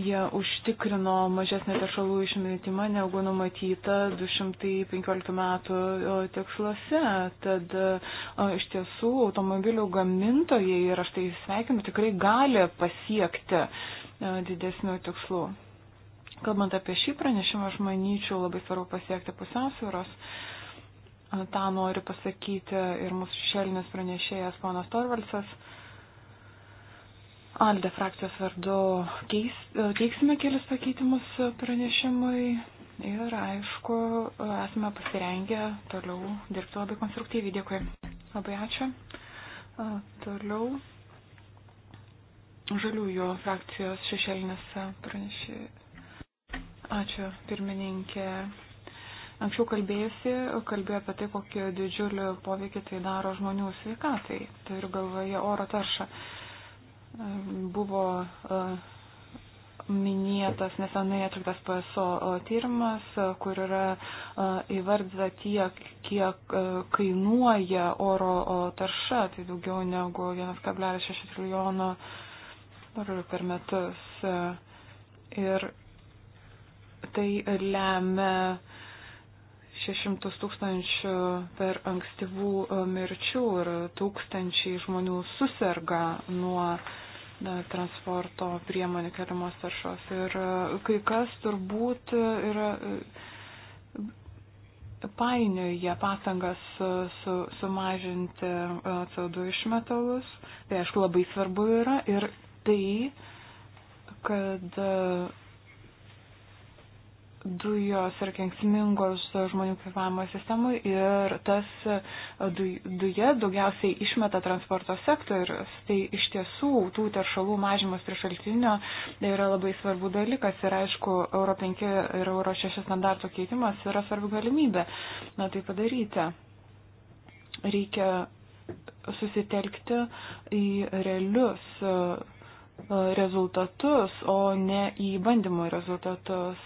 jie užtikrino mažesnį teršalų išmetimą negu numatyta 215 metų tiksluose. Tad iš tiesų automobilių gamintojai, ir aš tai sveikinu, tikrai gali pasiekti e, didesnių tikslų. Kalbant apie šį pranešimą, aš manyčiau labai svarbu pasiekti pusiausvėros. E, Ta noriu pasakyti ir mūsų šešėlinis pranešėjas ponas Torvalsas. Alde frakcijos vardu keis, e, teiksime kelis pakeitimus pranešimui ir, aišku, e, esame pasirengę toliau dirbti labai konstruktyviai. Dėkui. Labai ačiū. E, toliau žaliųjų frakcijos šešėlinės pranešė. Ačiū, pirmininkė. Anksčiau kalbėjusi, kalbėjo apie tai, kokį didžiulį poveikį tai daro žmonių sveikatai, turiu galvoje oro taršą. Buvo e, minėtas nesenai atliktas PSO e, tyrimas, e, kur yra įvardyta tiek, kiek kainuoja oro tarša, tai daugiau negu 1,6 trilijono dolerių per metus. Ir tai lemia 600 tūkstančių per ankstyvų mirčių ir tūkstančiai žmonių susirga nuo uh, E, transporto priemonių keliamos taršos. Ir e, kai kas turbūt yra e, painioja pasangas su, sumažinti CO2 išmetalus, tai aišku labai svarbu yra ir tai, kad dujos yra kenksmingos žmonių kvėpavimo sistemai ir tas e, duja daugiausiai išmeta transporto sektorius. Tai iš tiesų tų teršalų mažymas prie šaltinio yra labai svarbu dalykas ir aišku, Euro 5 ir Euro 6 standartų keitimas yra svarbi galimybė na, tai padaryti. Reikia susitelkti į realius rezultatus, o ne į bandymų rezultatus.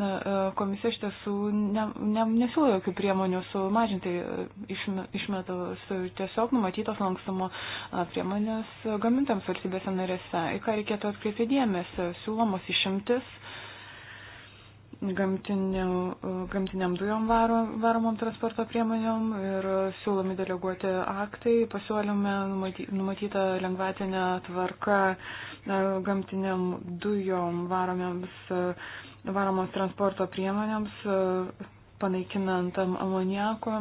Na, e, komisija iš tiesų ne, ne, nesiūlo jokių priemonių sumažinti e, išmetalus, e, tiesiog numatytos lankstumo priemonės gamintams valstybėse narėse. Į ką reikėtų atkreipti dėmesį, siūlomos išimtis gamtiniu, gamtiniam dujom varo, varomom transporto priemonėm ir siūlomi deleguoti aktai. Pasiūlyme numatyta lengvatinė tvarka e, gamtiniam dujom varomiems, e, varomoms transporto priemonėms, e, panaikinant amoniako.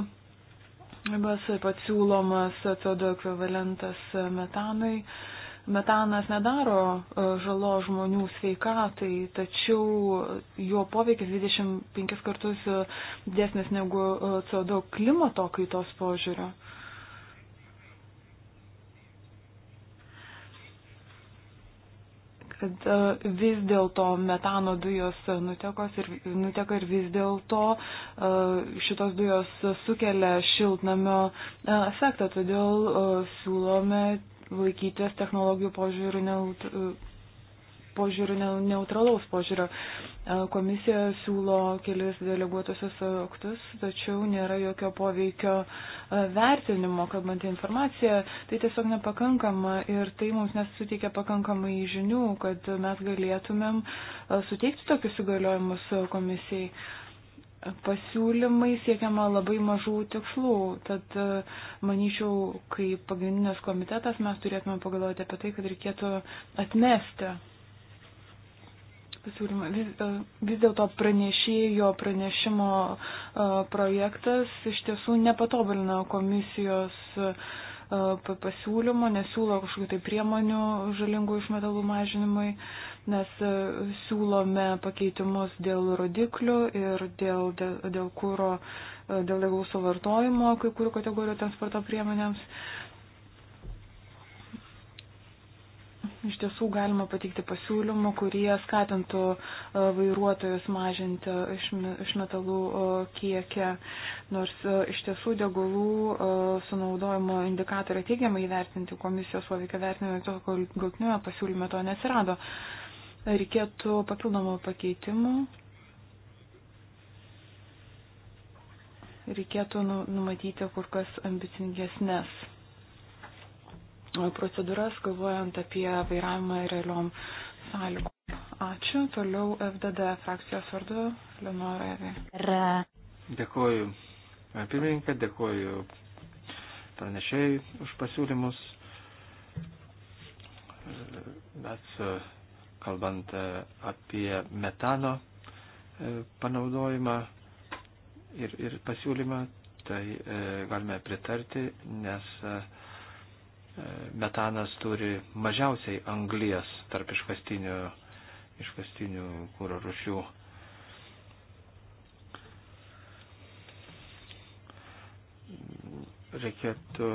Taip pat siūlomas CO2 ekvivalentas metanui. Uh, Metanas nedaro e, žalo žmonių sveikatai, tačiau jo poveikis 25 kartus e, didesnis negu e, CO2 klimato kaitos požiūrio. kad vis dėlto metano dujos nutekos ir nuteka ir vis dėlto šitos dujos sukelia šiltnamio efektą. Todėl siūlome laikytis technologijų požiūrių požiūrių, neutralaus požiūrio. E, komisija siūlo kelis deleguotusius aktus, tačiau nėra jokio poveikio e, vertinimo, kalbant informaciją. Tai tiesiog nepakankama ir tai mums nesuteikia pakankamai žinių, kad mes galėtumėm e, suteikti tokius įgaliojimus komisijai pasiūlymai siekiama labai mažų tikslų. Tad e, manyčiau, kaip pagrindinės komitetas mes turėtume pagalvoti apie tai, kad reikėtų atmesti pasiūlymą. Vis, vis dėlto pranešėjo pranešimo e, projektas iš tiesų nepatobulina komisijos e, pasiūlymo, nesiūlo kažkokių tai priemonių žalingų išmetalų mažinimui. Mes e, siūlome pakeitimus dėl rodiklių ir dėl, dėl, dėl kūro, e, dėl degalų suvartojimo kai kurių kategorijų transporto priemonėms. Iš tiesų galima pateikti pasiūlymų, kurie skatintų e, vairuotojus mažinti išmetalų kiekę, nors iš tiesų degalų sunaudojimo indikatoriai teigiamai įvertinti komisijos poveikio vertinimo, to galtinio pasiūlyme to nesirado reikėtų papildomų pakeitimų. Reikėtų nu, numatyti kur kas ambicingesnės procedūras, galvojant apie vairavimą realiom sąlygom. Ačiū. Toliau FDD frakcijos vardu Lenora Evi. Dėkuoju pirmininką, dėkuoju pranešėjai už pasiūlymus. Mes kalbant e, apie metano e, panaudojimą ir, ir pasiūlymą, tai e, galime pritarti, nes metanas turi mažiausiai anglijas tarp iškastinių, iškastinių kūro rušių. Reikėtų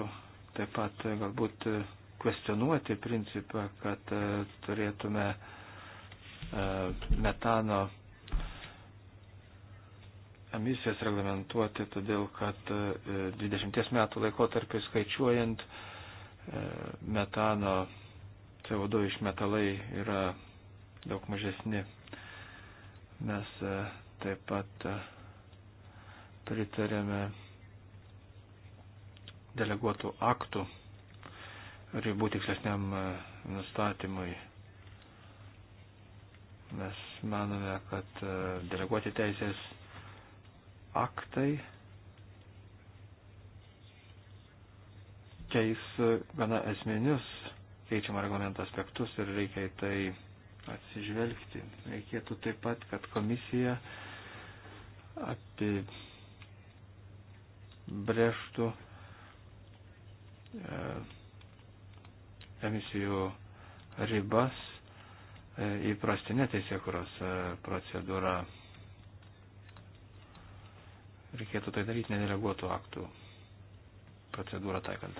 taip pat galbūt kvestionuoti principą, kad e, turėtume e, metano emisijas reglamentuoti, todėl kad 20 e, metų laikotarpį skaičiuojant metano CO2 išmetalai yra daug mažesni. Mes taip pat pritarėme deleguotų aktų ribų tikslesniam e, nustatymui. Mes manome, kad e, deleguoti teisės aktai keis e, gana esminius keičiamą reglamentą aspektus ir reikia į tai atsižvelgti. Reikėtų taip pat, kad komisija apibrėžtų e, emisijų ribas e, įprastinė teisėkuros e, procedūra. Reikėtų tai daryti nedeleguotų aktų procedūrą taikant.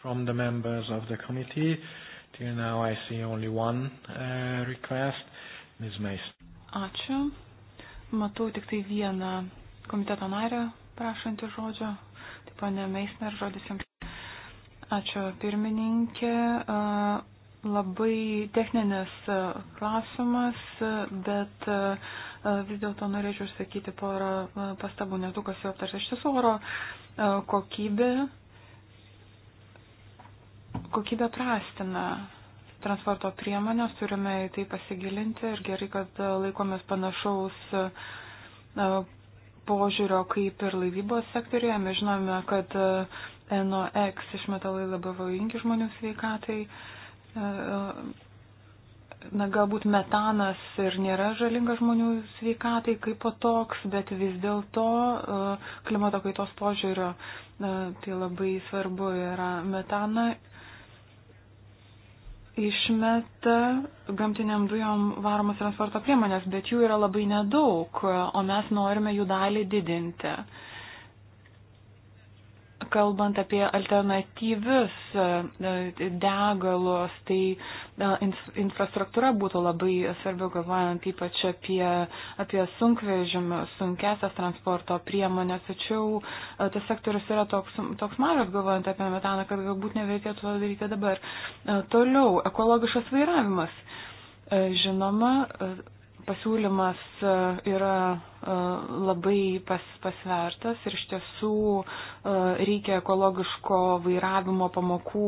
From the members of the committee, till now I see only one uh, request, Ms. Mace. Ačiū. Matau tik tai vieną komiteto narę prašantį žodžio. Tai pane Meisner, žodis jums. Ačiū pirmininkė. Labai techninis klausimas, bet vis dėlto norėčiau išsakyti porą pastabų, nes daug kas jau aptarė. Iš tiesų oro kokybė, kokybė prastina transporto priemonės, turime į tai pasigilinti ir gerai, kad laikomės panašaus požiūrio kaip ir laivybos sektoriuje. Mes žinome, kad NOX išmetalai labai pavojingi žmonių sveikatai. E, e, na, galbūt metanas ir nėra žalingas žmonių sveikatai kaip po toks, bet vis dėlto e, klimato kaitos požiūrio tai labai svarbu yra metana išmeta gamtiniam dujom varomas transporto priemonės, bet jų yra labai nedaug, o mes norime jų dalį didinti. Uh, kalbant apie alternatyvius e, e, degalus, tai e, infrastruktūra būtų labai svarbi, galvojant ypač apie, apie sunkvežimius, sunkesias transporto priemonės. Tačiau tas sektorius yra toks, toks mažas, galvojant apie metaną, kad galbūt nevertėtų to daryti dabar. Toliau, ekologiškas vairavimas. Žinoma, pasiūlymas e, yra e, labai pas, pasvertas ir iš tiesų e, reikia ekologiško vairavimo pamokų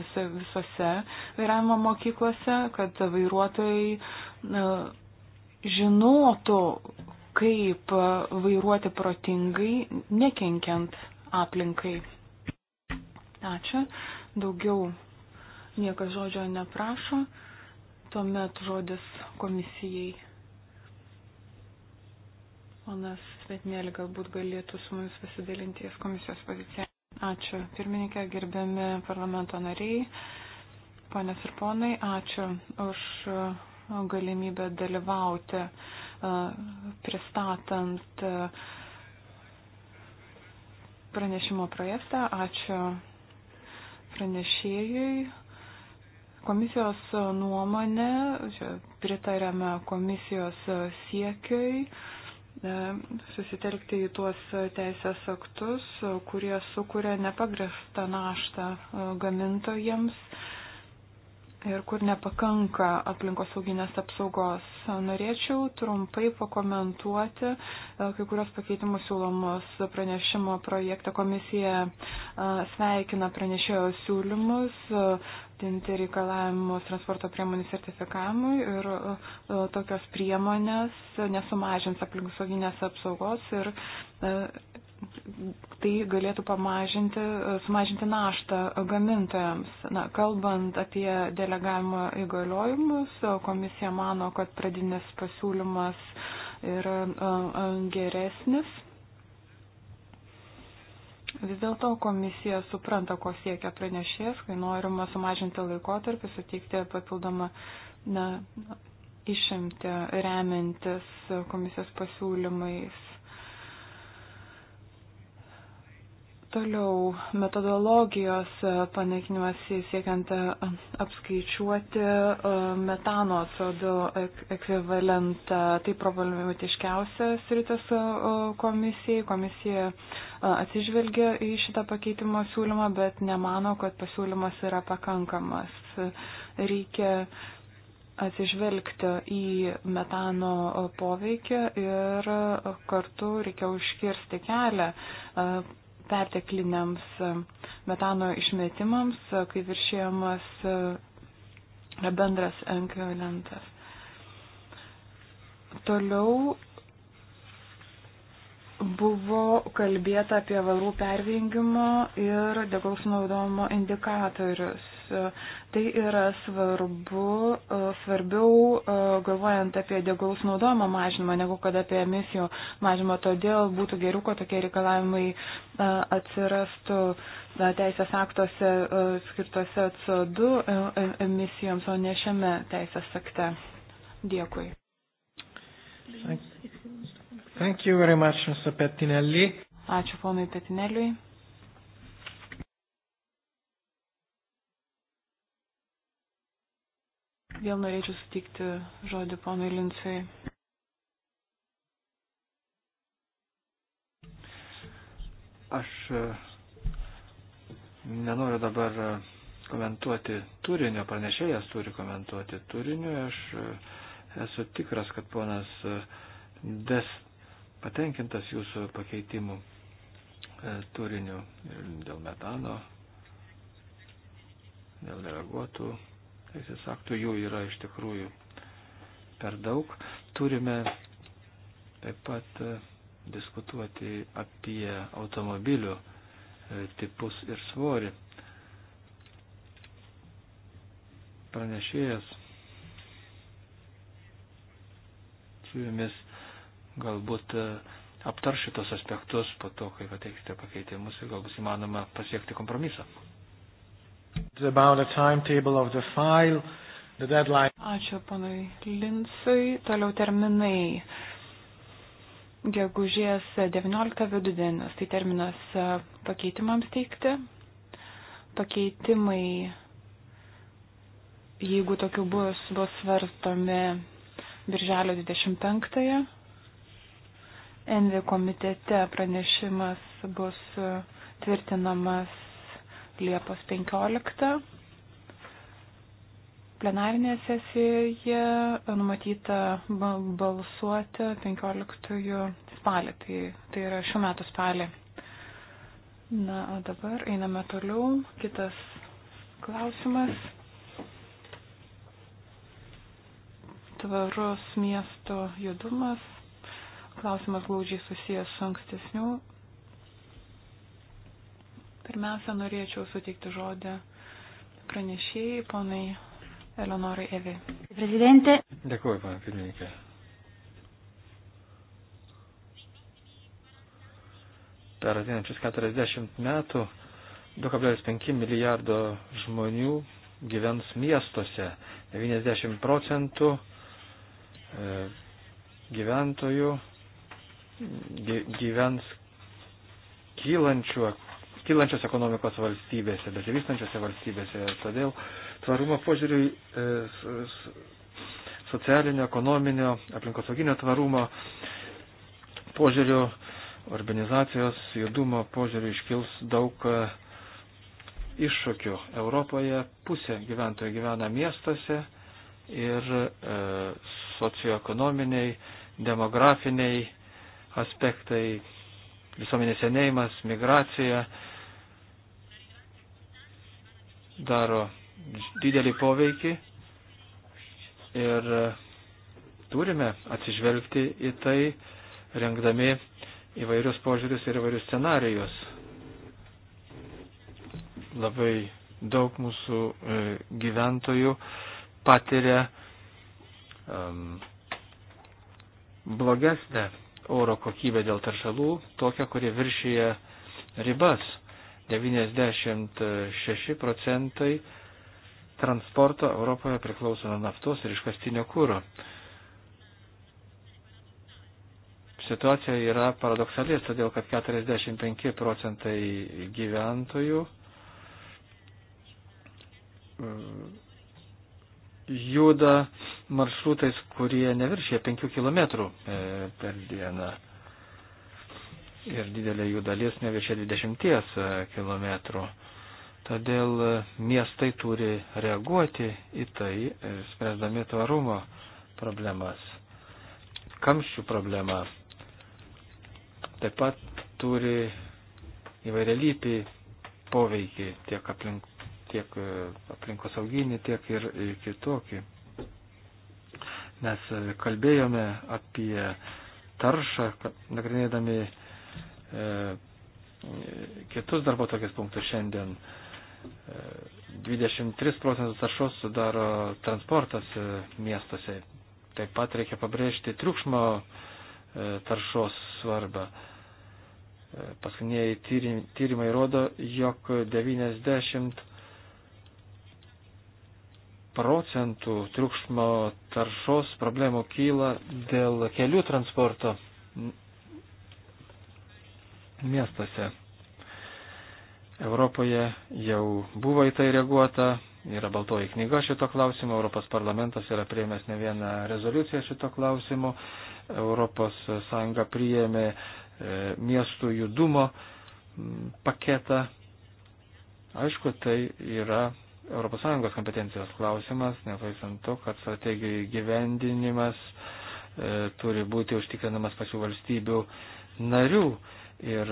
vis, visose vairavimo mokyklose, kad vairuotojai žinotų, kaip vairuoti protingai, nekenkiant aplinkai. Ačiū. Daugiau niekas žodžio neprašo. Tuomet žodis komisijai. Ponas Svetnėlė galbūt galėtų su mumis pasidalinti jas komisijos poziciją. Ačiū. Pirmininkė, gerbiami parlamento nariai, ponės ir ponai, ačiū už uh, galimybę dalyvauti uh, pristatant uh, pranešimo projektą. Ačiū pranešėjui. Komisijos nuomonė, pritarėme komisijos siekiui E, susitelkti į tuos teisės aktus, kurie sukuria nepagrastą naštą e, gamintojams ir kur nepakanka aplinkosauginės apsaugos. Norėčiau trumpai pakomentuoti e, kai kurios pakeitimus siūlomus pranešimo projektą. Komisija e, sveikina pranešėjo siūlymus tinti e, reikalavimus transporto priemonių sertifikavimui ir tokios priemonės nesumažins aplinkosauginės apsaugos ir tai galėtų pamažinti, sumažinti naštą gamintojams. Na, kalbant apie delegavimo įgaliojimus, komisija mano, kad pradinis pasiūlymas yra geresnis. Vis dėlto komisija supranta, ko siekia pranešės, kai norima sumažinti laikotarpį, suteikti papildomą na, išimti remiantis komisijos pasiūlymais Toliau metodologijos e, panaikinimas siekiant e, apskaičiuoti e, metano CO2 ekvivalentą. Tai problematiškiausias rytis komisijai. Komisija atsižvelgia į šitą pakeitimo siūlymą, bet nemano, kad pasiūlymas yra pakankamas. Reikia atsižvelgti į metano poveikį ir kartu reikia užkirsti kelią pertekliniams e, metano išmetimams, e, kai viršėjamas e, bendras enkvivalentas. Toliau buvo kalbėta apie varų pervengimo ir degalų sunaudojimo indikatorius. Tai yra svarbu, e, svarbiau e, galvojant apie degalus naudojimo mažinimą, negu kad apie emisijų mažinimą. Todėl būtų geriau, kad tokie reikalavimai e, atsirastų teisės aktuose skirtose CO2 emisijoms, o ne šiame teisės akte. Dėkui. Thank you very much, Mr. Petinelli. Ačiū ponui Petineliui. Vėl norėčiau sutikti žodį ponui Lincui. Aš e, nenoriu dabar e, komentuoti turinio, pranešėjas turi komentuoti turinio. Aš e, esu tikras, kad ponas Des patenkintas jūsų pakeitimų turiniu dėl metano, dėl reaguotų teisės aktų jų yra iš tikrųjų per daug. Turime taip pat e, diskutuoti apie automobilių e, tipus ir svorį. Pranešėjas su jumis galbūt e, aptar šitos aspektus po to, kai pateiksite pakeitimus ir galbūt įmanoma pasiekti kompromisą about the timetable of the file, the deadline. Ačiū panui Linsui. Toliau terminai. Gegužės 19 vidudienis, tai terminas e, pakeitimams teikti. Pakeitimai, jeigu tokių bus, bus svarstomi birželio 25-ąją. Envi komitete pranešimas bus e, tvirtinamas Liepos 15. Plenarinėje sesijoje numatyta balsuoti 15 spalį, tai, tai yra šių metų spalį. Na, o dabar einame toliau. Kitas klausimas. Tvarus miesto judumas. Klausimas glaudžiai susijęs su ankstesniu Pirmiausia, norėčiau suteikti žodį pranešėjai, ponai Eleonorai Evi. Prezidentė. Dėkuoju, pana pirmininkė. Per ateinančius 40 metų 2,5 milijardo žmonių gyvens miestuose. 90 procentų e, gyventojų gyvens kylančių kylančios ekonomikos valstybėse, besivystančiose valstybėse. Todėl tvarumo požiūriui e, socialinio, ekonominio, aplinkosauginio tvarumo požiūriu, urbanizacijos judumo požiūriu iškils daug e, iššūkių. Europoje pusė gyventojų gyvena miestuose ir e, socioekonominiai, demografiniai aspektai, visuomenės senėjimas, migracija, daro didelį poveikį ir turime atsižvelgti į tai, rengdami įvairius požiūrius ir įvairius scenarijus. Labai daug mūsų e, gyventojų patiria um, blogesnę oro kokybę dėl taršalų, tokią, kuri viršyje ribas. 96 procentai transporto Europoje priklauso nuo naftos ir iškastinio kūro. Situacija yra paradoksalės, todėl kad 45 procentai gyventojų e, juda maršrutais, kurie neviršė 5 km per dieną ir didelė jų dalis neviršia 20 km. Todėl e, miestai turi reaguoti į tai, e, spręsdami tvarumo problemas. Kamščių problema taip pat turi įvairialypį poveikį tiek, aplink, tiek e, aplinkosauginį, tiek ir kitokį. Mes kalbėjome apie taršą, nagrinėdami E, kitus darbo tokias punktus šiandien. 23 e, procentus taršos sudaro transportas e, miestuose. Taip pat reikia pabrėžti triukšmo taršos svarbą. Paskutiniai tyrimai rodo, jog 90 procentų triukšmo taršos problemų kyla dėl kelių transporto miestuose. Europoje jau buvo į tai reaguota, yra baltoji knyga šito klausimo, Europos parlamentas yra priėmęs ne vieną rezoliuciją šito klausimu, Europos Sąjunga priėmė e, miestų judumo paketą. Aišku, tai yra Europos Sąjungos kompetencijos klausimas, nepaisant to, kad strategijų gyvendinimas e, turi būti užtikrinamas pačių valstybių narių. E, ir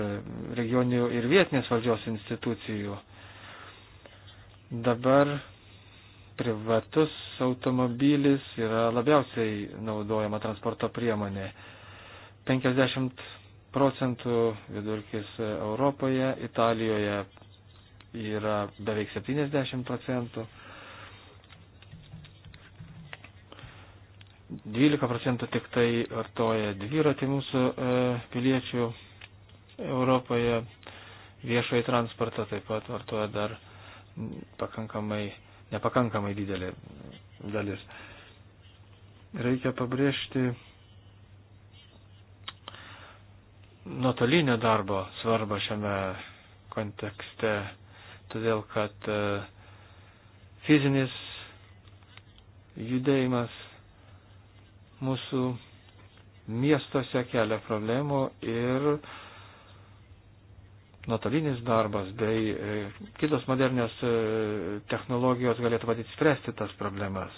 regioninių ir vietinės valdžios institucijų. Dabar privatus automobilis yra labiausiai naudojama transporto priemonė. 50 procentų vidurkis Europoje, Italijoje yra beveik 70 procentų. 12 procentų tik tai vartoja dviratį mūsų e, piliečių Europoje viešoji transportą taip pat vartoja dar pakankamai, nepakankamai didelė dalis. Reikia pabrėžti nuotolinio darbo svarbą šiame kontekste, todėl kad e, fizinis judėjimas mūsų miestuose kelia problemų ir uh, nuotolinis darbas bei e, kitos modernios e, technologijos galėtų padėti spręsti tas problemas.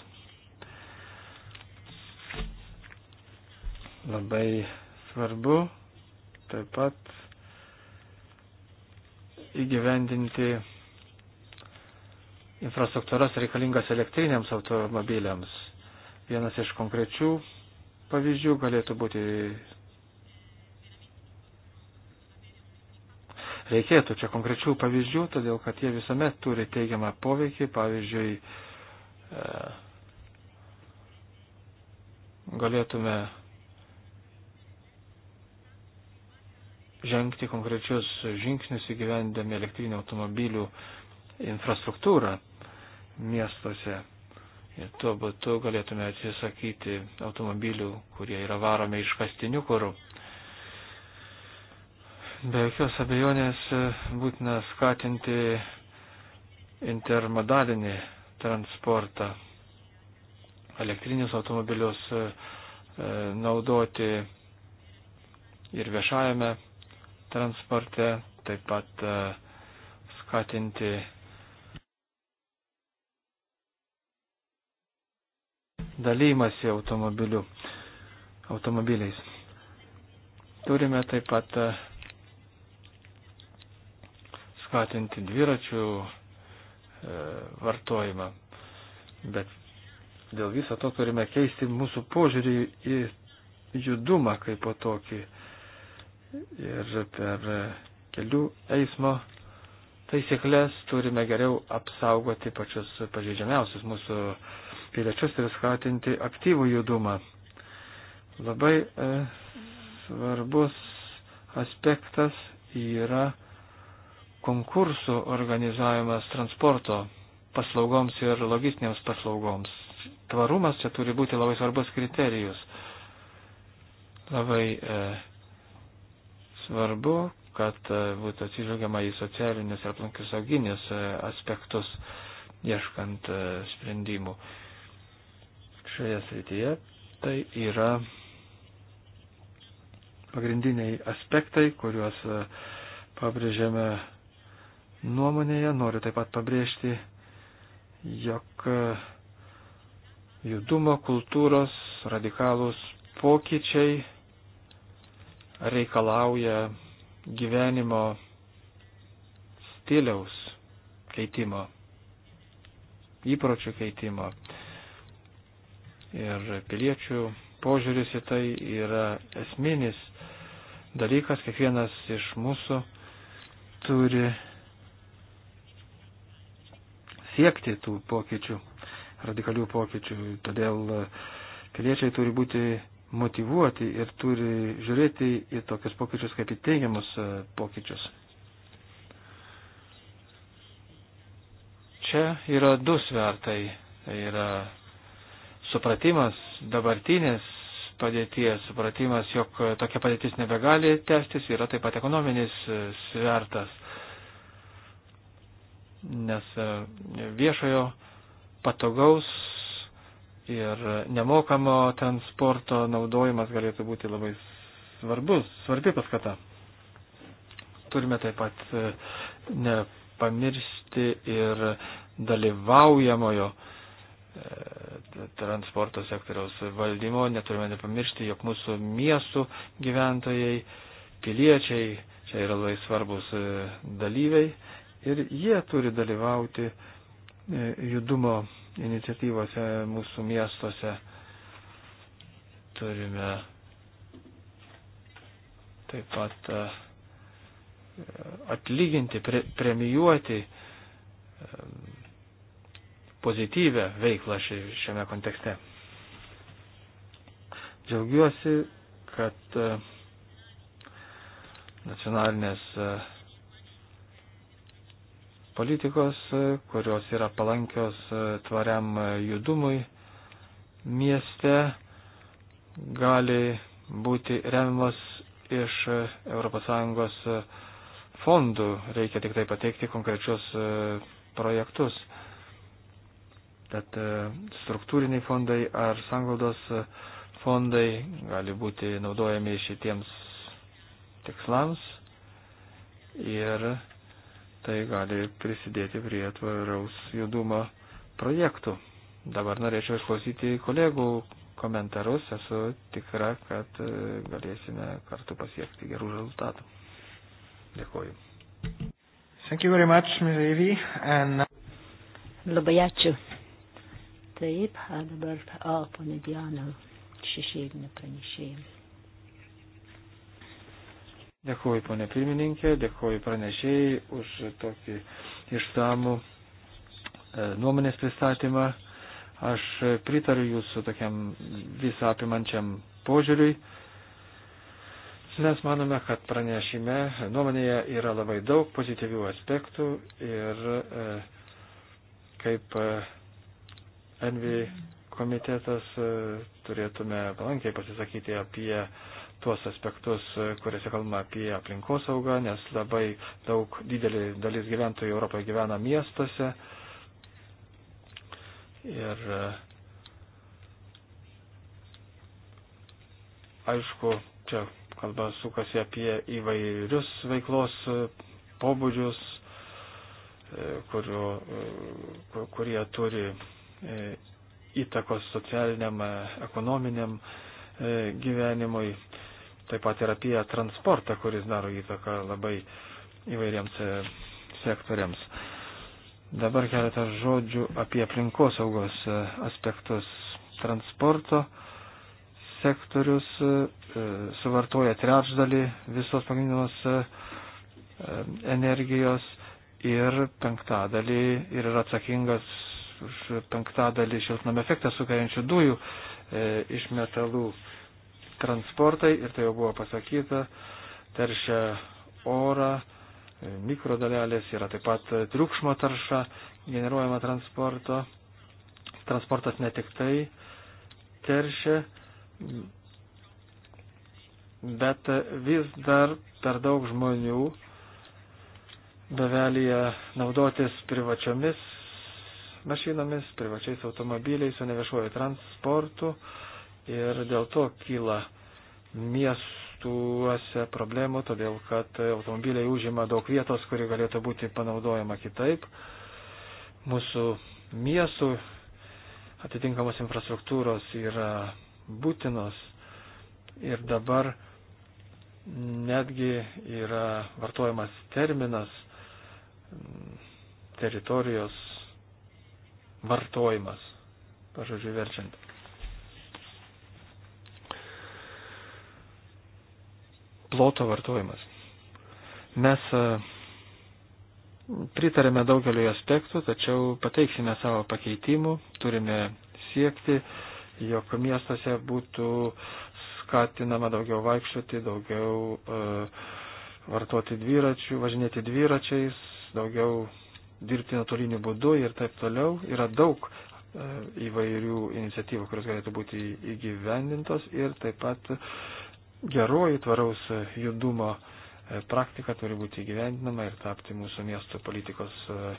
Labai svarbu taip pat įgyvendinti infrastruktūras reikalingas elektriniams automobiliams. Vienas iš konkrečių pavyzdžių galėtų būti reikėtų čia konkrečių pavyzdžių, todėl kad jie visuomet turi teigiamą poveikį, pavyzdžiui, e, galėtume žengti konkrečius žingsnius įgyvendami elektrinio automobilių infrastruktūrą miestuose. Ir tuo būdu galėtume atsisakyti automobilių, kurie yra varomi iš kastinių kurų. Be jokios abejonės e, būtina skatinti intermodalinį transportą, elektrinius automobilius e, e, naudoti ir viešajame transporte, taip pat skatinti dalymasi automobilių, automobiliais. Turime taip pat skatinti dviračių e, vartojimą. Bet dėl viso to turime keisti mūsų požiūrį į judumą kaip po tokį ir per kelių eismo taisyklės turime geriau apsaugoti pačius pažeidžiamiausius mūsų piliečius ir skatinti aktyvų judumą. Labai e, svarbus aspektas yra konkursų organizavimas transporto paslaugoms ir logistinėms paslaugoms. Tvarumas čia turi būti labai svarbus kriterijus. Labai e, svarbu, kad e, būtų atsižvelgiama į socialinius ir aplankisauginius e, aspektus, ieškant e, sprendimų šioje srityje. Tai yra pagrindiniai aspektai, kuriuos e, pabrėžiame nuomonėje. Noriu taip pat pabrėžti, jog e, judumo kultūros radikalūs pokyčiai reikalauja gyvenimo stiliaus keitimo, įpročių keitimo. Ir piliečių požiūris į tai yra esminis dalykas, kiekvienas iš mūsų turi siekti tų pokyčių, radikalių pokyčių. Todėl e, piliečiai turi būti motivuoti ir turi žiūrėti į tokius pokyčius kaip į teigiamus e, pokyčius. Čia yra du svertai. Tai yra supratimas dabartinės padėties, supratimas, jog tokia padėtis nebegali tęstis, yra taip pat ekonominis e, svertas nes e, viešojo patogaus ir nemokamo transporto naudojimas galėtų būti labai svarbus, svarbi paskata. Turime taip pat e, nepamiršti ir dalyvaujamojo e, transporto sektoriaus valdymo, neturime nepamiršti, jog mūsų miestų gyventojai, piliečiai čia yra labai svarbus dalyviai ir jie turi dalyvauti e, judumo iniciatyvose mūsų miestuose. Turime taip pat e, atlyginti, pre, premijuoti e, pozityvę veiklą šiame kontekste. Džiaugiuosi, kad nacionalinės uh, politikos, e, kurios yra palankios e, tvariam e, judumui mieste, gali būti remiamas iš ES fondų. Reikia tik tai pateikti konkrečius projektus. Tad struktūriniai fondai ar sanglaudos fondai gali būti naudojami šitiems tikslams ir tai gali prisidėti prie tvaraus judumo projektų. Dabar norėčiau išklausyti kolegų komentarus, esu tikra, kad e, galėsime kartu pasiekti gerų rezultatų. Dėkuoju. Thank you very much, Ms. Evy. And... Labai ačiū. Taip, dabar, o, ponė Diana, šešėlinė pranešėjai. Dėkuoju, ponė pirmininkė, dėkuoju pranešėjai už tokį išsamų e, nuomonės pristatymą. Aš pritariu jūsų tokiam visą apimančiam požiūriui. Mes manome, kad pranešime e, nuomonėje yra labai daug pozityvių aspektų ir e, kaip e, Envi komitetas e, turėtume palankiai pasisakyti apie e, tuos aspektus, e, kuriuose kalbama apie aplinkosaugą, nes labai daug didelį dalis gyventojų Europoje gyvena miestuose. Ir e, aišku, čia kalba sukasi apie įvairius veiklos e, pobūdžius, kurio, kur, kurie turi įtakos socialiniam, ekonominiam gyvenimui taip pat ir apie transportą, kuris daro įtaką labai įvairiems e, sektoriams. Dabar keletą žodžių apie aplinkosaugos e, aspektus. Transporto sektorius e, suvartoja trečdalį visos pagrindinos energijos ir penktadalį ir yra atsakingas už penktadalį šiltnamio efektą sukeliančių dujų išmetalų. E, transportai, ir tai jau buvo pasakyta, teršia orą, e, mikrodalelės yra taip pat e, triukšmo tarša generuojama transporto. Transportas ne tik tai teršia, bet vis dar per daug žmonių bevelyje naudotis privačiomis mašinomis, privačiais automobiliais, o ne viešuoju transportu. Uh, ir dėl to kyla miestuose problemų, todėl kad automobiliai užima daug vietos, kuri galėtų būti panaudojama kitaip. Mūsų miestų atitinkamos infrastruktūros yra būtinos ir dabar netgi yra vartojamas terminas teritorijos vartojimas, pažodžiu verčiant. ploto vartojimas. Mes e, pritarėme daugeliu aspektų, tačiau pateiksime savo pakeitimų, turime siekti, jog miestuose būtų skatinama daugiau vaikščioti, daugiau e, vartoti dviračių, važinėti dviračiais, daugiau dirbti nuotoliniu būdu ir taip toliau. Yra daug e, įvairių iniciatyvų, kurios galėtų būti įgyvendintos ir taip pat geroji tvaraus judumo e, praktika turi būti įgyvendinama ir tapti mūsų miesto politikos e,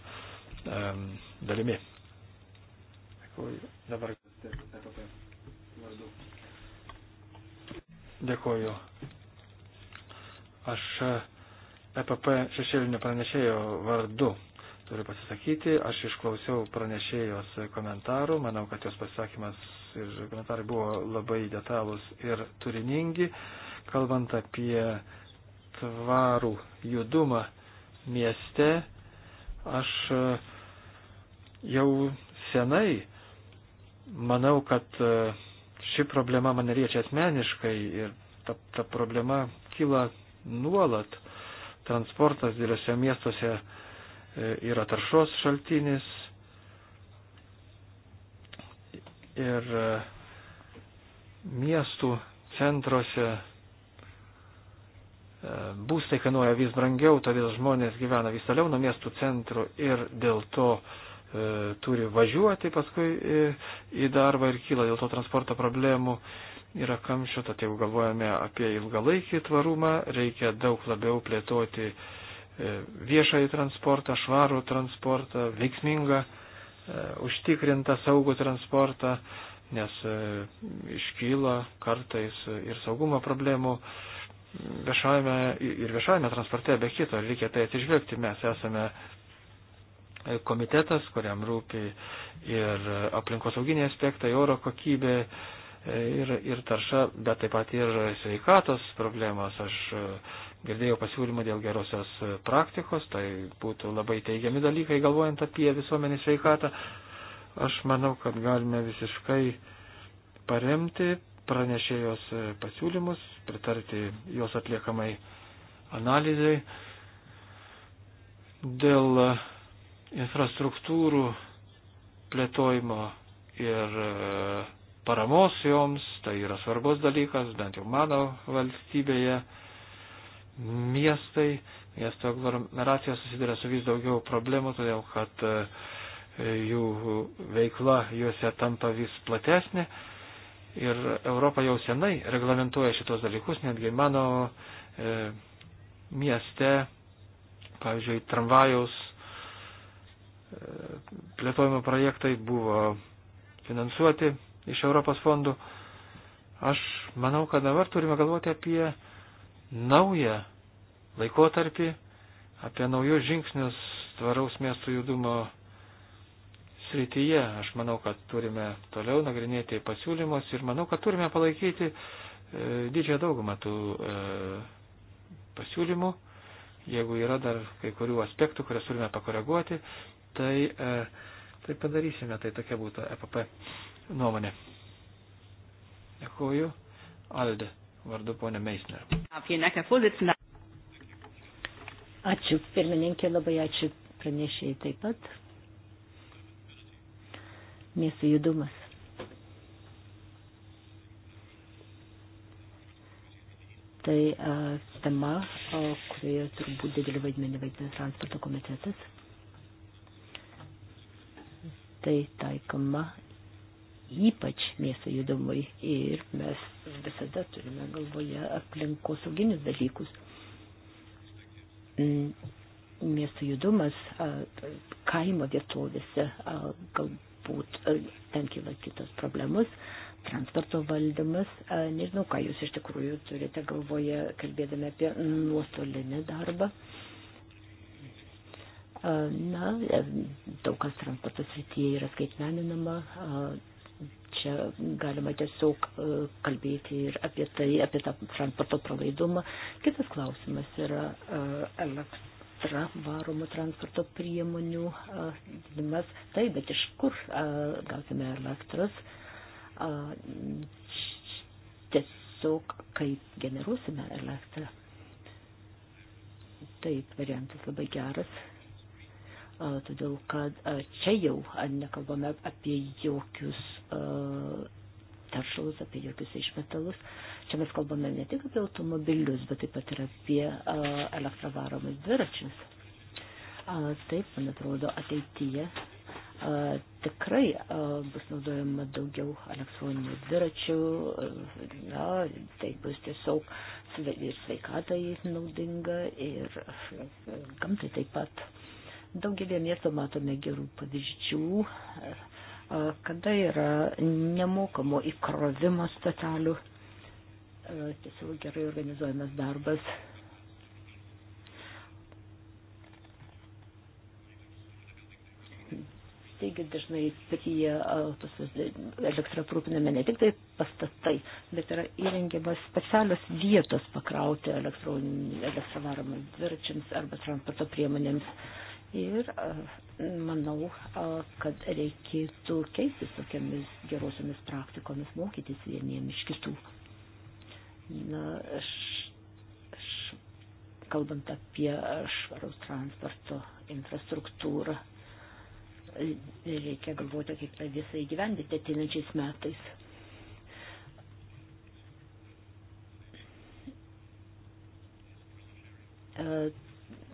e, dalimi. Dabar Dėkuoju. Aš EPP šešėlinio pranešėjo vardu turiu pasisakyti. Aš išklausiau pranešėjos komentarų. Manau, kad jos pasisakymas ir komentarai buvo labai detalūs ir turiningi. Kalbant apie tvarų judumą mieste, aš e, jau senai manau, kad e, ši problema mane liečia asmeniškai ir ta, ta problema kyla nuolat. Transportas dėliuose miestuose e, yra taršos šaltinis, ir e, miestų centruose e, būstai kainuoja vis brangiau, todėl žmonės gyvena vis toliau nuo miestų centrų ir dėl to e, turi važiuoti paskui į, į darbą ir kyla dėl to transporto problemų. Yra kamščio, tad jeigu galvojame apie ilgalaikį tvarumą, reikia daug labiau plėtoti e, viešąjį transportą, švarų transportą, veiksmingą e, E, užtikrintą saugų transportą, nes e, iškyla kartais ir saugumo problemų viešajame, ir viešajame transporte be kito, reikia tai atsižvelgti, mes esame komitetas, kuriam rūpi ir aplinkosauginiai aspektai, oro kokybė e, ir, ir tarša, bet taip pat ir sveikatos problemos. Aš girdėjau pasiūlymą dėl gerosios e, praktikos, tai būtų labai teigiami dalykai, galvojant apie visuomenį sveikatą. Aš manau, kad galime visiškai paremti pranešėjos e, pasiūlymus, pritarti jos atliekamai analizai. Dėl e, infrastruktūrų plėtojimo ir paramos joms, tai yra svarbus dalykas, bent jau mano valstybėje miestai, miesto aglomeracija susiduria su vis daugiau problemų, todėl kad e, jų veikla juose tampa vis platesnė. Ir Europa jau senai reglamentuoja šitos dalykus, netgi mano e, mieste, pavyzdžiui, tramvajaus e, plėtojimo projektai buvo finansuoti iš Europos fondų. Aš manau, kad dabar turime galvoti apie naują laikotarpį, apie naujus žingsnius tvaraus miestų judumo srityje. Aš manau, kad turime toliau nagrinėti pasiūlymus ir manau, kad turime palaikyti e, didžiąją daugumą tų e, pasiūlymų. Jeigu yra dar kai kurių aspektų, kurias turime pakoreguoti, tai, e, tai padarysime. Tai tokia būtų EPP nuomonė. Dėkuoju. Alde vardu ponė Meisner. Ačiū, pirmininkė, labai ačiū pranešėjai taip pat. Miestų judumas. Tai a, tema, o, kurioje turbūt didelį vaidmenį vaidina transporto komitetas. Tai taikoma ypač miesto judumui ir mes visada turime galvoje aplinkosauginius dalykus. Miesto mm, judumas kaimo vietovėse galbūt ten kyla kitos problemos, transporto valdymas, nežinau, ką jūs iš tikrųjų turite galvoje, kalbėdami apie nuostolinį darbą. Na, e, daug kas transporto srityje yra skaitmeninama, Čia galima tiesiog e, kalbėti ir apie tai, apie tą transporto pralaidumą. Kitas klausimas yra e, elektra varomų transporto priemonių e, dinimas. Taip, bet iš kur gausime elektros? Tiesiog kaip generuosime elektrą. Taip, variantas labai geras todėl kad čia jau nekalbame apie jokius taršalus, apie jokius išmetalus. Čia mes kalbame ne tik apie automobilius, bet taip pat ir apie elektravaromus dviračius. Taip, man atrodo, ateityje tikrai bus naudojama daugiau elektroninių dviračių, na, tai bus tiesiog ir sveikatai naudinga, ir gamtai taip pat. Daugelį miestų matome gerų pavyzdžių, kada yra nemokamo įkrovimo stotelių, tiesiog gerai organizuojamas darbas. Taigi dažnai prie elektrą aprūpiname ne tik tai pastatai, bet yra įrengiamas specialios vietos pakrauti elektrą varomams dviračiams arba transporto priemonėms. Uh, Ir e, manau, e, kad reikėtų keistis tokiamis gerosiomis praktikomis, mokytis vieniem iš kitų. Na, aš, aš, kalbant apie švaraus transporto infrastruktūrą, reikia galvoti, kaip tą visą įgyvendinti ateinančiais metais. Uh,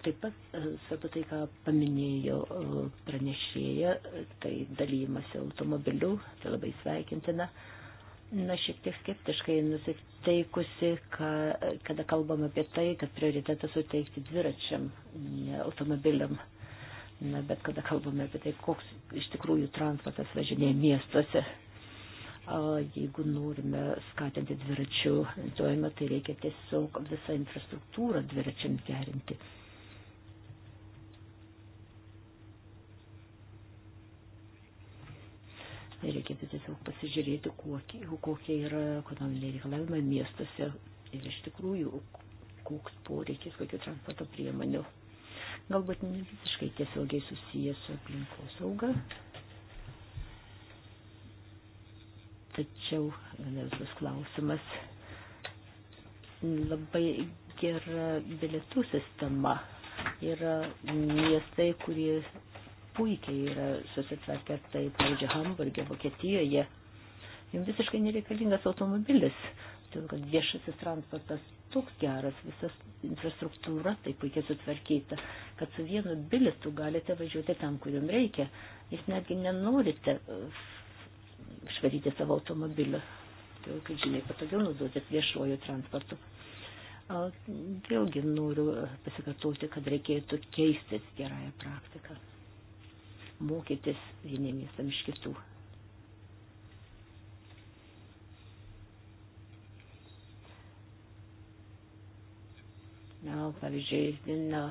Taip pat e, svarbu tai, ką paminėjo e, pranešėja, tai dalymasi automobiliu, tai labai sveikintina. Na, šiek tiek skeptiškai nusiteikusi, ka, kada kalbam apie tai, kad prioritetą suteikti dviračiam, ne automobiliam. Na, bet kada kalbame apie tai, koks iš tikrųjų transportas važinėja miestuose, jeigu norime skatinti dviračių naudojimą, tai reikia tiesiog visą infrastruktūrą dviračiam gerinti. Tai reikėtų tiesiog pasižiūrėti, kokie, kokie yra ekonominiai reikalavimai miestuose ir iš tikrųjų, koks poreikis, kokių transporto priemonių. Galbūt ne visiškai tiesiogiai susijęs su aplinkos sauga, tačiau vienas klausimas labai gera bilietų sistema. Yra miestai, kurie puikiai yra susitvarkę tai, pavyzdžiui, Hamburgė, Vokietijoje. Jums visiškai nereikalingas automobilis, todėl kad viešasis transportas toks geras, visas infrastruktūra taip puikiai sutvarkyta, kad su vienu bilistu galite važiuoti ten, kur jums reikia. Jūs netgi nenorite uh, švaryti savo automobilio, todėl kad žymiai patogiau naudotis viešuoju transportu. Vėlgi noriu pasikartoti, kad reikėtų keistis gerąją praktiką mokytis vieniemisam iš kitų. Na, pavyzdžiui, na,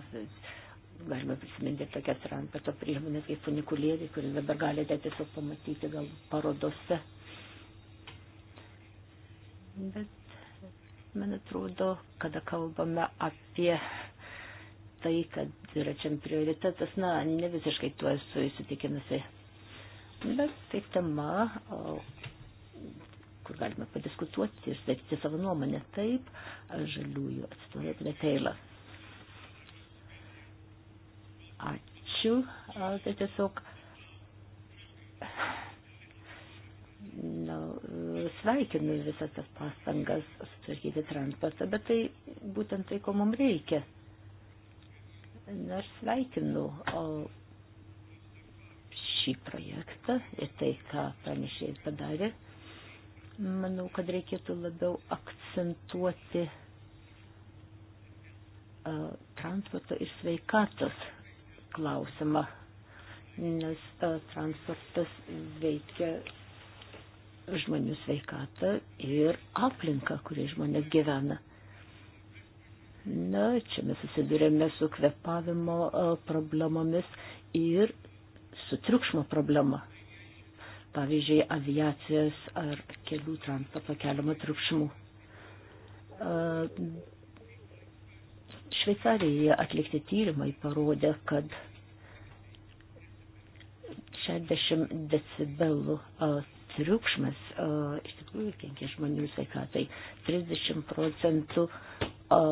galima prisiminti tokias transporto priemonės kaip funikulėrį, kurį dabar galite tiesiog pamatyti gal parodose. Bet man atrodo, kada kalbame apie tai, kad yra čia prioritetas, na, ne visiškai tuo esu įsitikinusi. Bet tai tema, kur galime padiskutuoti ir sakyti savo nuomonę taip, žaliųjų atstovėtinė teila. Ačiū. Tai tiesiog na, sveikinu visas tas pastangas sutvarkyti transportą, bet tai būtent tai, ko mums reikia. Na, aš sveikinu šį projektą ir tai, ką pranešėjai padarė. Manau, kad reikėtų labiau akcentuoti uh, transporto ir sveikatos klausimą, nes uh, transportas veikia žmonių sveikatą ir aplinką, kurį žmonės gyvena. Na, čia mes susidurėme su kvepavimo e, problemomis ir su triukšmo problema. Pavyzdžiui, aviacijos ar kelių transporto keliamo triukšmų. E, Šveicarijoje atlikti tyrimai parodė, kad 60 decibelų e, triukšmas o, iš tikrųjų kenkia žmonių sveikatai. 30 procentų o,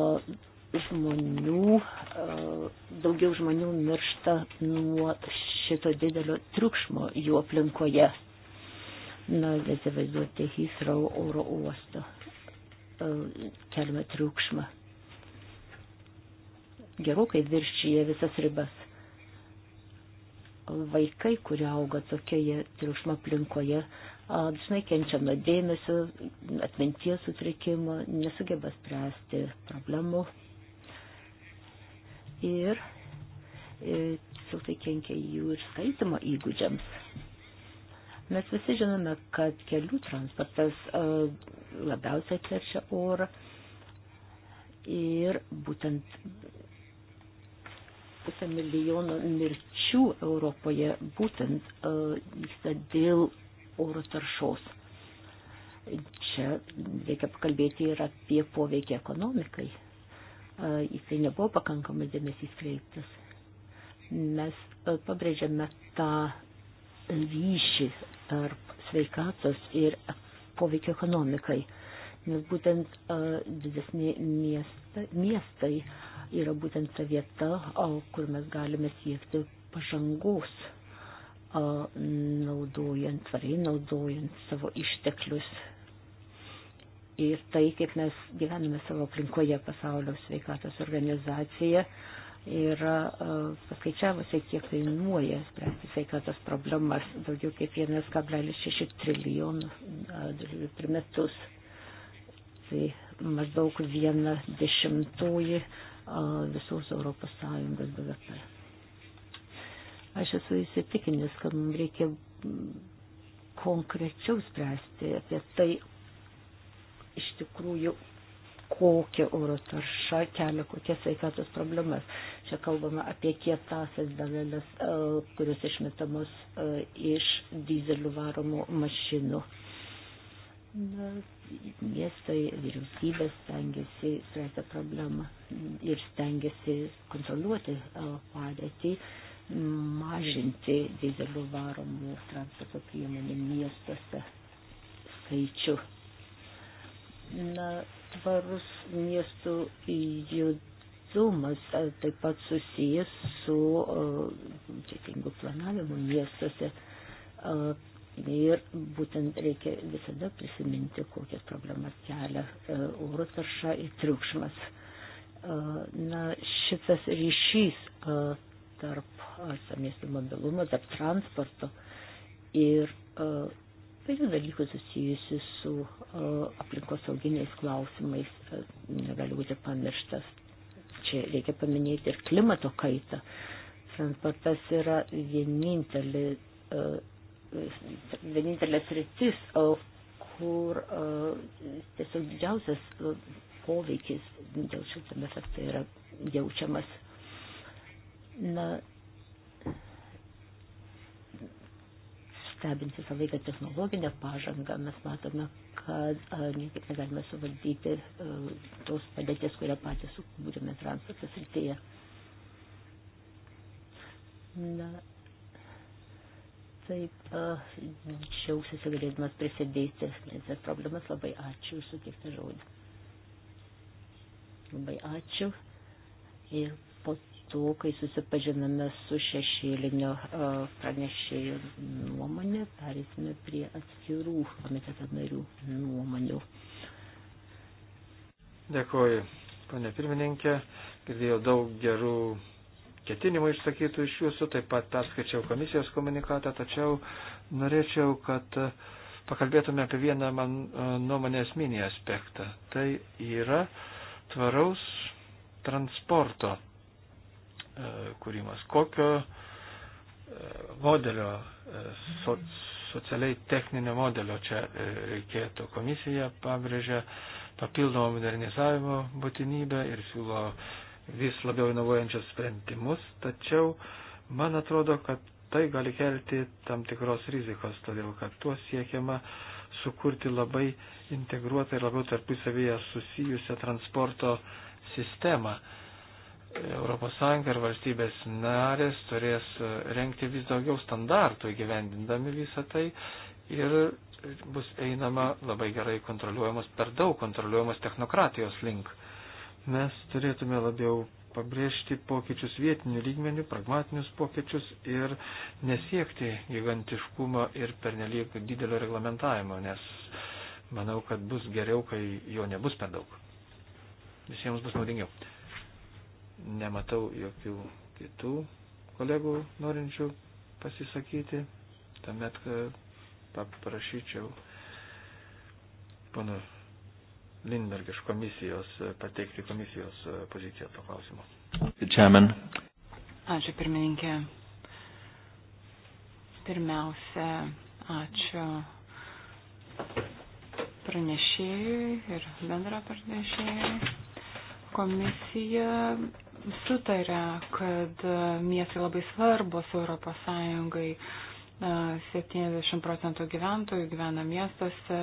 žmonių, o, daugiau žmonių miršta nuo šito didelio triukšmo jų aplinkoje. Na, įsivaizduoti Heathrow oro uosto keliamą triukšmą. Gerokai viršyje visas ribas vaikai, kurie auga tokioje triukšmo aplinkoje, dažnai kenčia nuo dėmesio, atminties sutrikimo, nesugeba spręsti problemų ir, ir e, tiesiog tai kenkia jų ir skaitimo įgūdžiams. Mes visi žinome, kad kelių transportas e, labiausiai teršia orą ir būtent pusę milijono mirčių Europoje būtent e, vyksta dėl oro taršos. Čia reikia pakalbėti ir apie poveikį ekonomikai. Jisai nebuvo pakankamai dėmesys kreiptas. Mes pabrėžiame tą ryšį tarp sveikatos ir poveikio ekonomikai. Nes būtent didesni miestai, miestai yra būtent ta vieta, kur mes galime siekti pažangos naudojant, tvariai naudojant savo išteklius. Ir tai, kaip mes gyvename savo aplinkoje pasaulio sveikatos organizacija, yra paskaičiavusi, kiek kainuoja spręsti sveikatos problemas, daugiau kaip 1,6 trilijonų per metus. Tai maždaug viena dešimtoji visos Europos Sąjungos BVP. Aš esu įsitikinęs, kad mums reikia konkrečiau spręsti apie tai, iš tikrųjų, kokia oro tarša kelia kokias sveikatos problemas. Čia kalbame apie kietasias dalelės, e, kurios išmetamos e, iš dizelių varomų mašinų. Na, miestai, vyriausybės stengiasi spręsti problemą ir stengiasi kontroliuoti e, padėtį. Uh, mažinti dizelių varomų transporto priemonių miestuose skaičių. Na, tvarus miestų judumas taip pat susijęs su teisingu planavimu miestuose. Ir būtent reikia visada prisiminti, kokias problemas kelia oro tarša ir triukšmas. Na, šitas ryšys tarp miestų mobilumo, tarp transporto ir įvairių dalykų susijusių su aplinkosauginiais klausimais negali būti pamirštas. Čia reikia paminėti ir klimato kaitą. Transportas yra vienintelė, vienintelė sritis, kur tiesiog didžiausias poveikis dėl šiltame efekto yra jaučiamas na, stebint visą laiką technologinę pažangą, mes matome, kad niekaip negalime suvaldyti tos padėties, kurią patys sukūrėme transporto srityje. Na, taip, džiaugsiuosi galėdamas prisidėti, nes problemas labai ačiū, sutiktą žodį. Labai ačiū. Ir po metu, kai susipažinome su šešėlinio e, pranešėjo nuomonė, perėsime prie atskirų komiteto narių nuomonių. Dėkuoju, ponė pirmininkė. Girdėjau daug gerų ketinimų išsakytų iš jūsų, taip pat perskaičiau komisijos komunikatą, tačiau norėčiau, kad pakalbėtume apie vieną man e, nuomonės minį aspektą. Tai yra tvaraus transporto E, kūrimas, kokio e, modelio, e, so, socialiai techninio modelio čia reikėtų. Komisija pabrėžia papildomą modernizavimo būtinybę ir siūlo vis labiau inovuojančius sprendimus, tačiau man atrodo, kad tai gali kelti tam tikros rizikos, todėl kad tuo siekiama sukurti labai integruotą ir labiau tarpusavyje susijusią transporto sistemą. E, ES ir valstybės narės turės e, renkti vis daugiau standartų įgyvendindami visą tai ir bus einama labai gerai kontroliuojamos, per daug kontroliuojamos technokratijos link. Mes turėtume labiau pabrėžti pokyčius vietinių lygmenių, pragmatinius pokyčius ir nesiekti gigantiškumo ir pernelyg didelio reglamentavimo, nes manau, kad bus geriau, kai jo nebus per daug. Visiems bus naudingiau. Nematau jokių kitų kolegų norinčių pasisakyti. Tuomet e, paprašyčiau pono Lindberg iš komisijos e, pateikti komisijos e, poziciją to klausimo. Chairman. Ačiū pirmininkė. Pirmiausia, ačiū pranešėjui ir bendra pranešėjui. Komisija sutarė, kad miestai labai svarbus Europos Sąjungai. 70 procentų gyventojų gyvena miestuose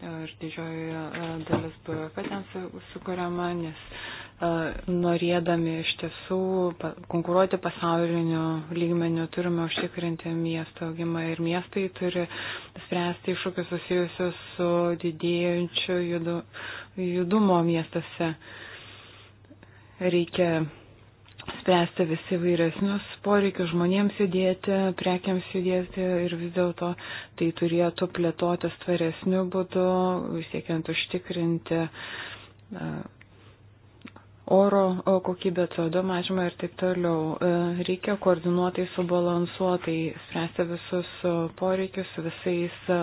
ir didžioji e, dalis BVP ten sukuriama, nes e, norėdami iš tiesų konkuruoti pasauliniu lygmeniu turime užtikrinti miesto augimą ir miestai turi spręsti iššūkius susijusius su didėjančiu judu, judumo miestuose. Reikia spręsti visi vairesnius poreikius žmonėms judėti, prekiams judėti ir vis dėlto tai turėtų plėtotis tvaresniu būdu, siekiant užtikrinti oro kokybė, CO2 mažymą ir taip toliau. E, reikia koordinuotai, subalansuotai spręsti visus poreikius visais e,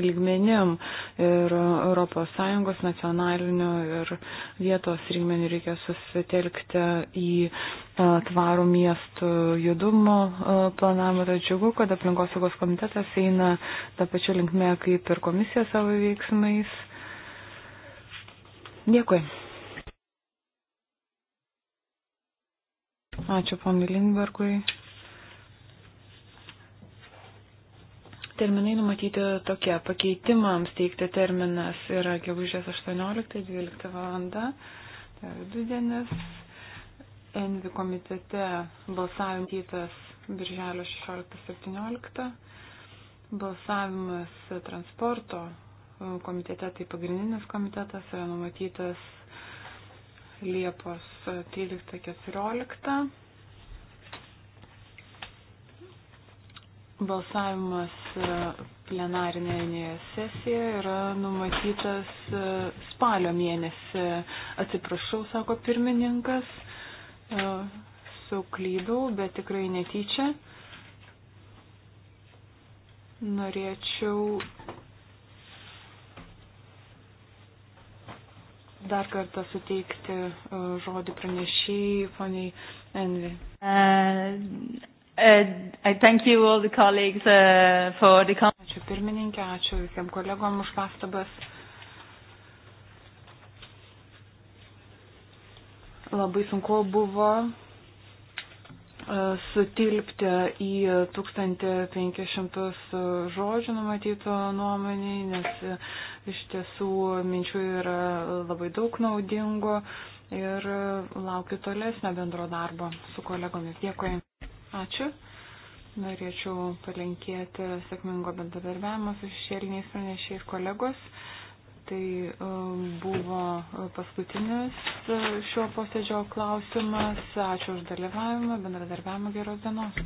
lygmenim ir ES nacionaliniu ir vietos lygmeniu reikia susitelkti į e, tvarų miestų judumo planavimą. Tai džiugu, kad aplinkosaugos komitetas eina tą pačią linkmę kaip ir komisija savo veiksmais. Dėkui. Ačiū ponui Lindbergui. Terminai numatyti tokie. Pakeitimams teikti terminas yra gegužės 18-12 valanda, tai yra vidudienis. Envi komitete balsavimas birželio 16-17. Balsavimas transporto komitete, tai pagrindinis komitetas, yra numatytas Liepos 13-14. Balsavimas e, plenarinėje sesijoje yra numatytas e, spalio mėnesį. Atsiprašau, sako pirmininkas, e, suklydau, bet tikrai netyčia. Norėčiau dar kartą suteikti e, žodį pranešėjai, poniai Envi. Uh, uh, uh, the... Ačiū pirmininkė, ačiū visiems kolegom už pastabas. Labai sunku buvo E, sutilpti į 1500 žodžių numatyto nuomonį, nes e, iš tiesų minčių yra labai daug naudingo ir e, laukiu tolesnio bendro darbo su kolegomis. Dėkui. Ačiū. Norėčiau palinkėti sėkmingo bendradarbiavimo su šešėliniais pranešiais kolegos. Tai e, buvo paskutinis e, šio posėdžio klausimas. Ačiū už dalyvavimą, bendradarbiavimą, geros dienos.